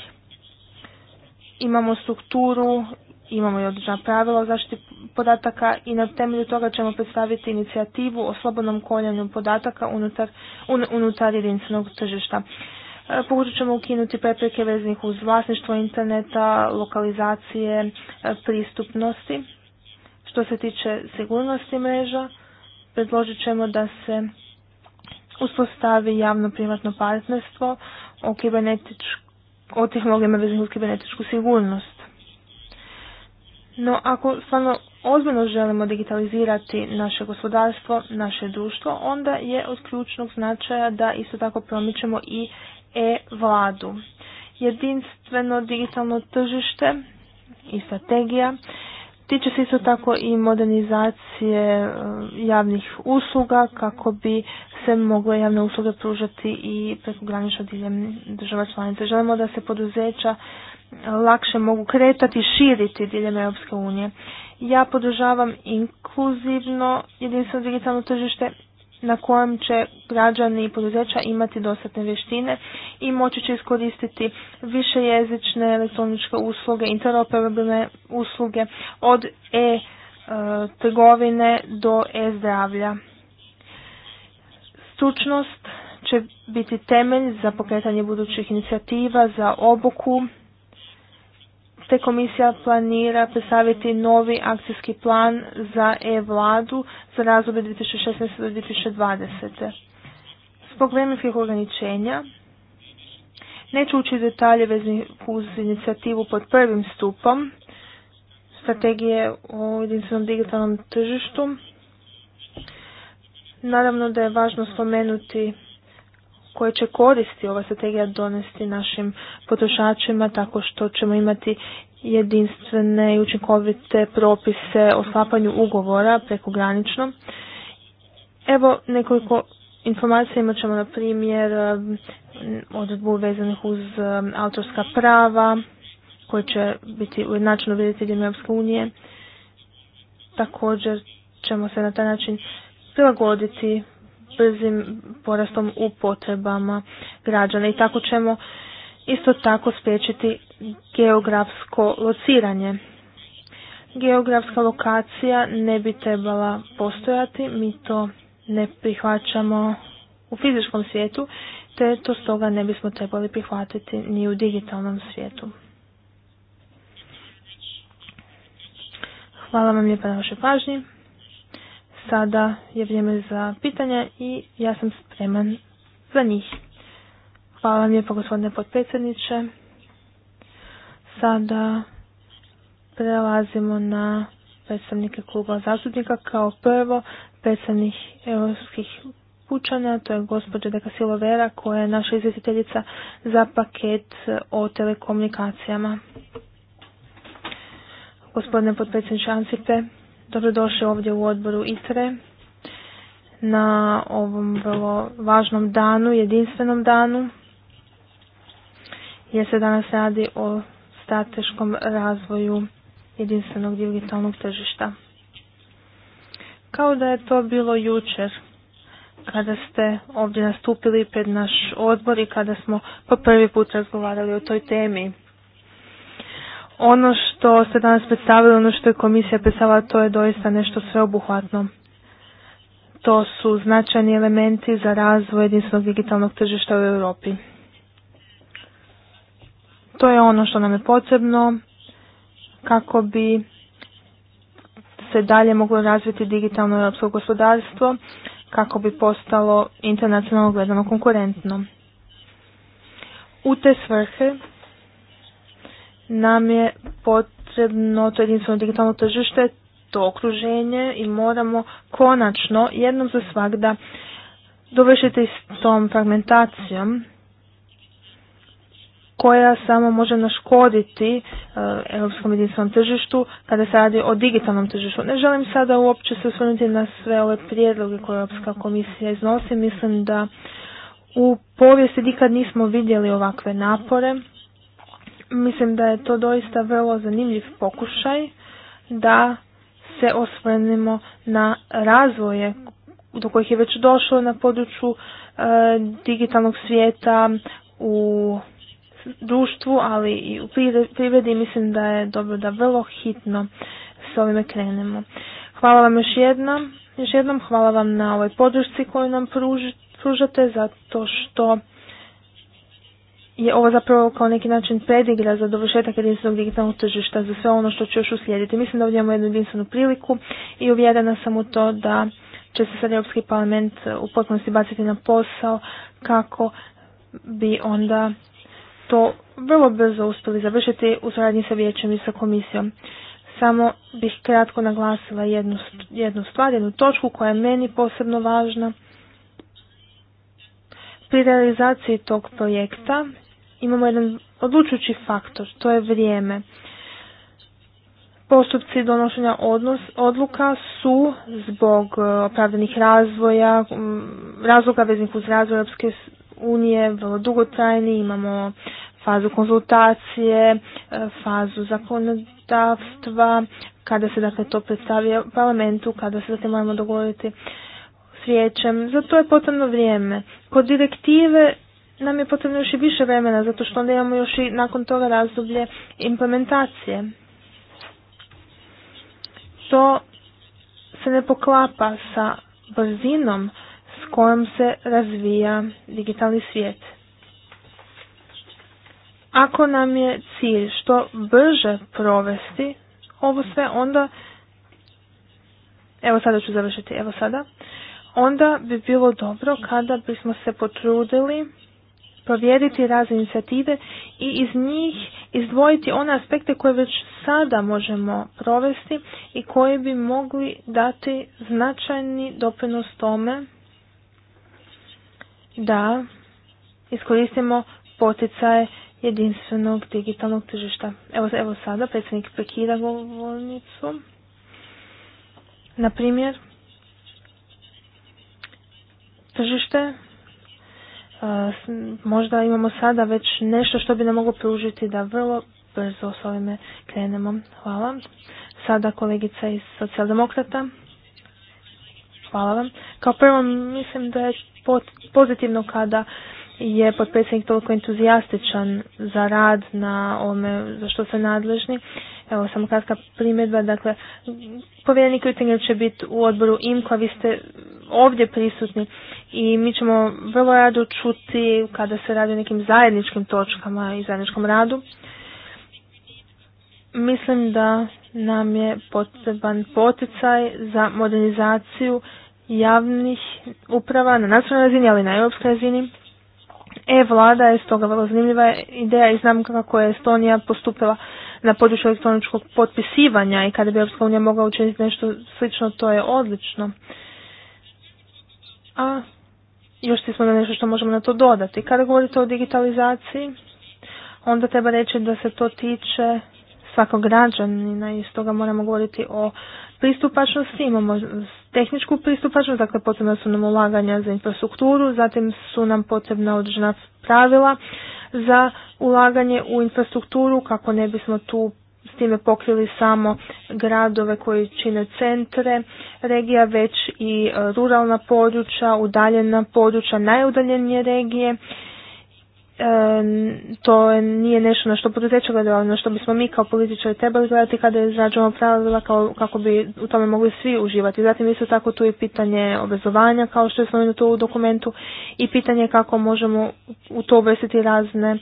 Imamo strukturu, imamo i određena pravila o zaštiti podataka i na temelju toga ćemo predstaviti inicijativu o slobodnom koljanju podataka unutar, unutar jedinstvenog tržišta. E, pokušat ćemo ukinuti prepreke veznih uz vlasništvo interneta, lokalizacije, e, pristupnosti što se tiče sigurnosti mreža, predložit ćemo da se uspostavi javno-privatno partnerstvo o, o tehnologijama vezanih uz kibernetičku sigurnost. No, ako stvarno ozbiljno želimo digitalizirati naše gospodarstvo, naše društvo, onda je od ključnog značaja da isto tako promičemo i e-vladu. Jedinstveno digitalno tržište i strategija Tiče se isto tako i modernizacije e, javnih usluga kako bi se mogle javne usluge pružati i granično diljem država članica. Želimo da se poduzeća lakše mogu kretati i širiti diljem Europske unije. Ja podržavam inkluzivno jedinstveno digitalno tržište na kojem će građani i poduzeća imati dostatne vještine i moći će iskoristiti više jezične elektroničke usluge, interoperabilne usluge od e-trgovine e, do e-zdravlja. Stručnost će biti temelj za pokretanje budućih inicijativa, za obuku te komisija planira predstaviti novi akcijski plan za e-vladu za razdoblje 2016. do 2020. Zbog vremenskih ograničenja neću ući detalje vezni uz inicijativu pod prvim stupom strategije o jedinstvenom digitalnom tržištu. Naravno da je važno spomenuti koje će koristi ova strategija donesti našim potrošačima tako što ćemo imati jedinstvene i učinkovite propise o sklapanju ugovora prekogranično. Evo nekoliko informacija imat ćemo na primjer um, odredbu vezanih uz um, autorska prava koje će biti ujednačeno vrediteljima Europske unije. Također ćemo se na taj način prilagoditi brzim porastom u potrebama građana i tako ćemo isto tako spriječiti geografsko lociranje. Geografska lokacija ne bi trebala postojati, mi to ne prihvaćamo u fizičkom svijetu, te to stoga ne bismo trebali prihvatiti ni u digitalnom svijetu. Hvala vam lijepa na vašoj pažnji. Sada je vrijeme za pitanja i ja sam spreman za njih. Hvala vam lijepo gospodine potpredsjedniče. Sada prelazimo na predstavnike kluba zastupnika. Kao prvo predstavnik europskih pučana, to je gospođa Deka Silovera koja je naša izvjetiteljica za paket o telekomunikacijama. Gospodine potpredsjedniče Ancipe, dobrodošli ovdje u odboru ITRE na ovom vrlo važnom danu, jedinstvenom danu, jer se danas radi o strateškom razvoju jedinstvenog digitalnog tržišta. Kao da je to bilo jučer, kada ste ovdje nastupili pred naš odbor i kada smo po prvi put razgovarali o toj temi. Ono što ste danas predstavili, ono što je komisija predstavila, to je doista nešto sveobuhvatno. To su značajni elementi za razvoj jedinstvenog digitalnog tržišta u Europi. To je ono što nam je potrebno kako bi se dalje moglo razviti digitalno europsko gospodarstvo, kako bi postalo internacionalno gledano konkurentno. U te svrhe nam je potrebno to jedinstveno digitalno tržište, to okruženje i moramo konačno jednom za svakda dovršiti s tom fragmentacijom koja samo može naškoditi e, europskom jedinstvenom tržištu kada se radi o digitalnom tržištu. Ne želim sada uopće se osvrnuti na sve ove prijedloge koje Europska komisija iznosi. Mislim da u povijesti nikad nismo vidjeli ovakve napore Mislim da je to doista vrlo zanimljiv pokušaj da se osvrnemo na razvoje do kojih je već došlo na području e, digitalnog svijeta u društvu, ali i u privredi. Mislim da je dobro da vrlo hitno s ovime krenemo. Hvala vam još jednom. Još jednom hvala vam na ovoj podršci koju nam pružate zato što je ovo zapravo kao neki način predigra za dovršetak jedinstvenog digitalnog tržišta, za sve ono što će još uslijediti. Mislim da ovdje imamo jednu jedinstvenu priliku i uvjerena sam u to da će se sad Europski parlament u potpunosti baciti na posao kako bi onda to vrlo brzo uspjeli završiti u suradnji sa vijećem i sa komisijom. Samo bih kratko naglasila jednu, jednu stvar, jednu točku koja je meni posebno važna. Pri realizaciji tog projekta imamo jedan odlučujući faktor, to je vrijeme. Postupci donošenja odluka su zbog e, opravdanih razvoja, razloga veznih uz razvoj Europske unije vrlo dugotrajni, imamo fazu konzultacije, e, fazu zakonodavstva, kada se dakle to predstavlja parlamentu, kada se dakle moramo dogovoriti s vijećem. Za to je potrebno vrijeme. Kod direktive nam je potrebno još i više vremena, zato što onda imamo još i nakon toga razdoblje implementacije. To se ne poklapa sa brzinom s kojom se razvija digitalni svijet. Ako nam je cilj što brže provesti ovo sve, onda, evo sada ću završiti, evo sada, onda bi bilo dobro kada bismo se potrudili provjeriti razne inicijative i iz njih izdvojiti one aspekte koje već sada možemo provesti i koji bi mogli dati značajni doprinos tome da iskoristimo poticaje jedinstvenog digitalnog tržišta. Evo, evo sada predsjednik prekida govornicu. Na primjer, tržište E, možda imamo sada već nešto što bi nam moglo pružiti da vrlo brzo s ovime krenemo. Hvala. Sada kolegica iz socijaldemokrata. Hvala vam. Kao prvo mislim da je pozitivno kada je potpredsjednik toliko entuzijastičan za rad na ovome za što se nadležni. Evo samo kratka primjedba, dakle, povjerenik će biti u odboru IMKO, vi ste ovdje prisutni i mi ćemo vrlo rado čuti kada se radi o nekim zajedničkim točkama i zajedničkom radu. Mislim da nam je potreban poticaj za modernizaciju javnih uprava na nacionalnoj razini, ali i na europskoj razini. E-vlada je stoga vrlo zanimljiva ideja i znam kako je Estonija postupila na području elektroničkog potpisivanja i kada bi Europska unija mogla učiniti nešto slično, to je odlično. A još ti smo na nešto što možemo na to dodati. Kada govorite o digitalizaciji, onda treba reći da se to tiče svakog građanina i stoga moramo govoriti o pristupačnosti, imamo tehničku pristupačnost, dakle potrebna su nam ulaganja za infrastrukturu, zatim su nam potrebna određena pravila za ulaganje u infrastrukturu kako ne bismo tu s time pokrili samo gradove koji čine centre regija, već i e, ruralna područja, udaljena područja, najudaljenije regije to nije nešto na što poduzeće gledaju, na što bismo mi kao političari trebali gledati kada izrađujemo pravila kao, kako bi u tome mogli svi uživati. Zatim isto tako tu je pitanje obrazovanja kao što je spomenuto u dokumentu i pitanje kako možemo u to uvrstiti razne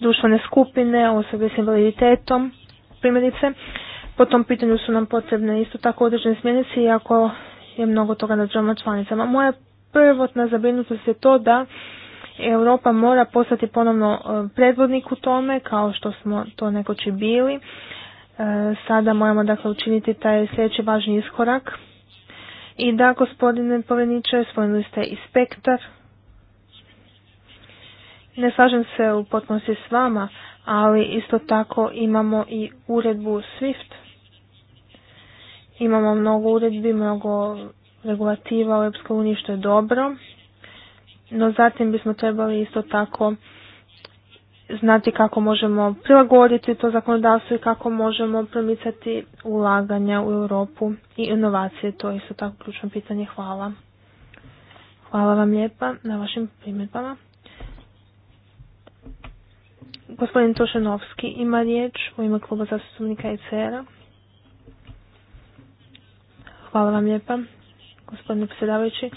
društvene skupine, osobe s invaliditetom, primjerice. Po tom pitanju su nam potrebne isto tako određene smjernice, iako je mnogo toga na državama članicama. Moja prvotna zabrinutost je to da Europa mora postati ponovno e, predvodnik u tome, kao što smo to nekoći bili. E, sada moramo dakle učiniti taj sljedeći važni iskorak. I da, gospodine poveniče, spomenuli ste i spektar. Ne slažem se u potpunosti s vama, ali isto tako imamo i uredbu SWIFT. Imamo mnogo uredbi, mnogo regulativa u EU što je dobro no zatim bismo trebali isto tako znati kako možemo prilagoditi to zakonodavstvo i kako možemo promicati ulaganja u Europu i inovacije. To je isto tako ključno pitanje. Hvala. Hvala vam lijepa na vašim primjedbama. Gospodin Tošenovski ima riječ u ime kluba zastupnika ICR-a. Hvala vam lijepa, gospodine predsjedavajući.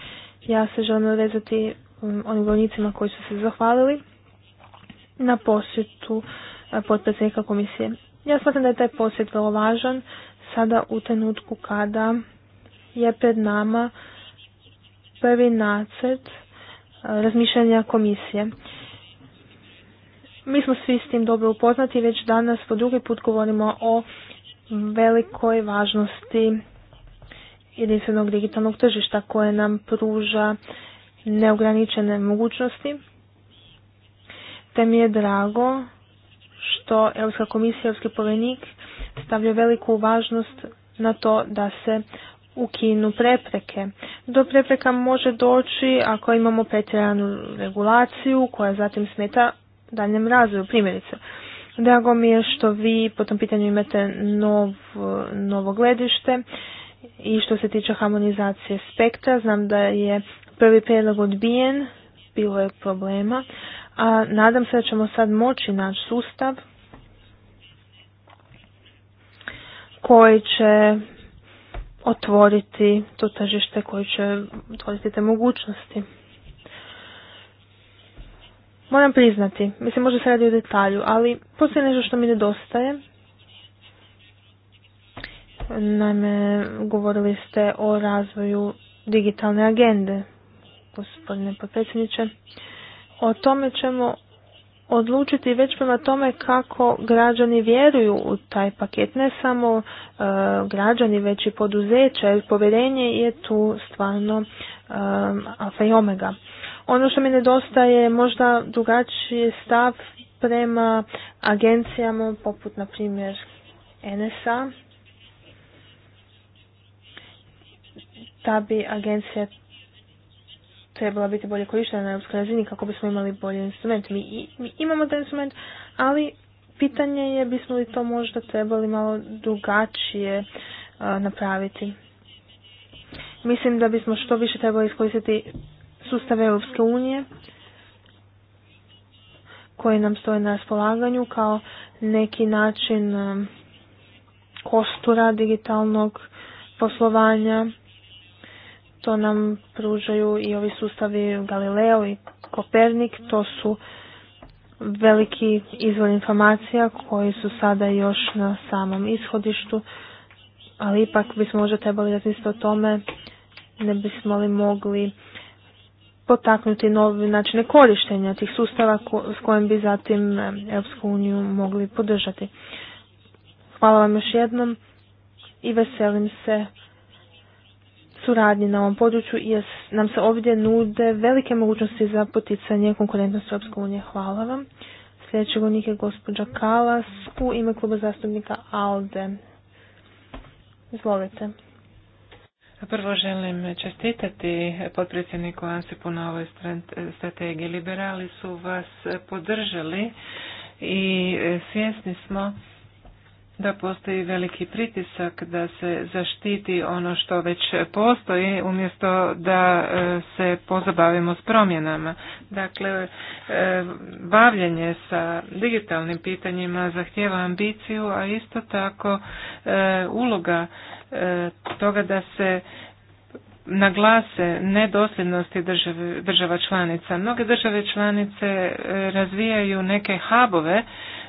Ja se želim odrezati Mm, onim vojnicima koji su se zahvalili na posjetu e, potpredsjednika komisije. Ja smatram da je taj posjet vrlo važan sada u trenutku kada je pred nama prvi nacet e, razmišljanja komisije. Mi smo svi s tim dobro upoznati, već danas po drugi put govorimo o velikoj važnosti jedinstvenog digitalnog tržišta koje nam pruža neograničene mogućnosti, te mi je drago što Europska komisija i Europski povjerenik stavlja veliku važnost na to da se ukinu prepreke. Do prepreka može doći ako imamo pretjeranu regulaciju koja zatim smeta daljem razvoju, primjerice. Drago mi je što vi po tom pitanju imate novo gledište i što se tiče harmonizacije spektra, znam da je prvi prijedlog odbijen, bilo je problema, a nadam se da ćemo sad moći naći sustav koji će otvoriti to tržište, koji će otvoriti te mogućnosti. Moram priznati, mislim možda se radi o detalju, ali postoji nešto što mi nedostaje. Naime, govorili ste o razvoju digitalne agende gospodine potpredsjedniče. O tome ćemo odlučiti već prema tome kako građani vjeruju u taj paket, ne samo e, građani već i poduzeća jer povjerenje je tu stvarno e, alfa i omega. Ono što mi nedostaje je možda drugačiji stav prema agencijama poput na primjer NSA. Ta bi agencija trebala biti bolje korištena na europskoj razini kako bismo imali bolji instrument. Mi, mi imamo taj instrument, ali pitanje je bismo li to možda trebali malo drugačije uh, napraviti. Mislim da bismo što više trebali iskoristiti sustave Europske unije koji nam stoje na raspolaganju kao neki način um, kostura digitalnog poslovanja to nam pružaju i ovi sustavi Galileo i Kopernik, to su veliki izvor informacija koji su sada još na samom ishodištu, ali ipak bismo možda trebali razmisliti o tome ne bismo li mogli potaknuti novi načine korištenja tih sustava s kojim bi zatim Europsku uniju mogli podržati. Hvala vam još jednom i veselim se suradnji na ovom području jer nam se ovdje nude velike mogućnosti za poticanje konkurentnosti Europske unije. Hvala vam. Sljedeći govornik je gospođa Kalas u ime kluba zastupnika ALDE. Izvolite. Prvo želim čestitati potpredsjedniku Ansipu na ovoj strategiji. Liberali su vas podržali i svjesni smo da postoji veliki pritisak da se zaštiti ono što već postoji umjesto da e, se pozabavimo s promjenama. Dakle, e, bavljenje sa digitalnim pitanjima zahtjeva ambiciju, a isto tako e, uloga toga da se naglase nedosljednosti država članica. Mnoge države članice razvijaju neke hubove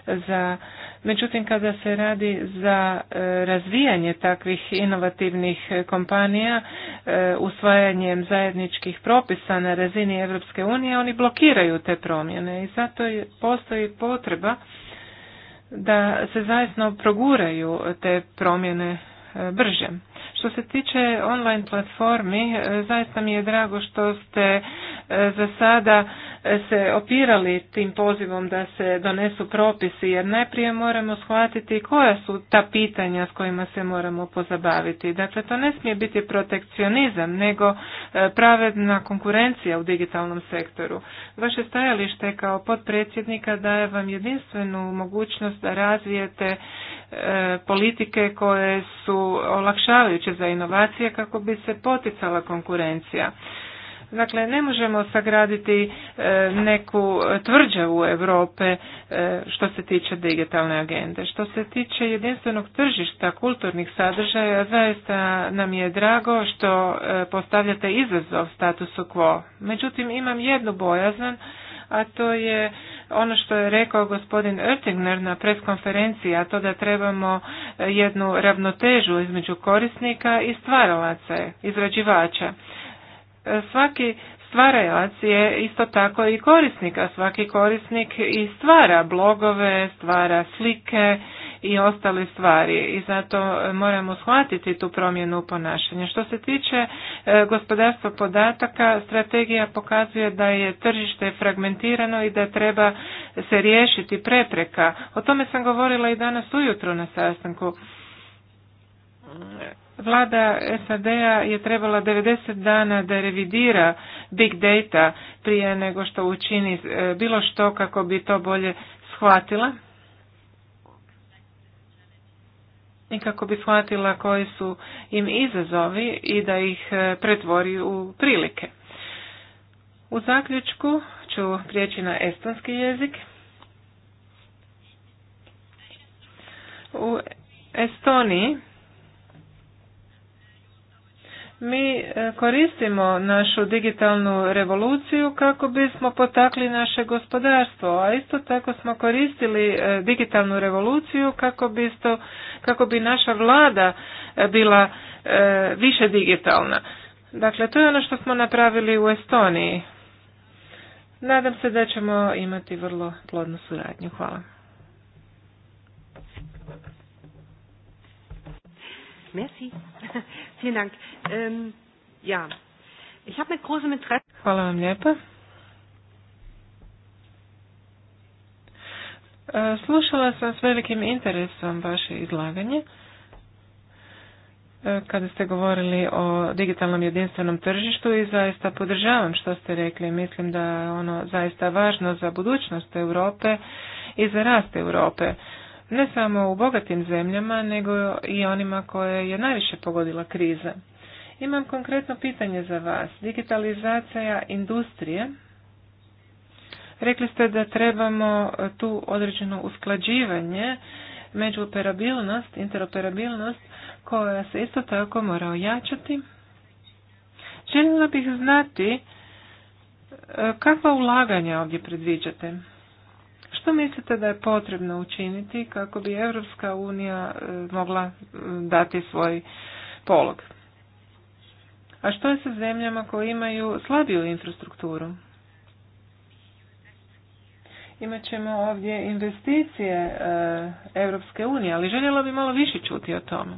za Međutim, kada se radi za e, razvijanje takvih inovativnih kompanija, e, usvajanjem zajedničkih propisa na razini Europske unije, oni blokiraju te promjene i zato postoji potreba da se zaista proguraju te promjene e, brže. Što se tiče online platformi, e, zaista mi je drago što ste e, za sada e, se opirali tim pozivom da se donesu propisi, jer najprije moramo shvatiti koja su ta pitanja s kojima se moramo pozabaviti. Dakle, to ne smije biti protekcionizam, nego pravedna konkurencija u digitalnom sektoru. Vaše stajalište kao potpredsjednika daje vam jedinstvenu mogućnost da razvijete politike koje su olakšavajuće za inovacije kako bi se poticala konkurencija. Dakle, ne možemo sagraditi e, neku tvrđavu Europe e, što se tiče digitalne agende. Što se tiče jedinstvenog tržišta kulturnih sadržaja, zaista nam je drago što e, postavljate izazov statusu quo. Međutim, imam jednu bojazan, a to je ono što je rekao gospodin Oettinger na preskonferenciji, a to da trebamo e, jednu ravnotežu između korisnika i stvaralaca, izrađivača. E, svaki stvarajac je isto tako i korisnik, svaki korisnik i stvara blogove, stvara slike, i ostale stvari i zato e, moramo shvatiti tu promjenu ponašanja. Što se tiče e, gospodarstva podataka, strategija pokazuje da je tržište fragmentirano i da treba se riješiti prepreka. O tome sam govorila i danas ujutro na sastanku. Vlada SAD-a je trebala 90 dana da revidira big data prije nego što učini e, bilo što kako bi to bolje shvatila i kako bi shvatila koji su im izazovi i da ih e, pretvori u prilike. U zaključku ću prijeći na estonski jezik. U Estoniji mi e, koristimo našu digitalnu revoluciju kako bismo potakli naše gospodarstvo, a isto tako smo koristili e, digitalnu revoluciju kako bi, kako bi naša vlada e, bila više digitalna. Dakle, to je ono što smo napravili u Estoniji. Nadam se da ćemo imati vrlo plodnu suradnju. Hvala. Hvala vam lijepa. E, slušala sam s velikim interesom vaše izlaganje e, kada ste govorili o digitalnom jedinstvenom tržištu i zaista podržavam što ste rekli. Mislim da je ono zaista važno za budućnost Europe i za rast Europe ne samo u bogatim zemljama, nego i onima koje je najviše pogodila kriza. Imam konkretno pitanje za vas. Digitalizacija industrije. Rekli ste da trebamo tu određeno usklađivanje, međuoperabilnost, interoperabilnost, koja se isto tako mora ojačati. Željela bih znati e, kakva ulaganja ovdje predviđate. Što mislite da je potrebno učiniti kako bi Europska unija e, mogla e, dati svoj polog? A što je sa zemljama koje imaju slabiju infrastrukturu? Imaćemo ćemo ovdje investicije Europske unije, ali željela bi malo više čuti o tome.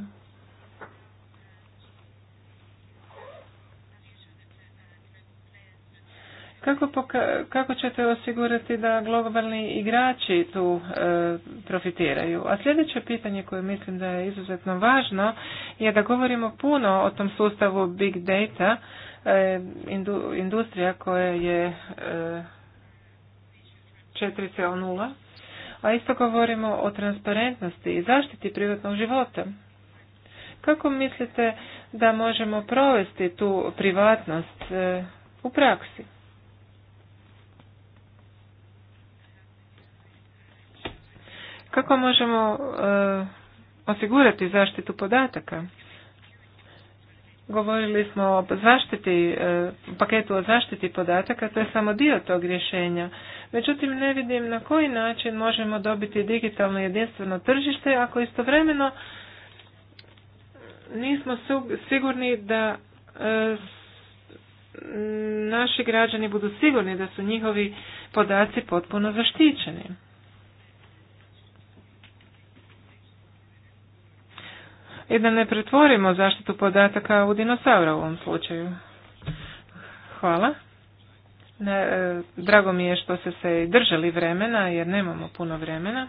Kako, kako ćete osigurati da globalni igrači tu e, profitiraju? A sljedeće pitanje koje mislim da je izuzetno važno je da govorimo puno o tom sustavu big data, e, industrija koja je e, 4.0, a isto govorimo o transparentnosti i zaštiti privatnog života. Kako mislite da možemo provesti tu privatnost e, u praksi? Kako možemo eh, osigurati zaštitu podataka? Govorili smo o zaštiti, eh, paketu o zaštiti podataka, to je samo dio tog rješenja. Međutim, ne vidim na koji način možemo dobiti digitalno jedinstveno tržište ako istovremeno nismo sigurni da eh, naši građani budu sigurni da su njihovi podaci potpuno zaštićeni. i da ne pretvorimo zaštitu podataka u dinosaura u ovom slučaju. Hvala. E, drago mi je što ste se držali vremena jer nemamo puno vremena.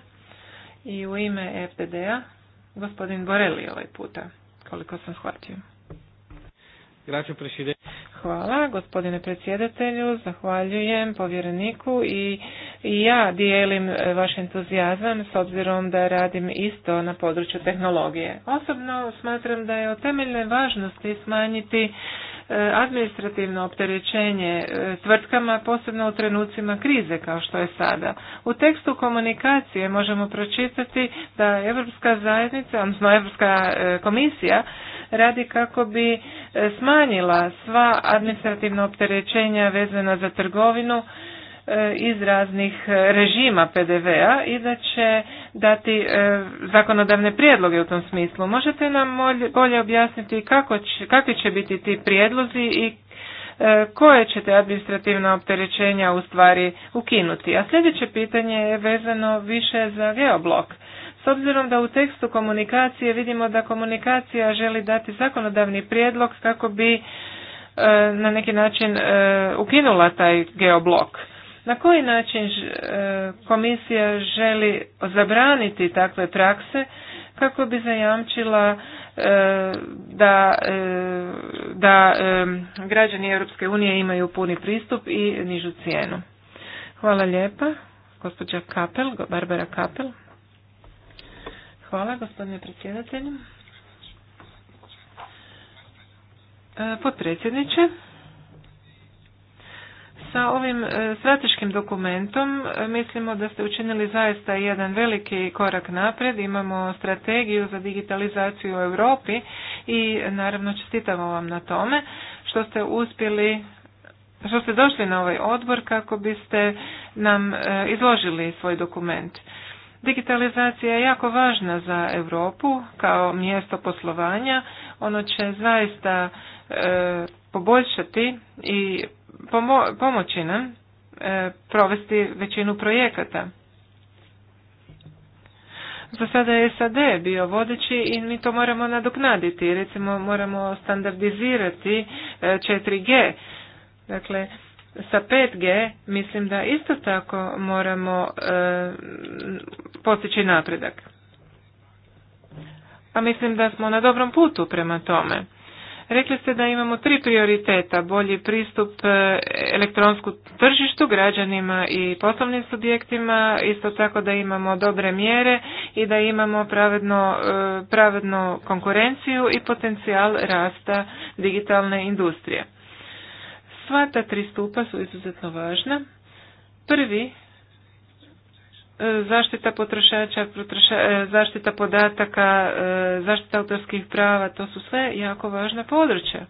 I u ime FDD-a e gospodin Boreli ovaj puta, koliko sam shvatio. Hvala gospodine predsjedatelju, zahvaljujem povjereniku i, i ja dijelim e, vaš entuzijazam s obzirom da radim isto na području tehnologije. Osobno smatram da je od temeljne važnosti smanjiti e, administrativno opterećenje e, tvrtkama, posebno u trenucima krize kao što je sada. U tekstu komunikacije možemo pročitati da Europska zajednica, odnosno Europska komisija radi kako bi e, smanjila sva administrativna opterećenja vezana za trgovinu e, iz raznih e, režima PDV-a i da će dati zakonodavne prijedloge u tom smislu. Možete nam bolje objasniti kako će, kakvi će biti ti prijedlozi i koje ćete administrativna opterećenja u stvari ukinuti. A sljedeće pitanje je vezano više za geoblok. S obzirom da u tekstu komunikacije vidimo da komunikacija želi dati zakonodavni prijedlog kako bi e, na neki način e, ukinula taj geoblok. Na koji način e, komisija želi zabraniti takve prakse kako bi zajamčila da, da građani Europske unije imaju puni pristup i nižu cijenu. Hvala lijepa. Gospođa Kapel, Barbara Kapel. Hvala gospodine predsjedatelju. E, potpredsjedniče, sa ovim e, strateškim dokumentom e, mislimo da ste učinili zaista jedan veliki korak napred. Imamo strategiju za digitalizaciju u Europi i naravno čestitamo vam na tome što ste uspjeli što ste došli na ovaj odbor kako biste nam izložili svoj dokument. Digitalizacija je jako važna za Europu kao mjesto poslovanja. Ono će zaista e, poboljšati i pomoći nam e, provesti većinu projekata. Za sada je SAD bio vodeći i mi to moramo nadoknaditi. Recimo moramo standardizirati 4G. E, dakle, sa 5G mislim da isto tako moramo e, postići napredak. pa mislim da smo na dobrom putu prema tome. Rekli ste da imamo tri prioriteta, bolji pristup e, elektronsku tržištu građanima i poslovnim subjektima, isto tako da imamo dobre mjere i da imamo pravedno, e, pravednu konkurenciju i potencijal rasta digitalne industrije. Sva ta tri stupa su izuzetno važna. Prvi, e, zaštita potrošača, e, zaštita podataka, e, zaštita autorskih prava, to su sve jako važna područja.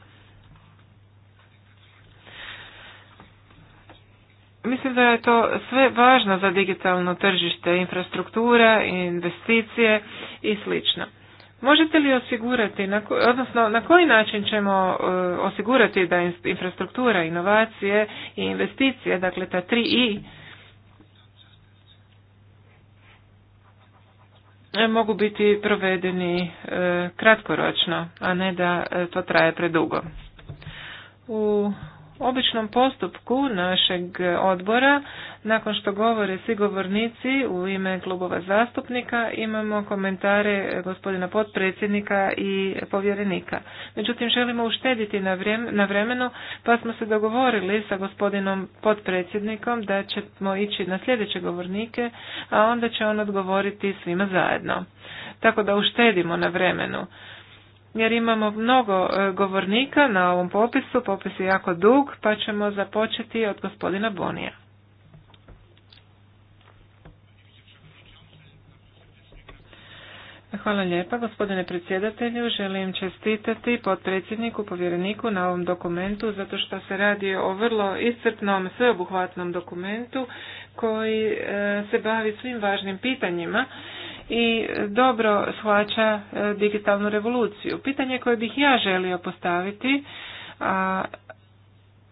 Mislim da je to sve važno za digitalno tržište, infrastruktura, investicije i slično. Možete li osigurati, odnosno na koji način ćemo e, osigurati da infrastruktura, inovacije i investicije, dakle ta tri i, e, mogu biti provedeni e, kratkoročno, a ne da to traje predugo. U običnom postupku našeg odbora, nakon što govore svi govornici u ime klubova zastupnika, imamo komentare gospodina potpredsjednika i povjerenika. Međutim, želimo uštediti na vremenu, pa smo se dogovorili sa gospodinom potpredsjednikom da ćemo ići na sljedeće govornike, a onda će on odgovoriti svima zajedno. Tako da uštedimo na vremenu jer imamo mnogo e, govornika na ovom popisu, popis je jako dug, pa ćemo započeti od gospodina Bonija. Hvala lijepa gospodine predsjedatelju. Želim čestitati potpredsjedniku, povjereniku na ovom dokumentu zato što se radi o vrlo iscrpnom, sveobuhvatnom dokumentu koji e, se bavi svim važnim pitanjima i dobro shvaća e, digitalnu revoluciju. Pitanje koje bih ja želio postaviti, a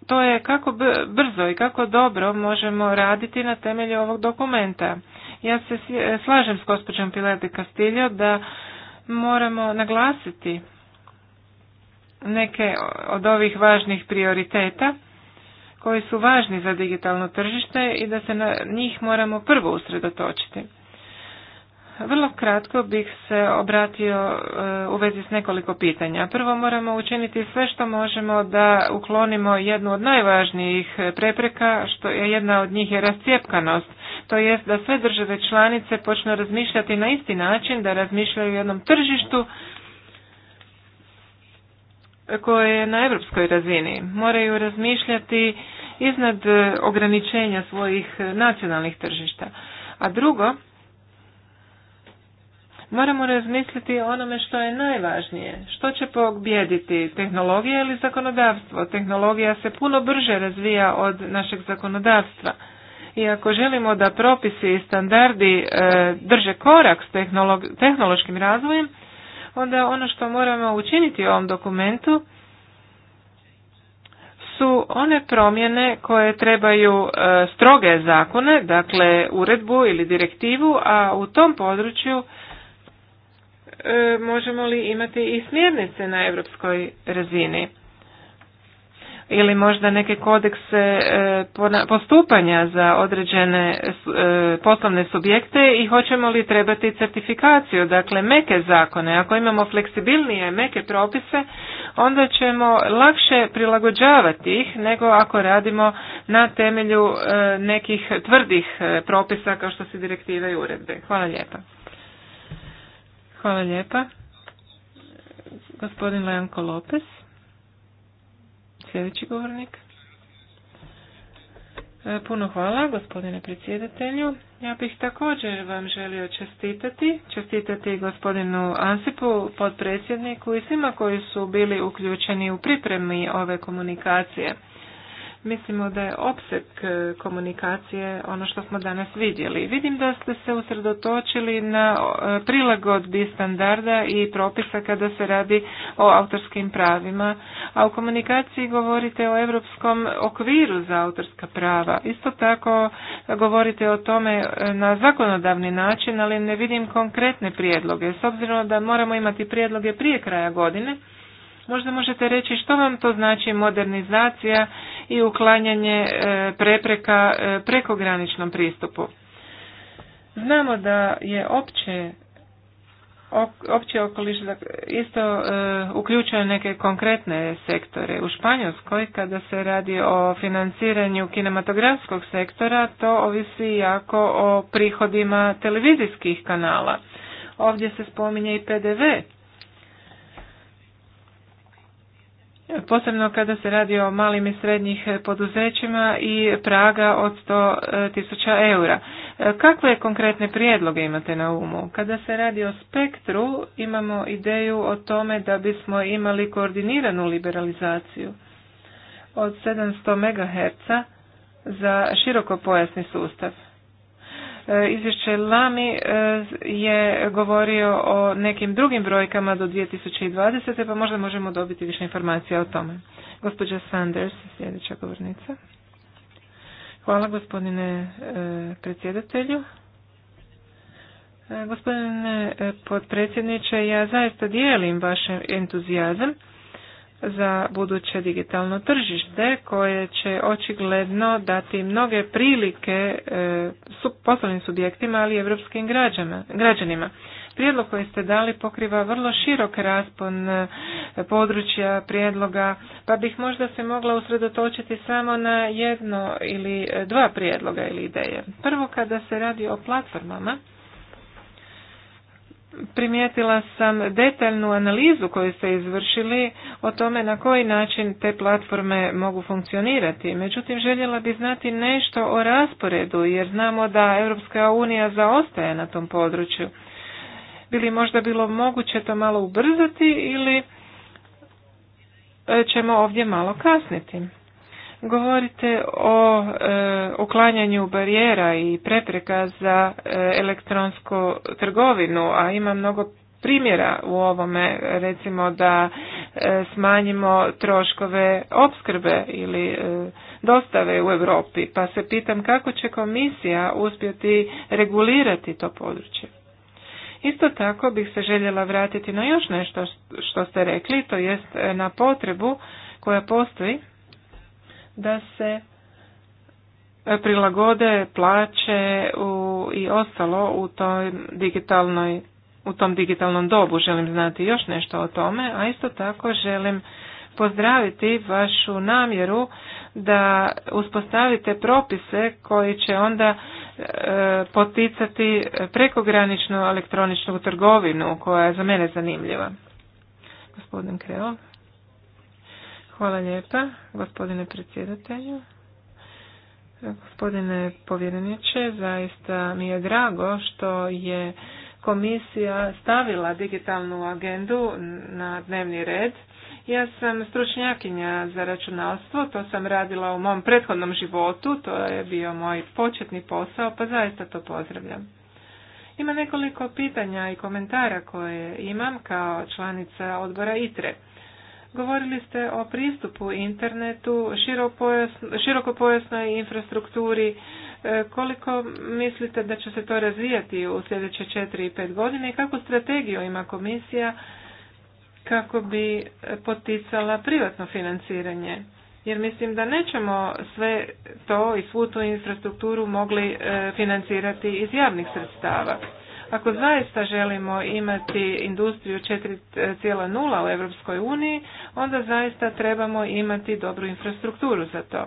to je kako brzo i kako dobro možemo raditi na temelju ovog dokumenta. Ja se e, slažem s gospođom Pilade Kastiljo da moramo naglasiti neke od ovih važnih prioriteta koji su važni za digitalno tržište i da se na njih moramo prvo usredotočiti. Vrlo kratko bih se obratio e, u vezi s nekoliko pitanja. Prvo moramo učiniti sve što možemo da uklonimo jednu od najvažnijih prepreka, što je jedna od njih je rascijepkanost, to jest da sve države članice počnu razmišljati na isti način, da razmišljaju o jednom tržištu koje je na europskoj razini. Moraju razmišljati iznad e, ograničenja svojih e, nacionalnih tržišta. A drugo, moramo razmisliti o onome što je najvažnije. Što će pobjediti, tehnologija ili zakonodavstvo? Tehnologija se puno brže razvija od našeg zakonodavstva. I ako želimo da propisi i standardi e, drže korak s tehnološkim razvojem, onda ono što moramo učiniti u ovom dokumentu su one promjene koje trebaju e, stroge zakone, dakle uredbu ili direktivu, a u tom području E, možemo li imati i smjernice na europskoj razini ili možda neke kodekse e, postupanja za određene e, poslovne subjekte i hoćemo li trebati certifikaciju, dakle meke zakone. Ako imamo fleksibilnije meke propise, onda ćemo lakše prilagođavati ih nego ako radimo na temelju nekih tvrdih propisa kao što su direktive i uredbe. Hvala lijepa. Hvala lijepa. Gospodin Lenko Lopez. Sljedeći govornik. E, puno hvala gospodine predsjedatelju. Ja bih također vam želio čestitati, čestitati gospodinu Ansipu, podpredsjedniku i svima koji su bili uključeni u pripremi ove komunikacije. Mislimo da je opseg e, komunikacije ono što smo danas vidjeli. Vidim da ste se usredotočili na e, prilagodbi standarda i propisa kada se radi o autorskim pravima, a u komunikaciji govorite o europskom okviru za autorska prava. Isto tako govorite o tome e, na zakonodavni način, ali ne vidim konkretne prijedloge. S obzirom da moramo imati prijedloge prije kraja godine, Možda možete reći što vam to znači modernizacija i uklanjanje e, prepreka e, prekograničnom pristupu. Znamo da je opće opće okoliš isto e, uključuje neke konkretne sektore. U Španjolskoj kada se radi o financiranju kinematografskog sektora to ovisi jako o prihodima televizijskih kanala. Ovdje se spominje i PDV posebno kada se radi o malim i srednjih poduzećima i praga od sto e, tisuća eura. E, kakve konkretne prijedloge imate na umu? Kada se radi o spektru, imamo ideju o tome da bismo imali koordiniranu liberalizaciju od 700 MHz za širokopojasni sustav. Izvješće Lami e, je govorio o nekim drugim brojkama do 2020. pa možda možemo dobiti više informacija o tome. Gospođa Sanders, sljedeća govornica. Hvala gospodine e, predsjedatelju. E, gospodine potpredsjedniče, ja zaista dijelim vaš entuzijazam za buduće digitalno tržište koje će očigledno dati mnoge prilike e, poslovnim subjektima ali i evropskim građanima. Prijedlog koji ste dali pokriva vrlo širok raspon e, područja prijedloga, pa bih možda se mogla usredotočiti samo na jedno ili e, dva prijedloga ili ideje. Prvo kada se radi o platformama, primijetila sam detaljnu analizu koju ste izvršili o tome na koji način te platforme mogu funkcionirati. Međutim, željela bi znati nešto o rasporedu jer znamo da Europska unija zaostaje na tom području. Bili možda bilo moguće to malo ubrzati ili e, ćemo ovdje malo kasniti. Govorite o e, uklanjanju barijera i prepreka za e, elektronsku trgovinu, a ima mnogo primjera u ovome, recimo da e, smanjimo troškove opskrbe ili e, dostave u Europi, pa se pitam kako će komisija uspjeti regulirati to područje. Isto tako bih se željela vratiti na još nešto što ste rekli, to jest na potrebu koja postoji da se e, prilagode plaće u, i ostalo u toj digitalnoj u tom digitalnom dobu želim znati još nešto o tome, a isto tako želim pozdraviti vašu namjeru da uspostavite propise koji će onda e, poticati prekograničnu elektroničnu trgovinu koja je za mene zanimljiva. Gospodin kreo Hvala lijepa, gospodine predsjedatelju. Gospodine povjereniče, zaista mi je drago što je komisija stavila digitalnu agendu na dnevni red. Ja sam stručnjakinja za računalstvo, to sam radila u mom prethodnom životu, to je bio moj početni posao, pa zaista to pozdravljam. Ima nekoliko pitanja i komentara koje imam kao članica odbora ITRE. Govorili ste o pristupu internetu, širokopojasnoj infrastrukturi. E, koliko mislite da će se to razvijati u sljedeće 4 i 5 godine i kakvu strategiju ima komisija kako bi poticala privatno financiranje? Jer mislim da nećemo sve to i svu tu infrastrukturu mogli e, financirati iz javnih sredstava. Ako zaista želimo imati industriju 4.0 u Europskoj uniji, onda zaista trebamo imati dobru infrastrukturu za to.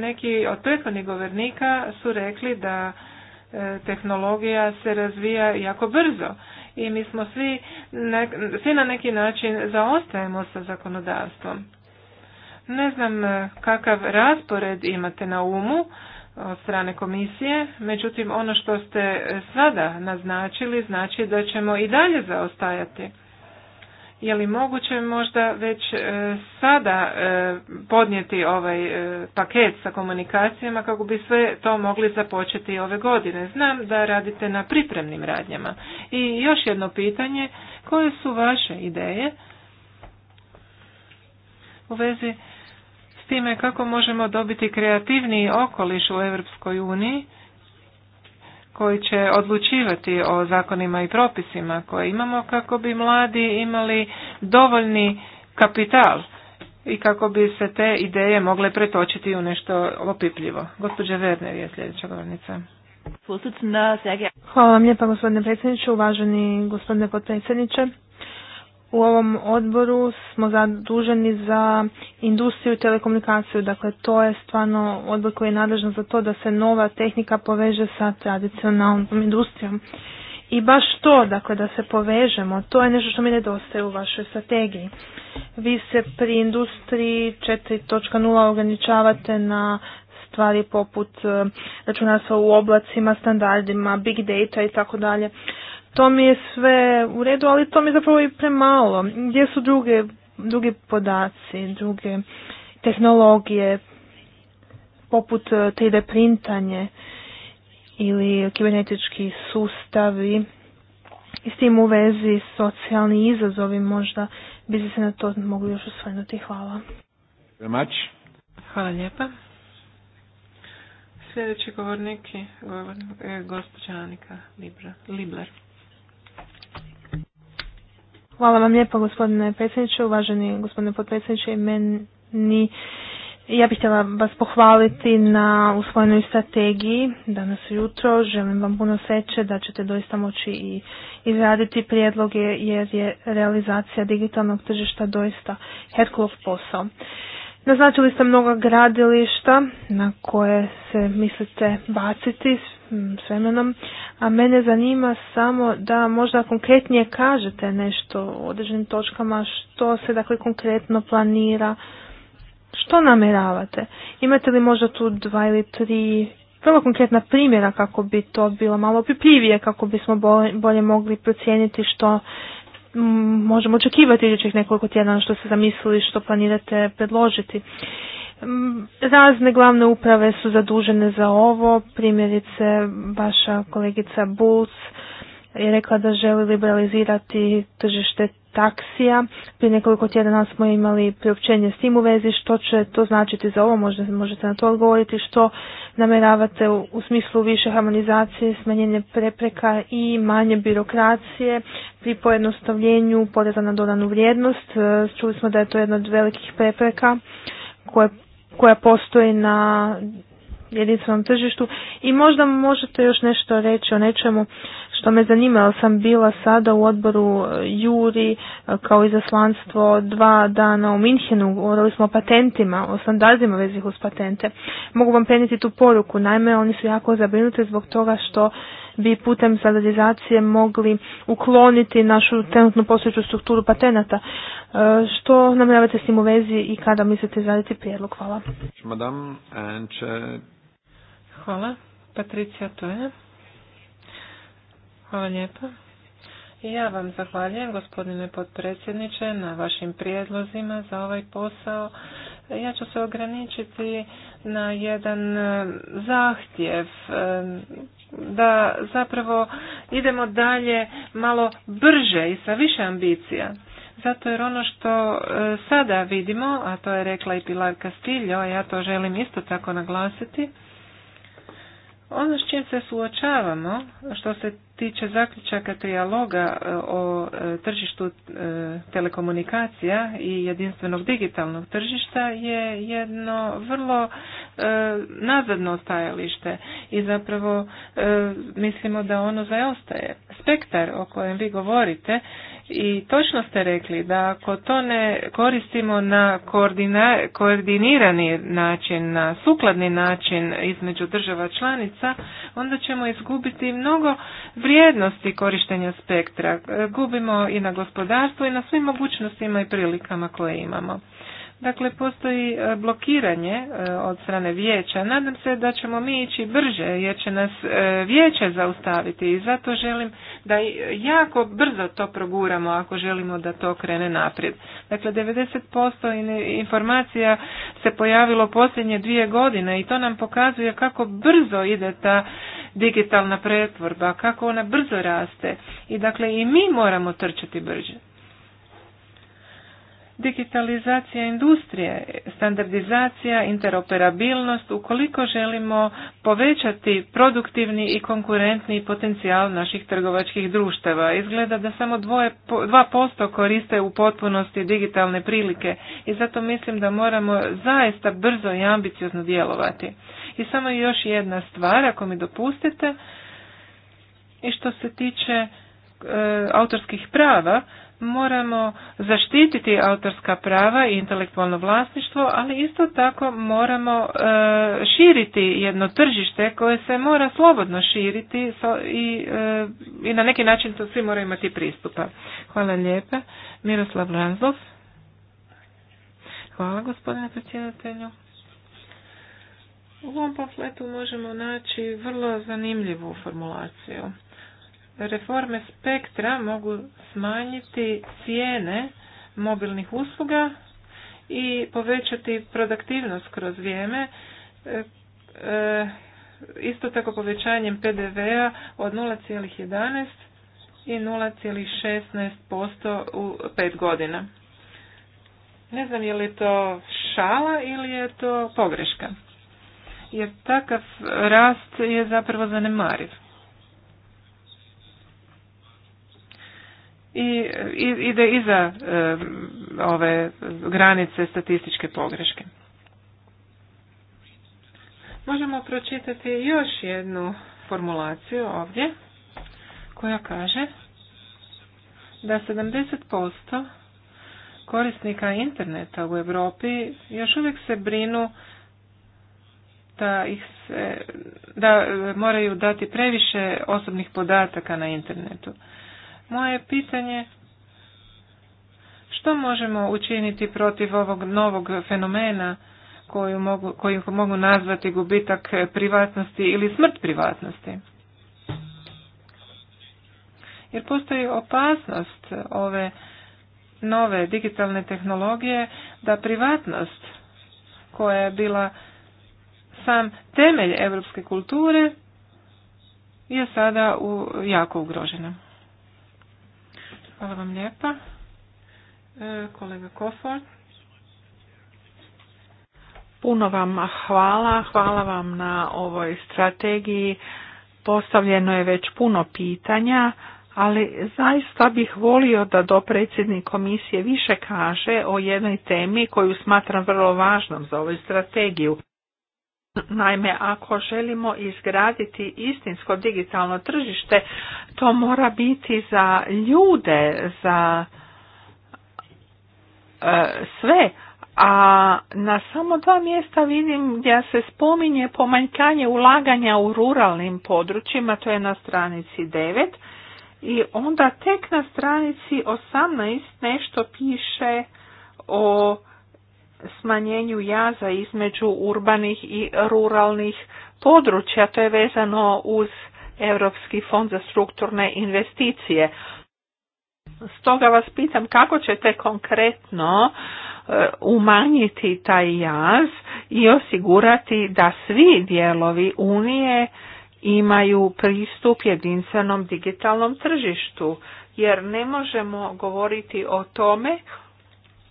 Neki od prethodnih govornika su rekli da e, tehnologija se razvija jako brzo i mi smo svi, svi na neki način zaostajemo sa zakonodavstvom. Ne znam e, kakav raspored imate na umu, od strane komisije, međutim ono što ste sada naznačili znači da ćemo i dalje zaostajati. Je li moguće možda već e, sada e, podnijeti ovaj e, paket sa komunikacijama kako bi sve to mogli započeti ove godine? Znam da radite na pripremnim radnjama. I još jedno pitanje, koje su vaše ideje u vezi time kako možemo dobiti kreativniji okoliš u Europskoj uniji koji će odlučivati o zakonima i propisima koje imamo kako bi mladi imali dovoljni kapital i kako bi se te ideje mogle pretočiti u nešto opipljivo. Gospođa Werner je sljedeća govornica. Hvala vam lijepa gospodine predsjedniče, uvaženi gospodine potpredsjedniče u ovom odboru smo zaduženi za industriju i telekomunikaciju. Dakle, to je stvarno odbor koji je nadležan za to da se nova tehnika poveže sa tradicionalnom industrijom. I baš to, dakle, da se povežemo, to je nešto što mi nedostaje u vašoj strategiji. Vi se pri industriji 4.0 ograničavate na stvari poput eh, računarstva u oblacima, standardima, big data i tako dalje. To mi je sve u redu, ali to mi je zapravo i premalo. Gdje su druge, drugi podaci, druge tehnologije, poput 3D e, printanje ili kibernetički sustavi i s tim u vezi socijalni izazovi možda bi se na to mogli još osvrnuti. Hvala. Hvala lijepa. Sljedeći govornik je e, gospođa Anika Libra, Libler. Hvala vam lijepo, gospodine predsjedniče, uvaženi gospodine potpredsjedniče i meni ja bih htjela vas pohvaliti na usvojenoj strategiji danas jutro. Želim vam puno sreće da ćete doista moći i izraditi prijedloge jer je realizacija digitalnog tržišta doista Herkulov posao. Naznačili ste mnoga gradilišta na koje se mislite baciti s vremenom, a mene zanima samo da možda konkretnije kažete nešto o određenim točkama, što se dakle konkretno planira, što namjeravate. Imate li možda tu dva ili tri vrlo konkretna primjera kako bi to bilo malo opipljivije, kako bismo bolje mogli procijeniti što možemo očekivati idućih nekoliko tjedana što ste zamislili, što planirate predložiti. Razne glavne uprave su zadužene za ovo, primjerice vaša kolegica Bulc je rekla da želi liberalizirati tržište taksija. Prije nekoliko tjedana smo imali priopćenje s tim u vezi. Što će to značiti za ovo? možete na to odgovoriti. Što namjeravate u, smislu više harmonizacije, smanjenje prepreka i manje birokracije pri pojednostavljenju poreza na dodanu vrijednost? E, čuli smo da je to jedna od velikih prepreka koja postoji na jedinstvenom tržištu i možda možete još nešto reći o nečemu što me zanima, ali sam bila sada u odboru e, Juri e, kao izaslanstvo dva dana u Minhenu, govorili smo o patentima, o standardima vezih uz patente. Mogu vam prenijeti tu poruku, naime oni su jako zabrinuti zbog toga što bi putem standardizacije mogli ukloniti našu trenutno postojeću strukturu patenata. E, što namjeravate s tim u vezi i kada mislite izraditi prijedlog? Hvala. Uh, Hvala. Patricija, to je. Hvala lijepa. Ja vam zahvaljujem gospodine potpredsjedniče na vašim prijedlozima za ovaj posao. Ja ću se ograničiti na jedan e, zahtjev e, da zapravo idemo dalje malo brže i sa više ambicija. Zato jer ono što e, sada vidimo, a to je rekla i Pilar Castillo, a ja to želim isto tako naglasiti, ono s čim se suočavamo, što se tiče zaključaka trijaloga e, o e, tržištu e, telekomunikacija i jedinstvenog digitalnog tržišta je jedno vrlo nazadno stajalište i zapravo mislimo da ono zaostaje. Spektar o kojem vi govorite i točno ste rekli da ako to ne koristimo na koordinirani način, na sukladni način između država članica, onda ćemo izgubiti mnogo vrijednosti vrijednosti korištenja spektra. E, gubimo i na gospodarstvu i na svim mogućnostima i prilikama koje imamo. Dakle, postoji e, blokiranje e, od strane vijeća. Nadam se da ćemo mi ići brže jer će nas e, vijeće zaustaviti i zato želim da jako brzo to proguramo ako želimo da to krene naprijed. Dakle, 90% informacija se pojavilo posljednje dvije godine i to nam pokazuje kako brzo ide ta digitalna pretvorba, kako ona brzo raste i dakle i mi moramo trčati brže digitalizacija industrije, standardizacija, interoperabilnost, ukoliko želimo povećati produktivni i konkurentni potencijal naših trgovačkih društava. Izgleda da samo dva 2% koriste u potpunosti digitalne prilike i zato mislim da moramo zaista brzo i ambiciozno djelovati. I samo još jedna stvar, ako mi dopustite, i što se tiče e, autorskih prava, moramo zaštititi autorska prava i intelektualno vlasništvo, ali isto tako moramo e, širiti jedno tržište koje se mora slobodno širiti i, e, i na neki način to svi moraju imati pristupa. Hvala lijepa. Miroslav Ranzov. Hvala gospodine predsjedatelju. U ovom pamfletu možemo naći vrlo zanimljivu formulaciju reforme spektra mogu smanjiti cijene mobilnih usluga i povećati produktivnost kroz vrijeme e, e, isto tako povećanjem PDV-a od 0,11 i 0,16% u pet godina. Ne znam je li to šala ili je to pogreška. Jer takav rast je zapravo zanemariv. i ide iza ove granice statističke pogreške. Možemo pročitati još jednu formulaciju ovdje koja kaže da 70% korisnika interneta u Europi još uvijek se brinu da ih se da moraju dati previše osobnih podataka na internetu. Moje pitanje što možemo učiniti protiv ovog novog fenomena koju mogu, koju mogu nazvati gubitak privatnosti ili smrt privatnosti? Jer postoji opasnost ove nove digitalne tehnologije da privatnost koja je bila sam temelj europske kulture je sada u, jako ugrožena. Hvala vam lijepa. E, kolega Kofor. Puno vam hvala. Hvala vam na ovoj strategiji. Postavljeno je već puno pitanja, ali zaista bih volio da do dopredsjednik komisije više kaže o jednoj temi koju smatram vrlo važnom za ovu strategiju. Naime, ako želimo izgraditi istinsko digitalno tržište, to mora biti za ljude, za e, sve, a na samo dva mjesta vidim gdje se spominje pomanjkanje ulaganja u ruralnim područjima, to je na stranici 9, i onda tek na stranici 18 nešto piše o smanjenju jaza između urbanih i ruralnih područja. To je vezano uz Europski fond za strukturne investicije. Stoga vas pitam kako ćete konkretno e, umanjiti taj jaz i osigurati da svi dijelovi Unije imaju pristup jedinstvenom digitalnom tržištu, jer ne možemo govoriti o tome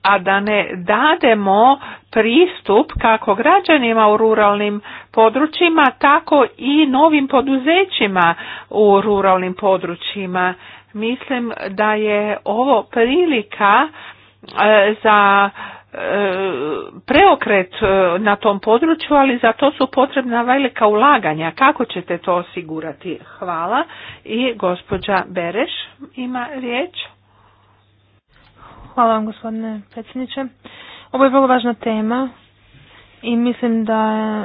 a da ne dademo pristup kako građanima u ruralnim područjima, tako i novim poduzećima u ruralnim područjima. Mislim da je ovo prilika e, za e, preokret e, na tom području, ali za to su potrebna velika ulaganja. Kako ćete to osigurati? Hvala. I gospođa Bereš ima riječ. Hvala vam gospodine predsjedniče. Ovo je vrlo važna tema i mislim da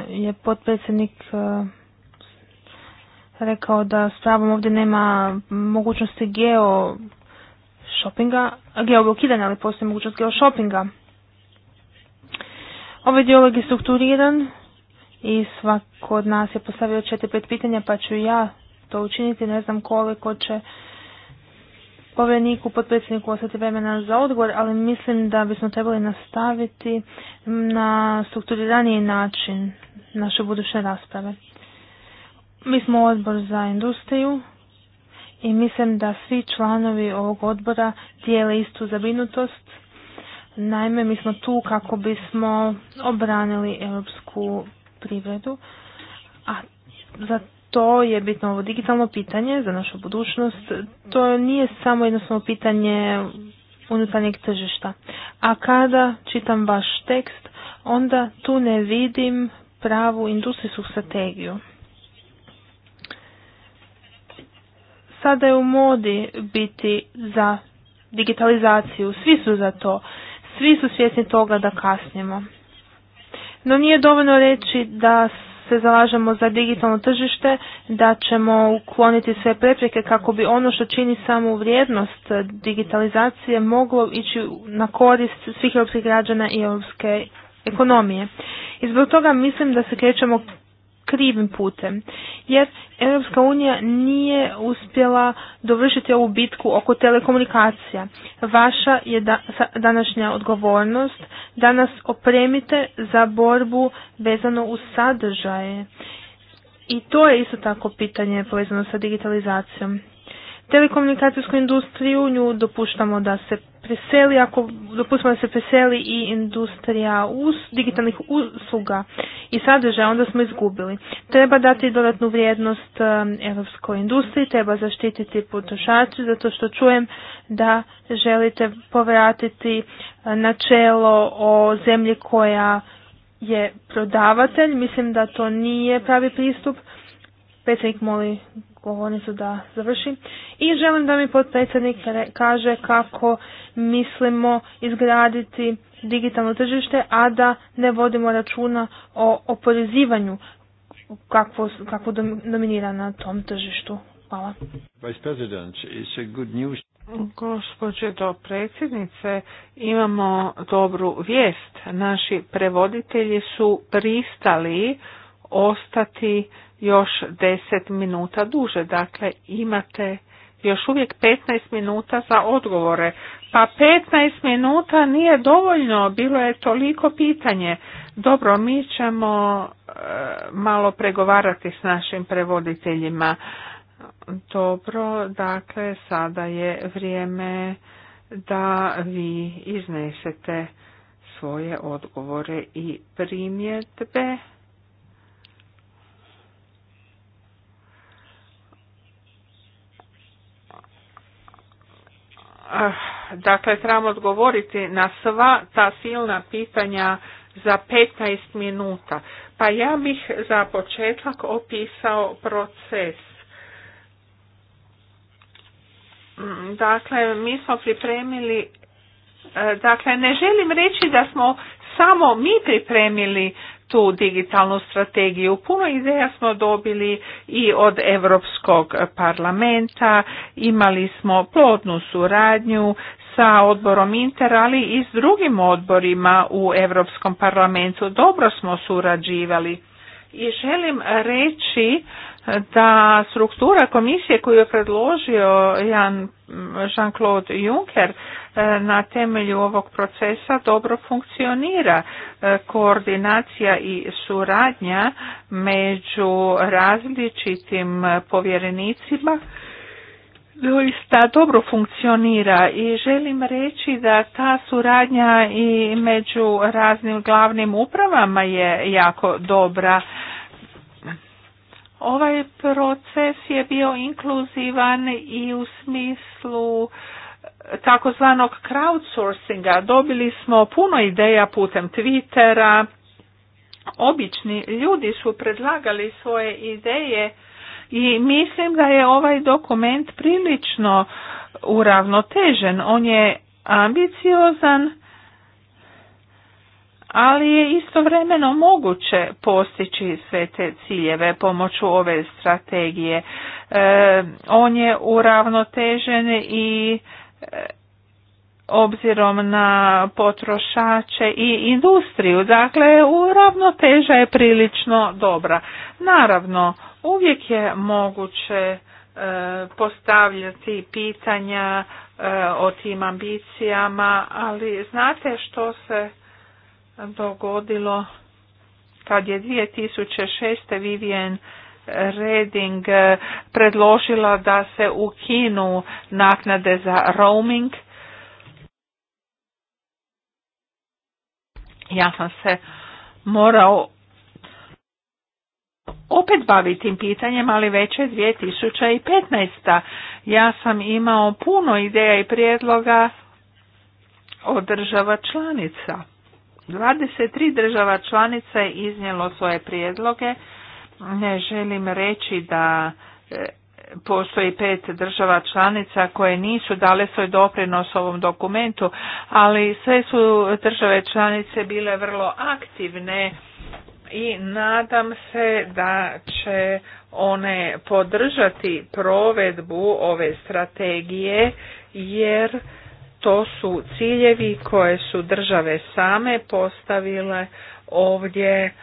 je potpredsjednik e, rekao da s pravom ovdje nema mogućnosti geo shoppinga, blokidanja, ali postoji mogućnost geo shoppinga. Ovaj dijalog je strukturiran i svako od nas je postavio četiri pet pitanja pa ću ja to učiniti. Ne znam koliko će povjereniku, potpredsjedniku ostati vremena za odgovor, ali mislim da bismo trebali nastaviti na strukturiraniji način naše buduće rasprave. Mi smo odbor za industriju i mislim da svi članovi ovog odbora dijele istu zabrinutost. Naime, mi smo tu kako bismo obranili europsku privredu, a za to je bitno ovo digitalno pitanje za našu budućnost. To nije samo jednostavno pitanje unutarnjeg tržišta. A kada čitam vaš tekst, onda tu ne vidim pravu industrijsku strategiju. Sada je u modi biti za digitalizaciju. Svi su za to. Svi su svjesni toga da kasnimo. No nije dovoljno reći da se zalažemo za digitalno tržište, da ćemo ukloniti sve prepreke kako bi ono što čini samu vrijednost digitalizacije moglo ići na korist svih europskih građana i europske ekonomije. I zbog toga mislim da se krećemo krivim putem. Jer Europska unija nije uspjela dovršiti ovu bitku oko telekomunikacija. Vaša je da, današnja odgovornost da nas opremite za borbu vezano uz sadržaje. I to je isto tako pitanje povezano sa digitalizacijom telekomunikacijsku industriju, nju dopuštamo da se preseli, ako dopuštamo da se preseli i industrija us, digitalnih usluga i sadržaja, onda smo izgubili. Treba dati dodatnu vrijednost um, europskoj industriji, treba zaštititi potrošače, zato što čujem da želite povratiti uh, načelo o zemlji koja je prodavatelj. Mislim da to nije pravi pristup. Predsjednik moli govornicu da završi. I želim da mi potpredsjednik kaže kako mislimo izgraditi digitalno tržište, a da ne vodimo računa o oporezivanju kako, kako dominira na tom tržištu. Hvala. Gospodje do predsjednice, imamo dobru vijest. Naši prevoditelji su pristali ostati još 10 minuta duže. Dakle, imate još uvijek 15 minuta za odgovore. Pa 15 minuta nije dovoljno, bilo je toliko pitanje. Dobro, mi ćemo e, malo pregovarati s našim prevoditeljima. Dobro, dakle, sada je vrijeme da vi iznesete svoje odgovore i primjedbe. Ah, dakle, trebamo odgovoriti na sva ta silna pitanja za 15 minuta. Pa ja bih za početak opisao proces. Mm, dakle, mi smo pripremili, eh, dakle, ne želim reći da smo samo mi pripremili tu digitalnu strategiju. Puno ideja smo dobili i od Europskog parlamenta, imali smo plodnu suradnju sa odborom Inter, ali i s drugim odborima u Europskom parlamentu. Dobro smo surađivali. I želim reći da struktura komisije koju je predložio Jean-Claude Juncker e, na temelju ovog procesa dobro funkcionira. E, koordinacija i suradnja među različitim povjerenicima doista dobro funkcionira i želim reći da ta suradnja i među raznim glavnim upravama je jako dobra Ovaj proces je bio inkluzivan i u smislu eh, takozvanog crowdsourcinga. Dobili smo puno ideja putem Twittera. Obični ljudi su predlagali svoje ideje i mislim da je ovaj dokument prilično uravnotežen. On je ambiciozan, ali je istovremeno moguće postići sve te ciljeve pomoću ove strategije. E, on je uravnotežen i e, obzirom na potrošače i industriju. Dakle, uravnoteža je prilično dobra. Naravno, uvijek je moguće e, postavljati pitanja o tim ambicijama, ali znate što se dogodilo kad je 2006. Vivian Reding eh, predložila da se ukinu naknade za roaming. Ja sam se morao opet baviti tim pitanjem, ali već je 2015. Ja sam imao puno ideja i prijedloga od država članica. 23 država članica je iznijelo svoje prijedloge. Ne želim reći da e, postoji pet država članica koje nisu dale svoj doprinos ovom dokumentu, ali sve su države članice bile vrlo aktivne i nadam se da će one podržati provedbu ove strategije jer to su ciljevi koje su države same postavile ovdje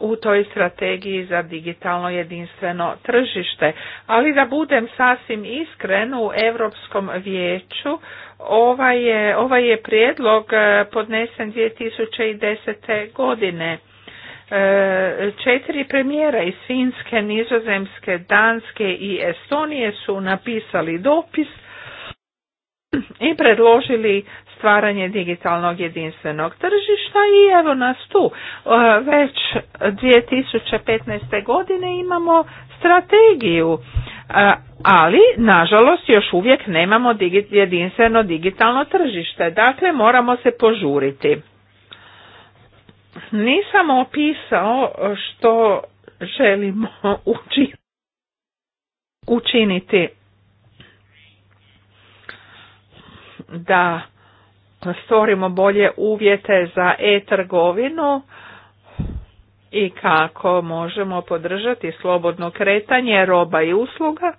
u toj strategiji za digitalno jedinstveno tržište. Ali da budem sasvim iskren u Europskom vijeću, ovaj je, ovaj je prijedlog e, podnesen 2010. godine. E, četiri premijera iz Finske, Nizozemske, Danske i Estonije su napisali dopis i predložili stvaranje digitalnog jedinstvenog tržišta i evo nas tu. Uh, već 2015. godine imamo strategiju, uh, ali nažalost još uvijek nemamo jedinstveno digitalno tržište, dakle moramo se požuriti. Nisam opisao što želimo [LAUGHS] učiniti da stvorimo bolje uvjete za e-trgovinu i kako možemo podržati slobodno kretanje roba i usluga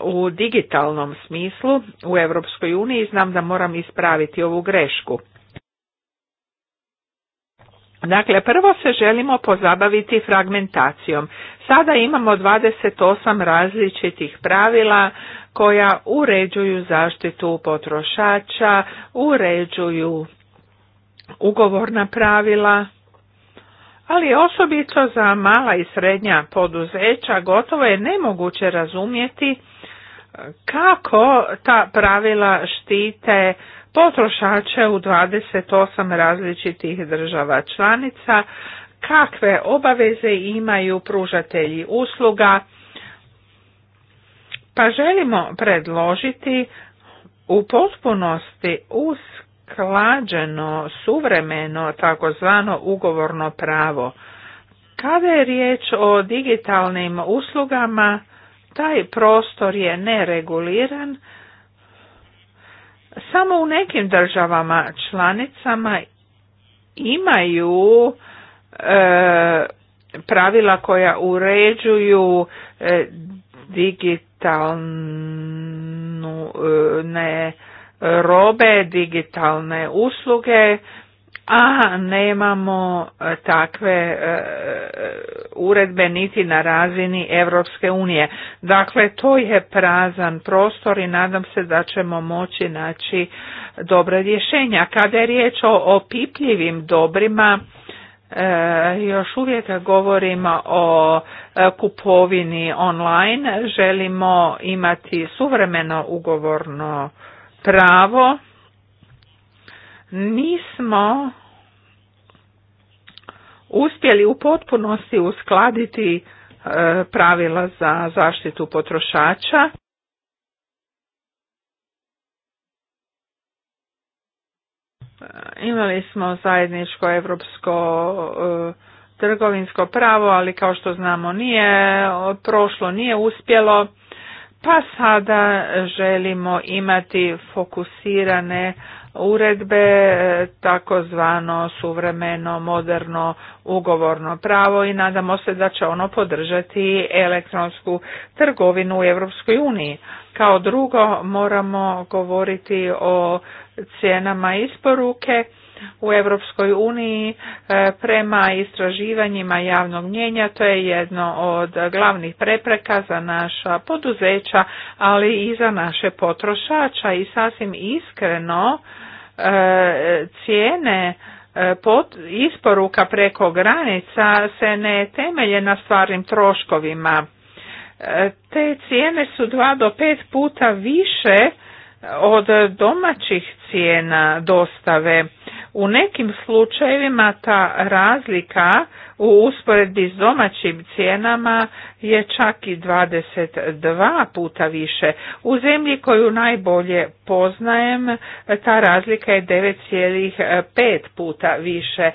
u digitalnom smislu u Europskoj uniji znam da moram ispraviti ovu grešku. Dakle, prvo se želimo pozabaviti fragmentacijom. Sada imamo 28 različitih pravila koja uređuju zaštitu potrošača, uređuju ugovorna pravila, ali osobito za mala i srednja poduzeća gotovo je nemoguće razumjeti kako ta pravila štite potrošače u 28 različitih država članica, kakve obaveze imaju pružatelji usluga, pa želimo predložiti u potpunosti usklađeno suvremeno takozvano ugovorno pravo. Kada je riječ o digitalnim uslugama, taj prostor je nereguliran, samo u nekim državama članicama imaju e, pravila koja uređuju e, digitalne robe, digitalne usluge, a nemamo e, takve e, e, uredbe niti na razini Europske unije. Dakle, to je prazan prostor i nadam se da ćemo moći naći dobra rješenja. Kada je riječ o opipljivim dobrima, još uvijek govorimo o kupovini online, želimo imati suvremeno ugovorno pravo nismo uspjeli u potpunosti uskladiti e, pravila za zaštitu potrošača. E, imali smo zajedničko europsko e, trgovinsko pravo, ali kao što znamo nije prošlo, nije uspjelo, pa sada želimo imati fokusirane uredbe, e, takozvano suvremeno, moderno ugovorno pravo i nadamo se da će ono podržati elektronsku trgovinu u Europskoj uniji. Kao drugo moramo govoriti o cijenama isporuke u Europskoj uniji e, prema istraživanjima javnog mjenja. to je jedno od glavnih prepreka za naša poduzeća ali i za naše potrošača i sasvim iskreno E, cijene e, pod isporuka preko granica se ne temelje na stvarnim troškovima. E, te cijene su dva do pet puta više od domaćih cijena dostave. U nekim slučajevima ta razlika u usporedbi s domaćim cijenama je čak i 22 puta više. U zemlji koju najbolje poznajem ta razlika je 9,5 puta više.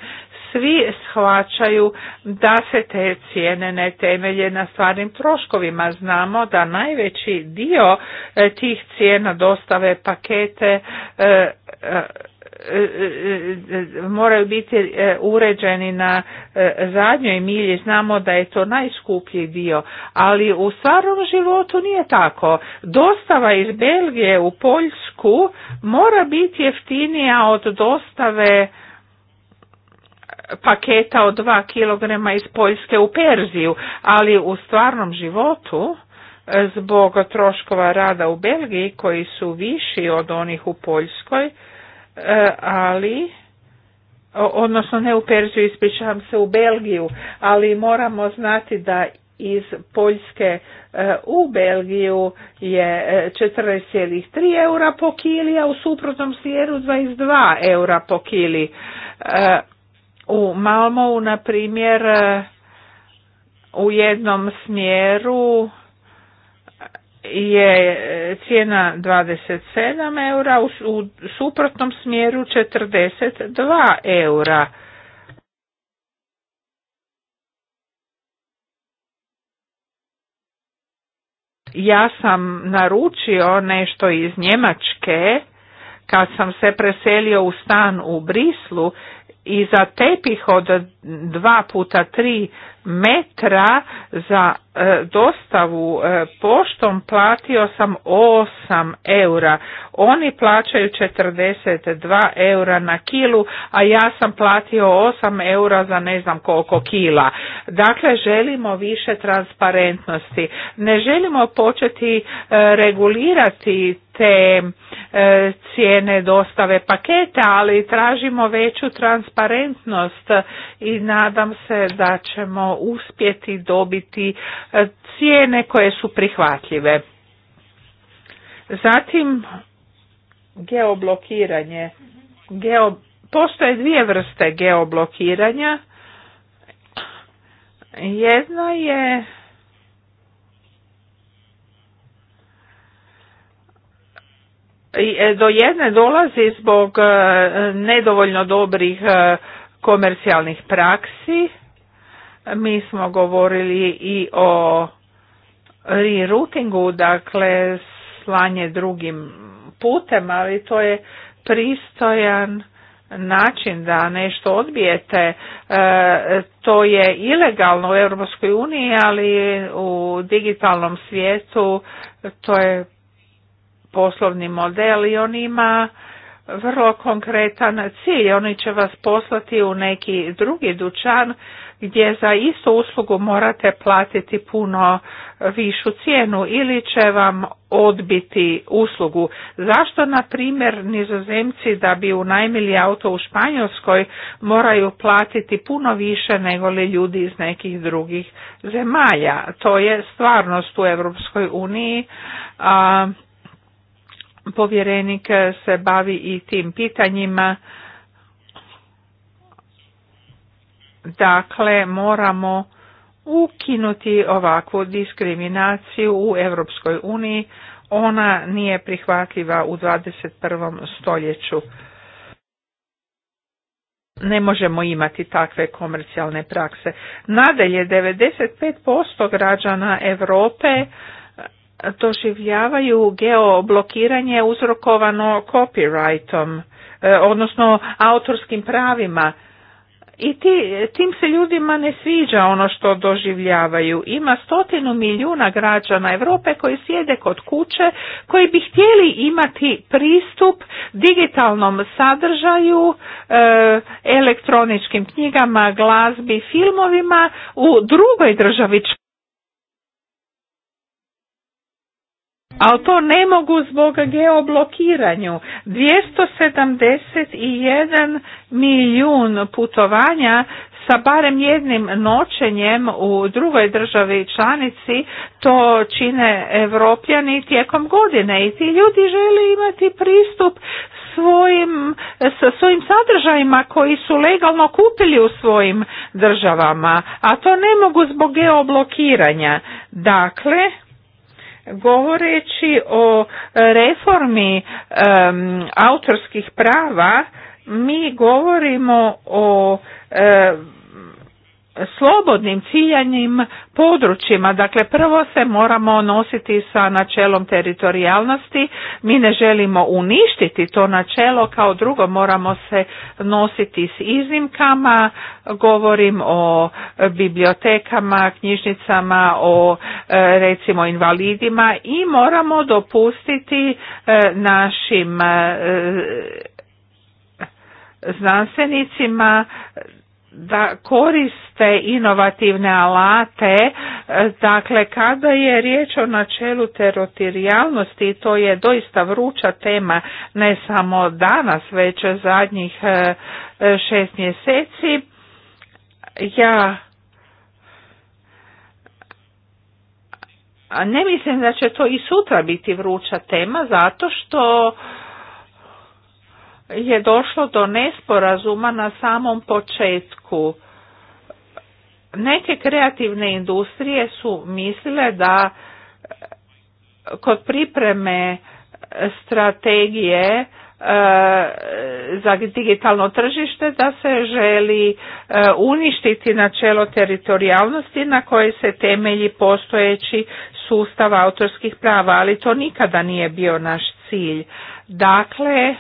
Svi shvaćaju da se te cijene ne temelje na stvarnim troškovima. Znamo da najveći dio eh, tih cijena dostave pakete eh, eh, moraju biti e, uređeni na e, zadnjoj milji. Znamo da je to najskuplji dio, ali u stvarnom životu nije tako. Dostava iz Belgije u Poljsku mora biti jeftinija od dostave paketa od 2 kg iz Poljske u Perziju, ali u stvarnom životu e, zbog troškova rada u Belgiji koji su viši od onih u Poljskoj, E, ali odnosno ne u Perziju, ispričavam se u Belgiju, ali moramo znati da iz Poljske e, u Belgiju je 14,3 e, eura po kili, a u suprotnom smjeru 22 eura po kili. U Malmovu, na primjer, u jednom smjeru je e, cijena 27 eura, u suprotnom smjeru 42 eura. Ja sam naručio nešto iz Njemačke kad sam se preselio u stan u Brislu i za tepih od dva puta tri metra za e, dostavu e, poštom platio sam 8 eura. Oni plaćaju 42 eura na kilu, a ja sam platio 8 eura za ne znam koliko kila. Dakle, želimo više transparentnosti. Ne želimo početi e, regulirati te e, cijene dostave paketa, ali tražimo veću transparentnost i nadam se da ćemo uspjeti dobiti e, cijene koje su prihvatljive. Zatim geoblokiranje. Geo, postoje dvije vrste geoblokiranja. Jedna je E, do jedne dolazi zbog e, nedovoljno dobrih e, komercijalnih praksi. Mi smo govorili i o reroutingu, dakle slanje drugim putem, ali to je pristojan način da nešto odbijete, to je ilegalno u Europskoj uniji, ali u digitalnom svijetu to je poslovni model i on ima vrlo konkretan cilj. Oni će vas poslati u neki drugi dućan gdje za istu uslugu morate platiti puno višu cijenu ili će vam odbiti uslugu. Zašto, na primjer, nizozemci da bi unajmili auto u Španjolskoj moraju platiti puno više nego li ljudi iz nekih drugih zemalja? To je stvarnost u Europskoj uniji povjerenik se bavi i tim pitanjima. Dakle, moramo ukinuti ovakvu diskriminaciju u Europskoj uniji. Ona nije prihvatljiva u 21. stoljeću. Ne možemo imati takve komercijalne prakse. Nadalje, 95% građana Europe doživljavaju geoblokiranje uzrokovano copyrightom, e, odnosno autorskim pravima. I tim se ljudima ne sviđa ono što doživljavaju. Ima stotinu milijuna građana Europe koji sjede kod kuće, koji bi htjeli imati pristup digitalnom sadržaju, e, elektroničkim knjigama, glazbi, filmovima u drugoj državi ali to ne mogu zbog geoblokiranju. 271 milijun putovanja sa barem jednim noćenjem u drugoj državi članici to čine evropljani tijekom godine i ti ljudi žele imati pristup svojim, sa svojim sadržajima koji su legalno kupili u svojim državama, a to ne mogu zbog geoblokiranja. Dakle, Govoreći o reformi autorskih prava, mi govorimo o slobodnim ciljanim područjima. Dakle, prvo se moramo nositi sa načelom teritorijalnosti. Mi ne želimo uništiti to načelo, kao drugo moramo se nositi s iznimkama. Govorim o bibliotekama, knjižnicama, o e, recimo invalidima i moramo dopustiti e, našim e, znanstvenicima da koriste inovativne alate, e, dakle kada je riječ o načelu teritorijalnosti, to je doista vruća tema ne samo danas, već zadnjih e, e, šest mjeseci, ja ne mislim da će to i sutra biti vruća tema zato što je došlo do nesporazuma na samom početku. Neke kreativne industrije su mislile da e, kod pripreme strategije e, za digitalno tržište da se želi e, uništiti načelo teritorijalnosti na koje se temelji postojeći sustav autorskih prava, ali to nikada nije bio naš cilj. Dakle,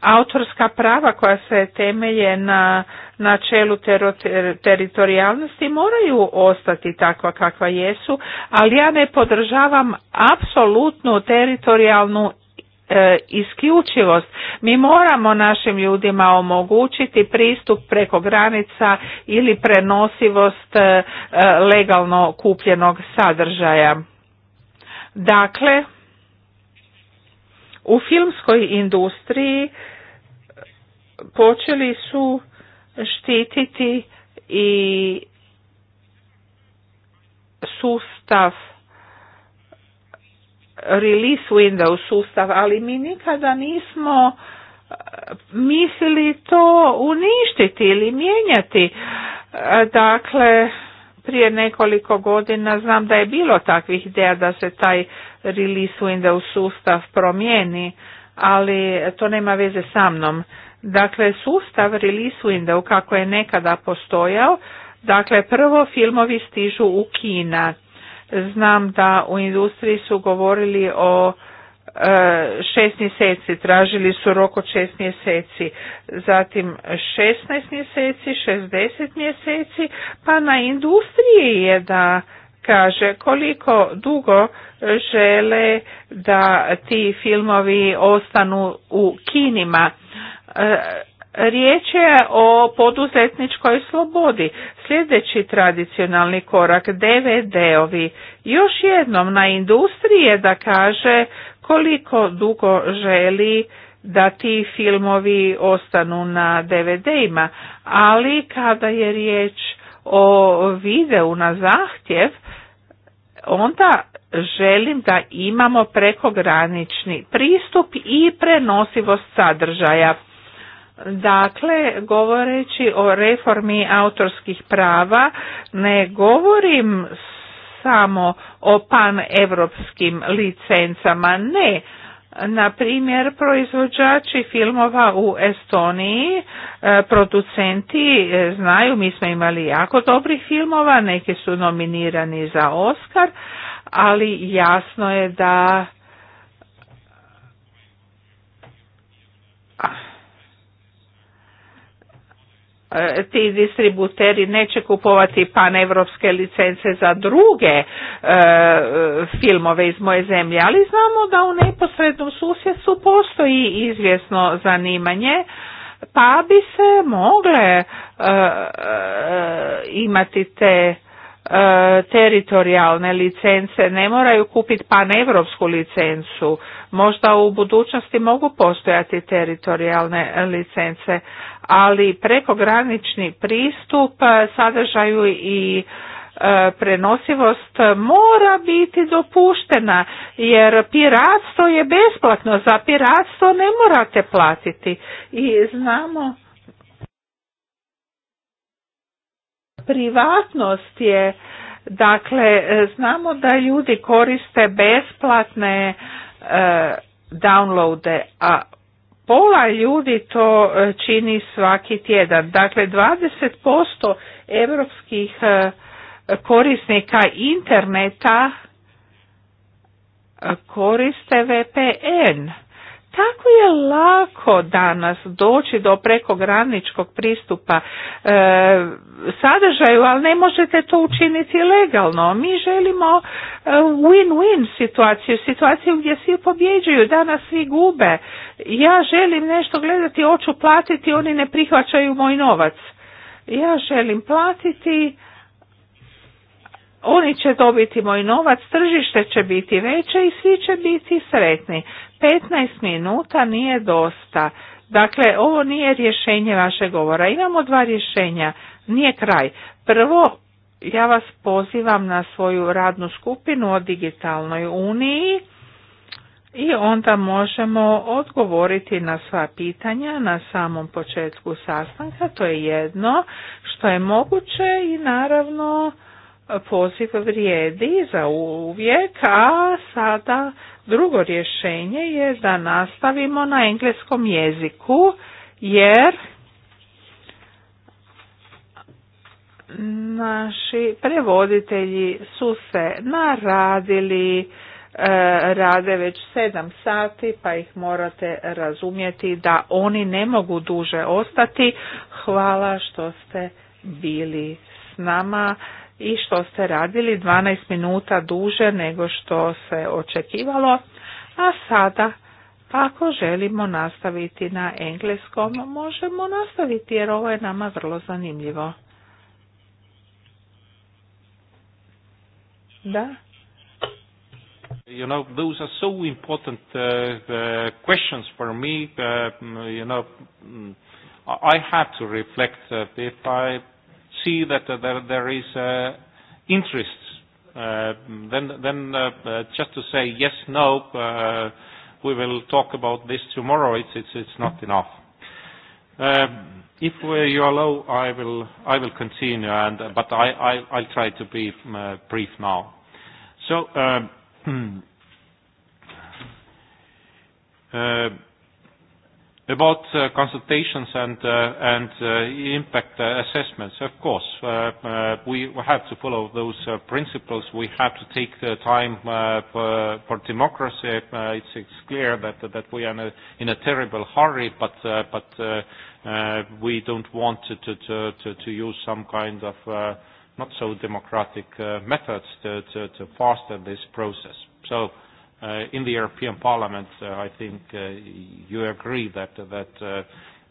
autorska prava koja se temelje na načelu teritorijalnosti moraju ostati takva kakva jesu, ali ja ne podržavam apsolutnu teritorijalnu e, isključivost. Mi moramo našim ljudima omogućiti pristup preko granica ili prenosivost e, e, legalno kupljenog sadržaja. Dakle, u filmskoj industriji počeli su štititi i sustav release window sustav, ali mi nikada nismo eh, mislili to uništiti ili mijenjati. Dakle, prije nekoliko godina znam da je bilo takvih ideja da se taj release window sustav promijeni, ali to nema veze sa mnom. Dakle, sustav release window kako je nekada postojao, dakle prvo filmovi stižu u kina. Znam da u industriji su govorili o E, šest mjeseci, tražili su rok od šest mjeseci, zatim 16 mjeseci, 60 mjeseci, pa na industriji je da kaže koliko dugo žele da ti filmovi ostanu u kinima. E, riječ je o poduzetničkoj slobodi. Sljedeći tradicionalni korak DVD-ovi. Još jednom na industriji je da kaže koliko dugo želi da ti filmovi ostanu na DVD-ima, ali kada je riječ o videu na zahtjev, onda želim da imamo prekogranični pristup i prenosivost sadržaja. Dakle, govoreći o reformi autorskih prava, ne govorim samo o panevropskim licencama, ne. Na primjer, proizvođači filmova u Estoniji, e, producenti e, znaju, mi smo imali jako dobrih filmova, neki su nominirani za Oscar, ali jasno je da E, ti distributeri neće kupovati panevropske licence za druge e, filmove iz moje zemlje, ali znamo da u neposrednom susjedstvu postoji izvjesno zanimanje pa bi se mogle e, imati te teritorijalne licence, ne moraju kupiti panevropsku licencu. Možda u budućnosti mogu postojati teritorijalne licence, ali prekogranični pristup e, sadržaju i e, prenosivost mora biti dopuštena jer piratstvo je besplatno, za piratstvo ne morate platiti i znamo privatnost je dakle znamo da ljudi koriste besplatne e, downloade a pola ljudi to e, čini svaki tjedan. Dakle, 20% europskih e, korisnika interneta e, koriste VPN tako je lako danas doći do prekograničkog pristupa e, sadržaju, ali ne možete to učiniti legalno. Mi želimo e, win-win situaciju, situaciju gdje svi pobjeđuju, danas svi gube. Ja želim nešto gledati, hoću platiti, oni ne prihvaćaju moj novac. Ja želim platiti, oni će dobiti moj novac, tržište će biti veće i svi će biti sretni. 15 minuta nije dosta. Dakle, ovo nije rješenje vašeg govora. Imamo dva rješenja. Nije kraj. Prvo, ja vas pozivam na svoju radnu skupinu o digitalnoj uniji i onda možemo odgovoriti na sva pitanja na samom početku sastanka. To je jedno što je moguće i naravno poziv vrijedi za uvijek, a sada drugo rješenje je da nastavimo na engleskom jeziku jer naši prevoditelji su se naradili e, rade već sedam sati pa ih morate razumjeti da oni ne mogu duže ostati. Hvala što ste bili s nama i što ste radili 12 minuta duže nego što se očekivalo, a sada ako želimo nastaviti na engleskom, možemo nastaviti jer ovo je nama vrlo zanimljivo. Da? You know, those are so important uh, uh, questions for me. Uh, mm, you know, mm, I have to reflect uh, if I see that uh, there, there is uh, interest, uh, then, then just to say yes, no, we will talk about this tomorrow, it's, it's, it's not enough. Um, if we, you allow, I will, I will continue, and, but I, I, I'll try to be mm, uh, brief now. So, um, [CLEARS THROAT] uh, About uh, consultations and, uh, and uh, impact uh, assessments, of course, uh, uh, we have to follow those uh, principles. We have to take the time uh, for, for democracy. Uh, it's, it's clear that, that we are in a, in a terrible hurry, but, uh, but uh, uh, we don't want to, to, to, to use some kind of uh, not so democratic uh, methods to, to, to foster this process. So uh, in the European Parliament, uh, I think uh, you agree that that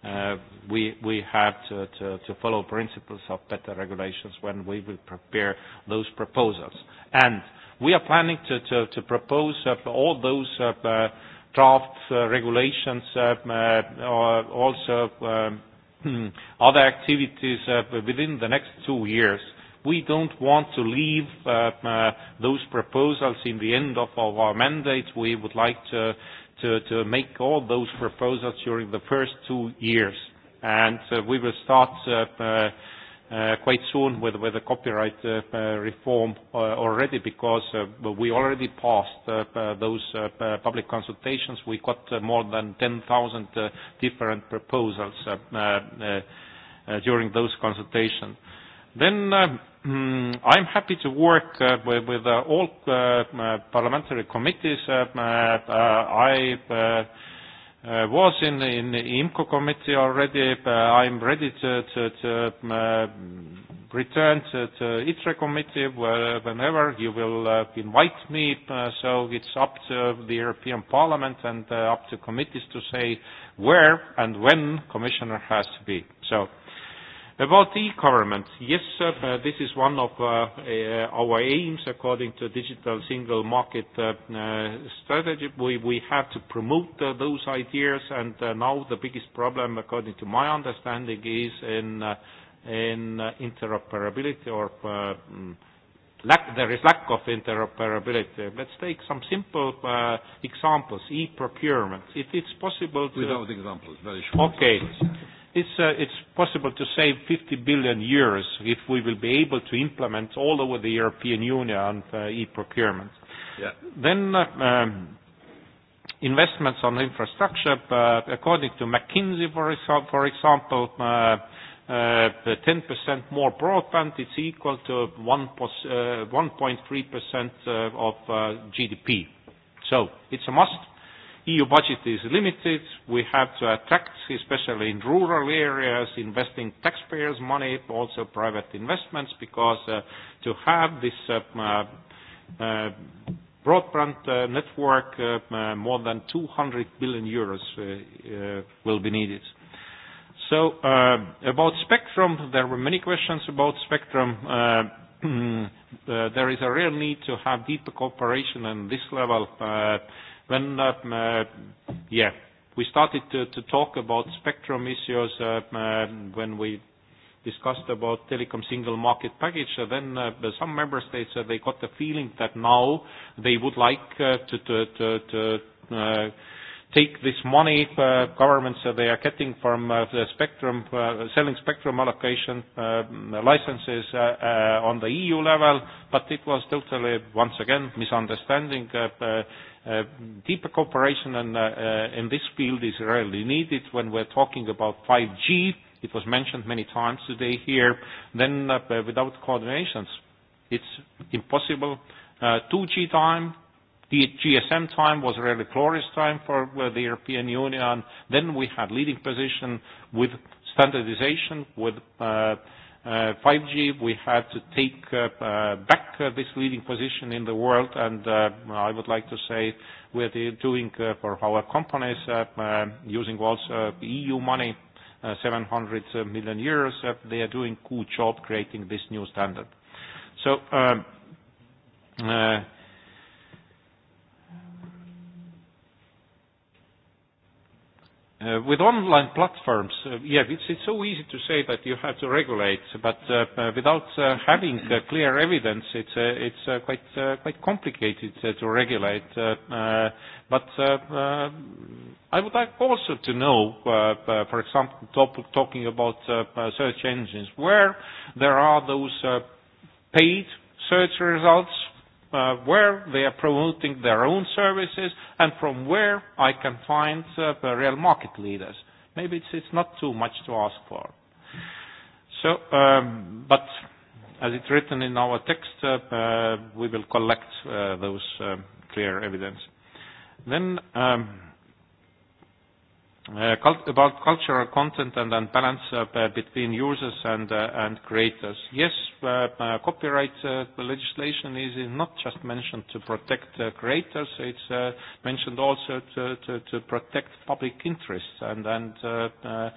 uh, uh, we we have to, to, to follow principles of better regulations when we will prepare those proposals. And we are planning to to, to propose uh, all those uh, uh draft uh, regulations, uh, uh, also um, [CLEARS THROAT] other activities uh, within the next two years We don't want to leave uh, uh, those proposals in the end of, our mandate. We would like to, to, to make all those proposals during the first two years. And uh, we will start quite soon with, with the copyright reform already because we already passed those public consultations. We got more than 10,000 different proposals during those consultations. Then uh, mm, I'm happy to work uh, with, uh, all parliamentary committees. Uh, I was in in the IMCO committee already. Uh, I'm ready to, to, return to, to ITRE committee whenever you will invite me. so it's up to the European Parliament and up to committees to say where and when Commissioner has to be. So. About e-government, yes, uh, this is one of uh, uh, our aims according to digital single market uh, uh strategy. We, we have to promote uh, those ideas, and now the biggest problem, according to my understanding, is in, in interoperability or mm, lack, there is lack of interoperability. Let's take some simple uh, examples. E-procurement. If it's possible to... Without examples, very short. Okay it's, uh, it's possible to save 50 billion euros if we will be able to implement all over the European Union uh, e-procurement. Yeah. Then uh, um, investments on infrastructure, according to McKinsey, for, example, uh, 10% more broadband, is equal to 1.3% uh, of GDP. So It's a must EU budget is limited. We have to attract, especially in rural areas, investing taxpayers' money, also private investments, because uh, to have this uh, uh, uh broadband network, more than 200 billion euros will be needed. So about spectrum, there were many questions about spectrum. [CLEARS THROAT] there is a real need to have deeper cooperation on this level. When, uh, uh, yeah, we started to, to talk about spectrum issues uh, when we discussed about telecom single market package, uh, then some member states, uh, they got the feeling that now they would like to, to, to, take this money uh, governments uh, they are getting from the spectrum, selling spectrum allocation licenses on the EU level, but it was totally, once again, misunderstanding. Uh, Uh, deeper cooperation in, uh, uh, in this field is really needed when we're talking about 5G. It was mentioned many times today here. Then uh, without coordinations, it's impossible. 2G time, the GSM time was really glorious time for the European Union. Then we had leading position with standardization, with uh, Uh, 5G, we had to take uh, uh, back uh, this leading position in the world, and uh, I would like to say we are doing uh, for our companies using also EU money, 700 million euros. They are doing good job creating this new standard. So. Um, Uh, with online platforms, uh, yeah, it's, it's so easy to say that you have to regulate, but uh, uh, without uh, having uh, clear evidence, it's, uh, it's uh, quite, uh, quite complicated uh, to regulate. Uh, uh but uh, uh, I would like also to know, uh, for example, top, talking about uh, search engines, where there are those uh, paid search results uh, where they are promoting their own services and from where I can find uh, real market leaders. Maybe it's, it's not too much to ask for. So, um, but as it's written in our text, uh, uh, we will collect uh, those uh, clear evidence. Then um, uh, about cultural content and, and balance uh, between users and, uh, and creators. Yes, uh, uh, copyright uh, legislation is, is not just mentioned to protect uh, creators, it's uh, mentioned also to, to, to protect public interests and, and uh, uh,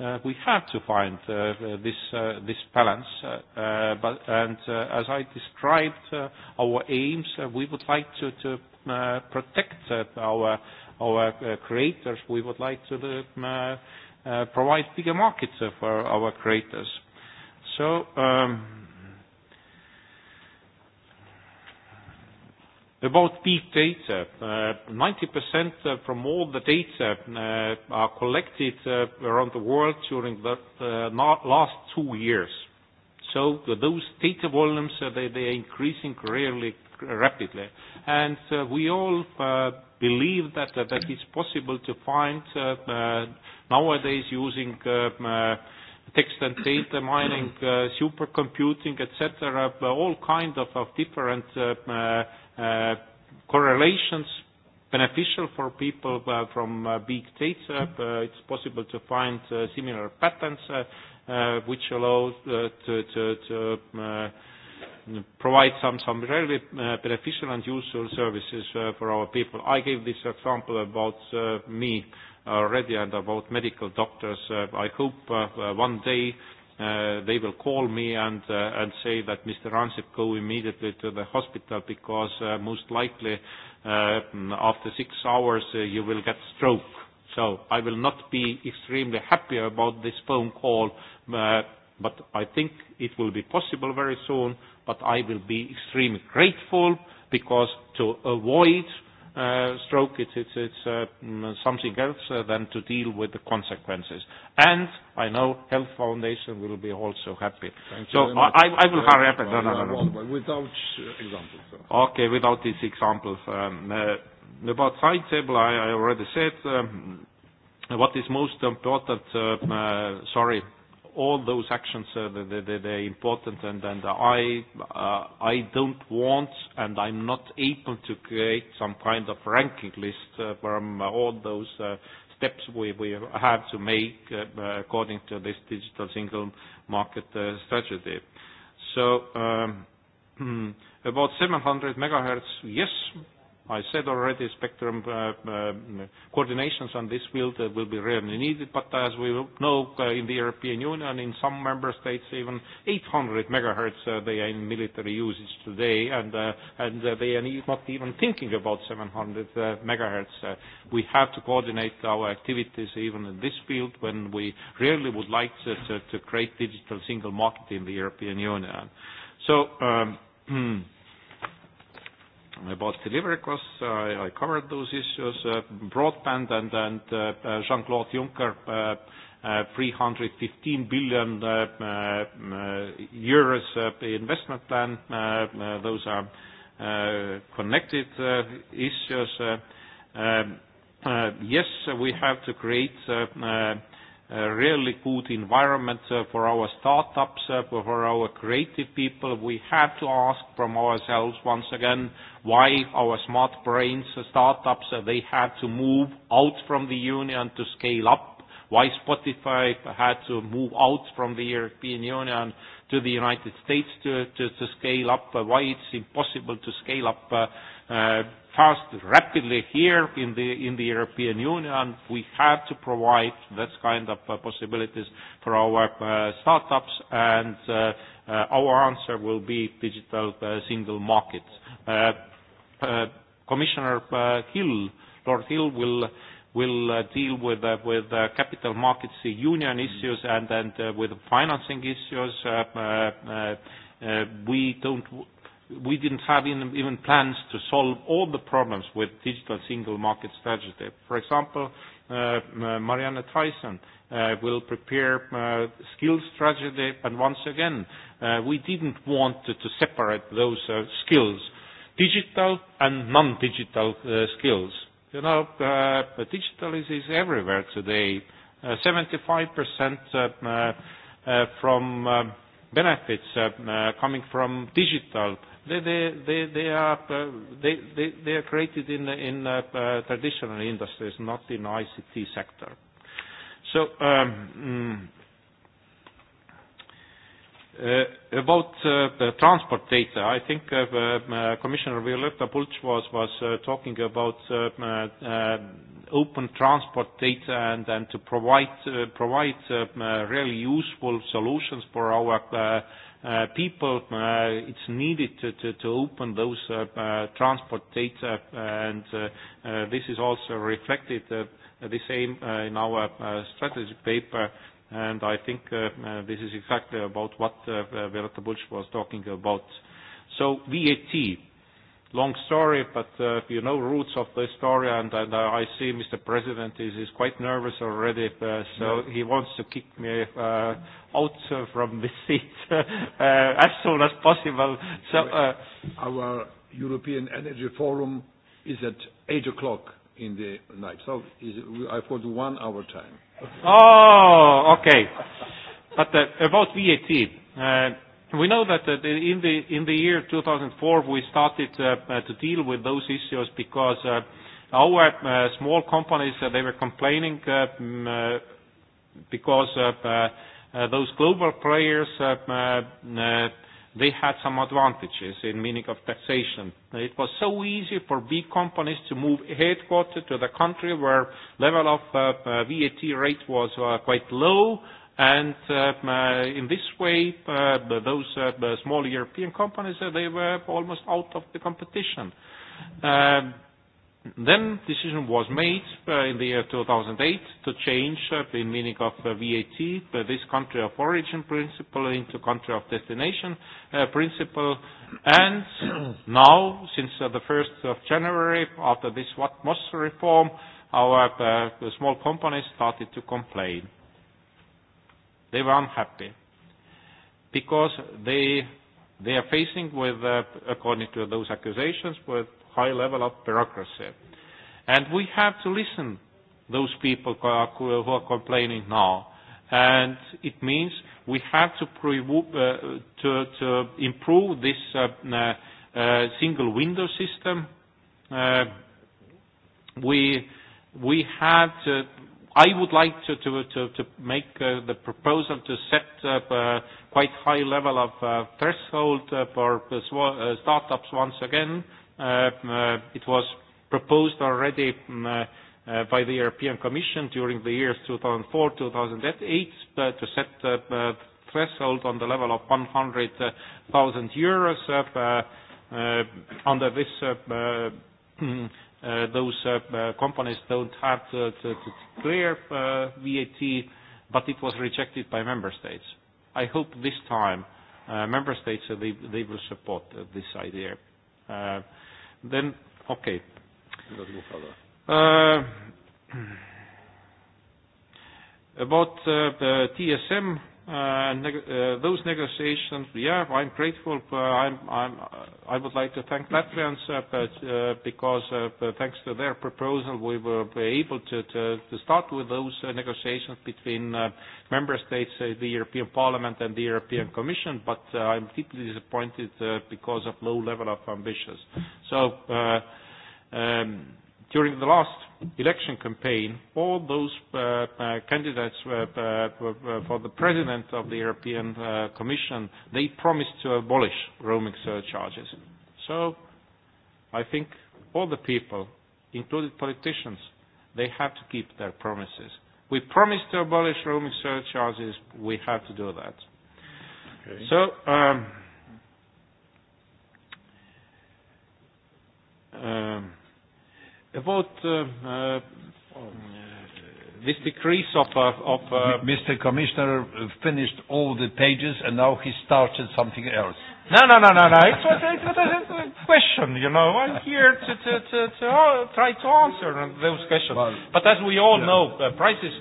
uh, we have to find uh, this, uh, this balance. uh, uh but, and uh, as I described uh, our aims, uh, we would like to, to uh, protect uh, our our uh, creators, we would like to uh, uh, provide bigger markets for our creators. So um, About big data, uh, 90% from all the data uh, are collected uh, around the world during the last two years. So Those data volumes, they, they are increasing really rapidly and uh, we all uh, believe that uh, that it's possible to find uh, uh, nowadays using uh, uh, text and data mining, uh, supercomputing, etc., all kind of, of different uh, uh, uh, correlations beneficial for people uh, from uh, big data. Uh, it's possible to find uh, similar patterns uh, uh, which allow uh, to, to, to uh, provide some, some really uh, beneficial and useful services uh, for our people. I gave this example about uh, me already and about medical doctors. I hope one day they will call me and and say that Mr. Ansip go immediately to the hospital because most likely after six hours you will get stroke. So I will not be extremely happy about this phone call, but I think it will be possible very soon but I will be extremely grateful because to avoid uh, stroke, it's, it's, it's uh, mm, something else uh, than to deal with the consequences. And I know Health Foundation will be also happy. Thank so I, I will hurry up. No, no, no, no. Without uh, examples. Okay, without these examples. Um, uh, about side table, I, I already said um, what is most important. Uh, uh, sorry, all those actions uh, they, they, they're important and, and I, uh, I don't want and I'm not able to create some kind of ranking list uh, from all those uh, steps we, we have to make uh, according to this digital single market uh, strategy. So um, [CLEARS THROAT] about 700 megahertz, yes, i said already spectrum uh, uh coordinations on this field uh, will be really needed, but as we know uh, in the European Union, in some member states, even 800 megahertz they are in military usage today, and, and they are not even thinking about 700 megahertz. We have to coordinate our activities even in this field when we really would like to, to, to create digital single market in the European Union. So, um, [CLEARS THROAT] about delivery costs. I covered those issues. Uh, broadband and, uh, uh, Jean-Claude Juncker, 315 billion euros investment plan. Those are connected issues. Um, yes, we have to create a uh, really good environment uh, for our startups, uh, for our creative people. We have to ask from ourselves once again why our smart brains startups, they had to move out from the Union to scale up, why Spotify had to move out from the European Union to the United States to, to, to scale up, why it's impossible to scale up fast rapidly here in the, in the European Union. We have to provide that kind of uh, possibilities for our uh, startups and uh, uh, our answer will be digital uh, single markets. Uh, Commissioner Hill, Lord Hill will will deal with uh, with uh, capital markets union issues and and uh, with financing issues. uh, uh, we don't we didn't have even plans to solve all the problems with digital single market strategy. For example, uh, uh, Marianne Tyson uh, will prepare uh, skills strategy, and once again, uh, we didn't want to, to separate those uh, skills, digital and non-digital uh, skills. You know, uh, digital is, is everywhere today. Uh, 75% uh, uh, uh, from uh, benefits uh, uh, coming from digital they they they are uh, they are created in in uh, uh traditional industries, not in ICT sector. So um, mm, uh, about the transport data, I think Commissioner Violeta Bulc was was talking about open transport data and and to provide provide really useful solutions for our. Uh, uh, people, uh, it's needed to, to, to open those uh, uh, transport data and uh, uh, this is also reflected uh, the same uh, in our uh, strategy paper and I think uh, uh, this is exactly about what uh, Verata uh, was talking about. So VAT, long story, but uh, you know roots of the story, and, and uh, I see Mr. President is, is quite nervous already, uh, so he wants to kick me uh, out uh, from the seat [LAUGHS] uh, as soon as possible. So uh, our European Energy Forum is at eight o'clock in the night, so is, I've got one hour time. oh, okay. But uh, about VAT. Uh, We know that uh, in the in the year 2004, we started uh, uh, to deal with those issues because uh, our uh, small companies, uh, they were complaining mm, because those global players, mm, they had some advantages in meaning of taxation. It was so easy for big companies to move headquarters to the country where level of VAT rate was quite low, And um, uh, in this way, uh, those uh, small European companies, they were almost out of the competition. Then um, then decision was made in the year 2008 to change the meaning of VAT, this country of origin principle into country of destination principle. And [CLEARS THROAT] now, since the 1st of January, after this what reform, our small companies started to complain. They were unhappy because they they are facing with, uh, according to those accusations, with high level of bureaucracy. And we have to listen those people who are complaining now. And it means we have to, pre uh, to, to improve this uh, uh, uh, single window system. Uh, we, we have to i would like to, to, to, to make uh, the proposal to set up a quite high level of uh, threshold uh, for uh, uh, startups once again. Uh, uh, it was proposed already mm, uh, uh, by the European Commission during the years 2004-2008 to set the a threshold on the level of 100,000 euros uh, uh, under this uh, uh, [CLEARS THROAT] Uh, those uh, uh, companies don't have to, clear VAT, but it was rejected by member states. I hope this time member states they, will support this idea. then, okay. [CLEARS THROAT] about TSM, uh, neg uh, those negotiations, yeah, I'm grateful. Uh, I'm, I'm, uh, I would like to thank Latvians uh, but, uh, because uh, thanks to their proposal, we were able to, to, to start with those uh, negotiations between uh, member states, uh, the European Parliament and the European Commission, but uh, I'm deeply disappointed uh, because of low level of ambitions. So uh, um, during the last election campaign, all those uh, uh, candidates were, uh, uh, uh, for the president of the European uh, Commission, they promised to abolish roaming surcharges. So I think all the people, including politicians, they have to keep their promises. We promised to abolish roaming surcharges, we have to do that. So, um, um, About uh, uh, this decrease of... Uh, of uh, Mr. Commissioner finished all the pages and now he started something else. No, no, no, no, no. It was, a question, you know. I'm here to, to, to, to try to answer those questions. but as we all know, prices,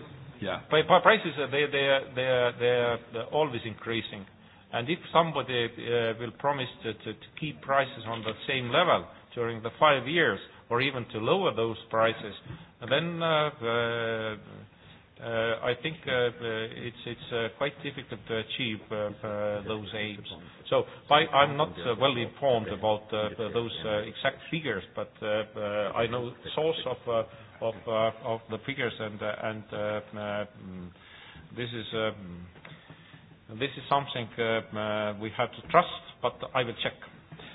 yeah. prices they, they, they, they're, always increasing. And if somebody will promise to, to, to keep prices on the same level during the five years, or even to lower those prices, then uh, uh, uh I think uh, uh, it's, it's uh, quite difficult to achieve uh, uh, those aims. So I, I'm not uh, well informed about uh, uh, those uh, exact figures, but uh, uh, I know the source of, uh, of, uh, of the figures, and, uh, and uh, mm, this is uh, this is something uh, uh, we have to trust. But I will check.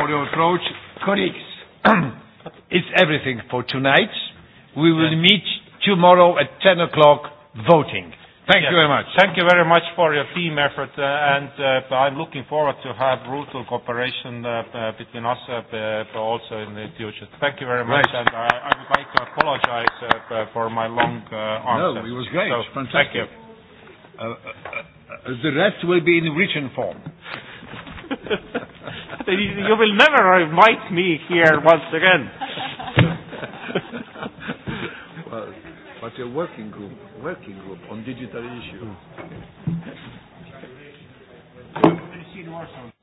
for your approach. Colleagues, [CLEARS THROAT] it's everything for tonight. We will meet tomorrow at 10 o'clock voting. Thank you very much. Thank you very much for your team effort, uh, and uh, I'm looking forward to have brutal cooperation uh, uh between us uh, also in the future. Thank you very much, right. and I, I would like to apologize uh, for my long answer. No, it was great. So, Fantastic. Thank you. The rest will be in written form. [LAUGHS] you will never invite me here once again. [LAUGHS] well, but your working group, working group on digital issues.